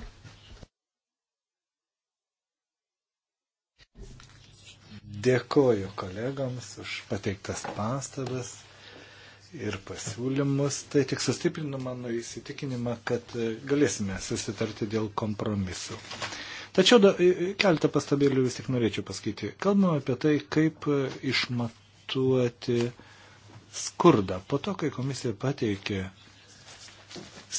Dėkoju kolegams už pateiktas pastabas ir pasiūlymus. Tai tik sustiprino mano įsitikinimą, kad galėsime susitarti dėl kompromisų. Tačiau da, keletą pastabėlių vis tik norėčiau pasakyti. Kalbame apie tai, kaip išmatuoti uh, skurdą. Po to, kai komisija pateikė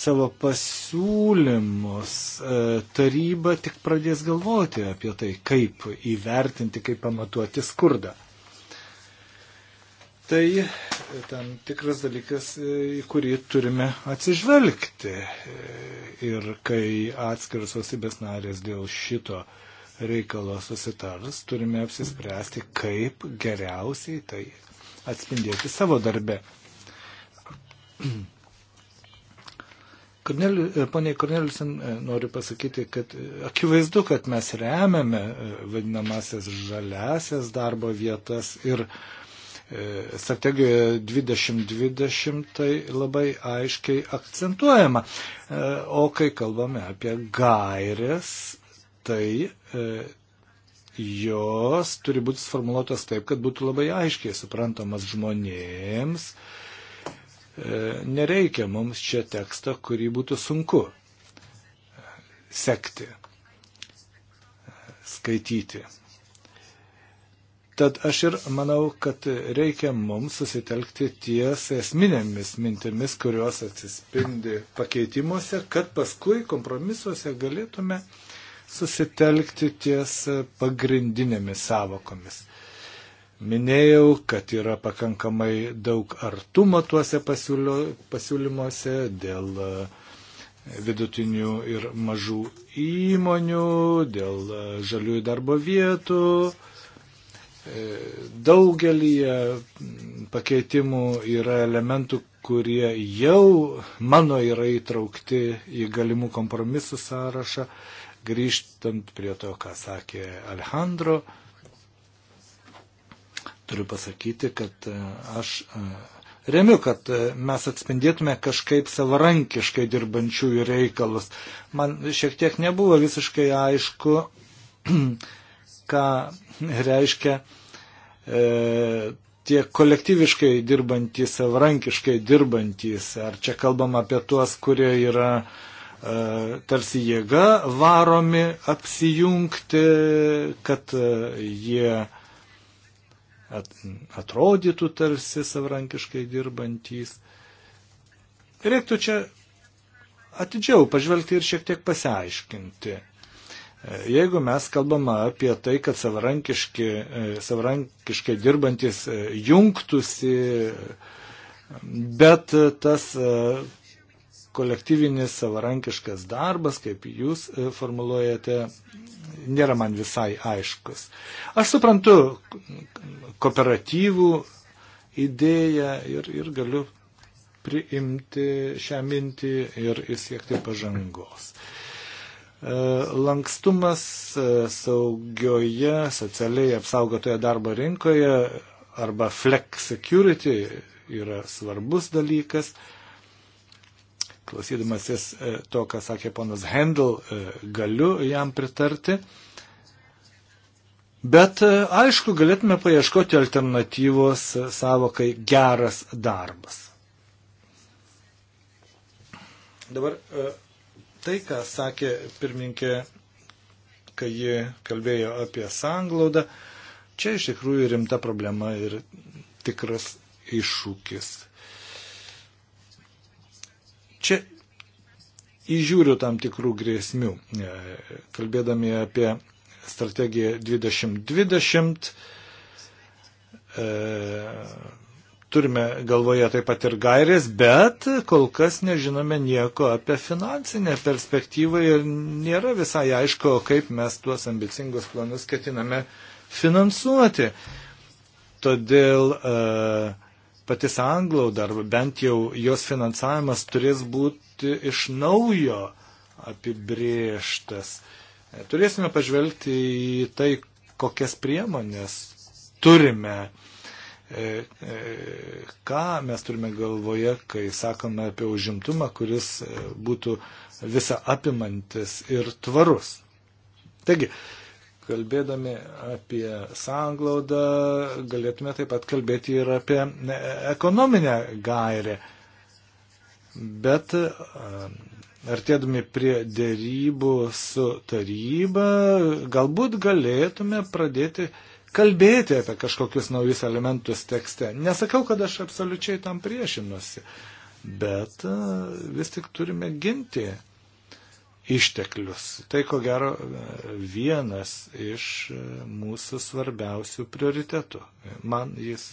savo pasiūlymus, e, taryba tik pradės galvoti apie tai, kaip įvertinti, kaip pamatuoti skurdą. Tai tam tikras dalykas, e, į kurį turime atsižvelgti. E, ir kai atskiras valstybės narės dėl šito reikalo susitars, turime apsispręsti, kaip geriausiai tai atspindėti savo darbe. Korneliu, e, poniai Korneliusen, e, noriu pasakyti, kad e, akivaizdu, kad mes remiame vadinamasias žaliasias darbo vietas ir strategijoje 2020 tai labai aiškiai akcentuojama. O kai kalbame apie gairės, tai jos turi būti sformuluotos taip, kad būtų labai aiškiai suprantamas žmonėms. E, nereikia mums čia teksto, kurį būtų sunku e, sekti, e, skaityti. Tad aš ir manau, kad reikia mums susitelkti ties esminėmis mintimis, kurios atsispindi pakeitimuose, kad paskui kompromisuose galėtume uh, susitelkti ties pagrindinėmis savokomis. Minėjau, kad yra pakankamai daug artumo tuose pasiūlymuose dėl e, vidutinių ir mažų įmonių, dėl e, žaliųjų darbo vietų. E, Daugelį pakeitimų yra elementų, kurie jau mano yra įtraukti į galimų kompromisų sąrašą. Grįžtant prie to, ką sakė Alejandro, turiu pasakyti, kad e, aš e, remiu, kad e, mes atspindėtume kažkaip savarankiškai dirbančiųjų reikalus. Man šiek tiek nebuvo visiškai aišku, <clears throat> ką reiškia e, tie kolektyviškai dirbantys, savarankiškai dirbantys. Ar čia kalbam apie tuos, kurie yra e, E, tarsi jėga varomi apsijungti, kad e, jie atrodytų tarsi savrankiškai dirbantys. Reiktų čia atidžiau pažvelgti ir šiek tiek pasiaiškinti. E, jeigu mes kalbame apie tai, kad savarankiški, savarankiškai dirbantis jungtųsi, bet tas kolektyvinis savarankiškas darbas, kaip jūs e, formuluojate, nėra man visai aiškus. Aš suprantu kooperatyvų idėją ir, ir galiu priimti šią mintį ir įsiekti pažangos. E, lankstumas e, saugioje, socialiai apsaugotoje darbo rinkoje arba flex security yra svarbus dalykas. Klausydamasis e, to, ką sakė ponas Hendel, e, galiu jam pritarti. Bet e, aišku, galėtume paieškoti alternatyvos savokai geras darbas. Dabar tai, ką sakė pirminkė, kai ji kalbėjo apie sanglaudą, čia iš tikrųjų rimta problema ir tikras iššūkis. Čia įžiūriu tam tikrų grėsmių. E, kalbėdami apie strategiją 2020, e, turime galvoje taip pat ir gairės, bet kol kas nežinome nieko apie finansinę perspektyvą ir nėra visai aišku, kaip mes tuos ambicingus planus ketiname finansuoti. Todėl uh, pati sanglauda, ar bent jau jos finansavimas turės būti iš naujo apibrieštas. Turėsime pažvelgti į tai, kokias priemonės turime, e, e, ką mes turime galvoje, kai sakome apie užimtumą, kuris e, būtų visa apimantis ir tvarus. Taigi, Kalbėdami apie sanglaudą, galėtume taip pat kalbėti ir apie ekonominę gairę. Bet artėdami prie dėrybų su taryba, galbūt galėtume pradėti kalbėti apie kažkokius naujus elementus tekste. Nesakau, kad aš absoliučiai tam priešinuosi, bet vis tik turime ginti išteklius. Tai ko gero vienas iš mūsų svarbiausių prioritetų. Man jis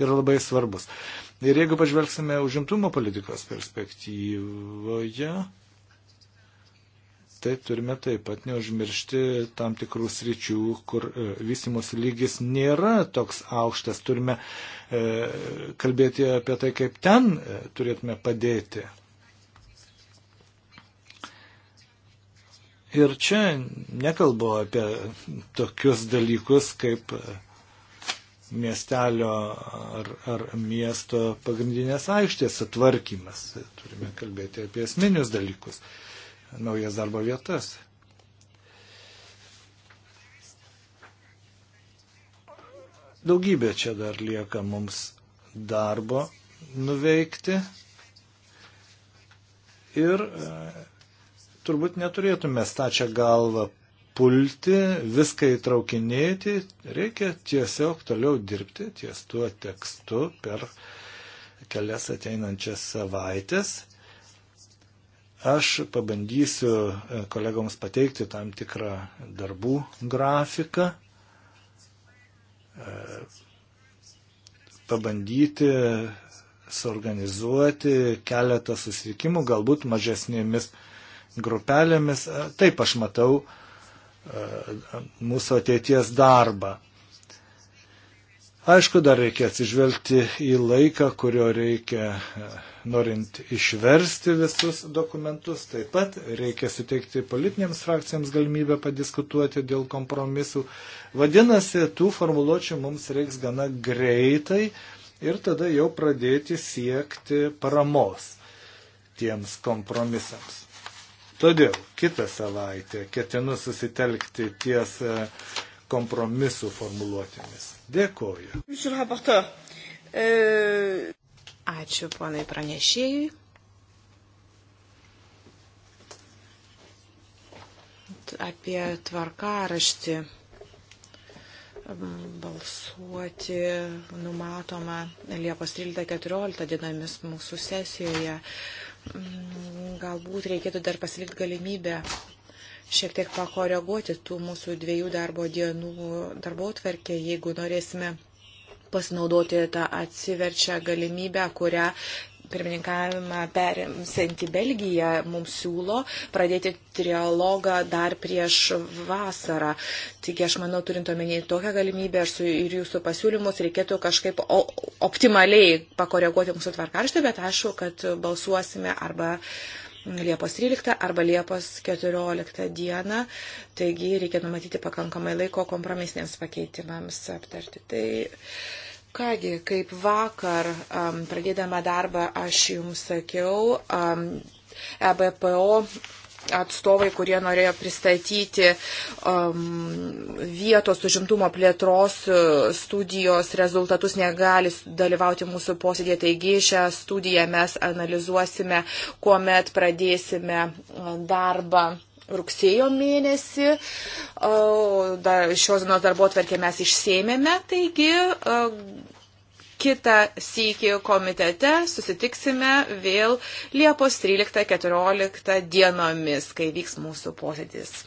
yra labai svarbus. Ir jeigu pažvelgsime užimtumo politikos perspektyvoje, tai turime taip pat neužmiršti tam tikrų sričių, kur e, vystimos lygis nėra toks aukštas. Turime e, kalbėti apie tai, kaip ten e, turėtume padėti. Ir čia nekalbu apie tokius dalykus kaip miestelio ar, ar miesto pagrindinės aikštės sutvarkymas. Turime kalbėti apie esminius dalykus, naujas darbo vietas. Daugybė čia dar lieka mums darbo nuveikti ir turbūt neturėtume stačią galvą pulti, viską įtraukinėti, reikia tiesiog toliau dirbti ties tuo tekstu per kelias ateinančias savaitės. Aš pabandysiu e, kolegoms pateikti tam tikrą darbų grafiką, e, pabandyti suorganizuoti keletą susitikimų, galbūt mažesnėmis grupelėmis. E, taip aš matau e, mūsų ateities darbą. Aišku, dar reikia atsižvelgti į laiką, kurio reikia, e, norint išversti visus dokumentus. Taip pat reikia suteikti politinėms frakcijams galimybę padiskutuoti dėl kompromisų. Vadinasi, tų formuluočių mums reiks gana greitai ir tada jau pradėti siekti paramos tiems kompromisams. Todėl kitą savaitę ketinu susitelkti ties e, kompromisų formuluotėmis. Dėkoju. Euh, Ačiū ponai pranešėjui. Apie tvarkaraštį balsuoti numatoma Liepos 13-14 dienomis mūsų sesijoje. Galbūt reikėtų dar pasilikti galimybę šiek tiek pakoreguoti tų mūsų dviejų darbo dienų darbo tvarkę, jeigu norėsime pasinaudoti tą atsiverčią galimybę, kurią pirmininkavimą perimsianti Belgija mums siūlo pradėti trialogą dar prieš vasarą. Taigi aš manau, turint omenyje tokią galimybę su, ir jūsų pasiūlymus, reikėtų kažkaip o, optimaliai pakoreguoti mūsų tvarkarštį, bet aišku, kad balsuosime arba Liepos 13 arba Liepos 14 dieną, taigi reikia numatyti pakankamai laiko kompromisiniams pakeitimams aptarti. Tai Kągi, kaip vakar um, pradėdama darbą aš jums sakiau, um, EBPO atstovai, kurie norėjo pristatyti um, vietos užimtumo plėtros e, studijos rezultatus, negali dalyvauti mūsų posėdėje. Taigi šią studiją mes analizuosime, kuomet pradėsime e, darbą rugsėjo mėnesį. Šios dienos darbo atverkė mes išsėmėme, taigi kitą sykį komitete susitiksime vėl Liepos 13-14 dienomis, kai vyks mūsų posėdis.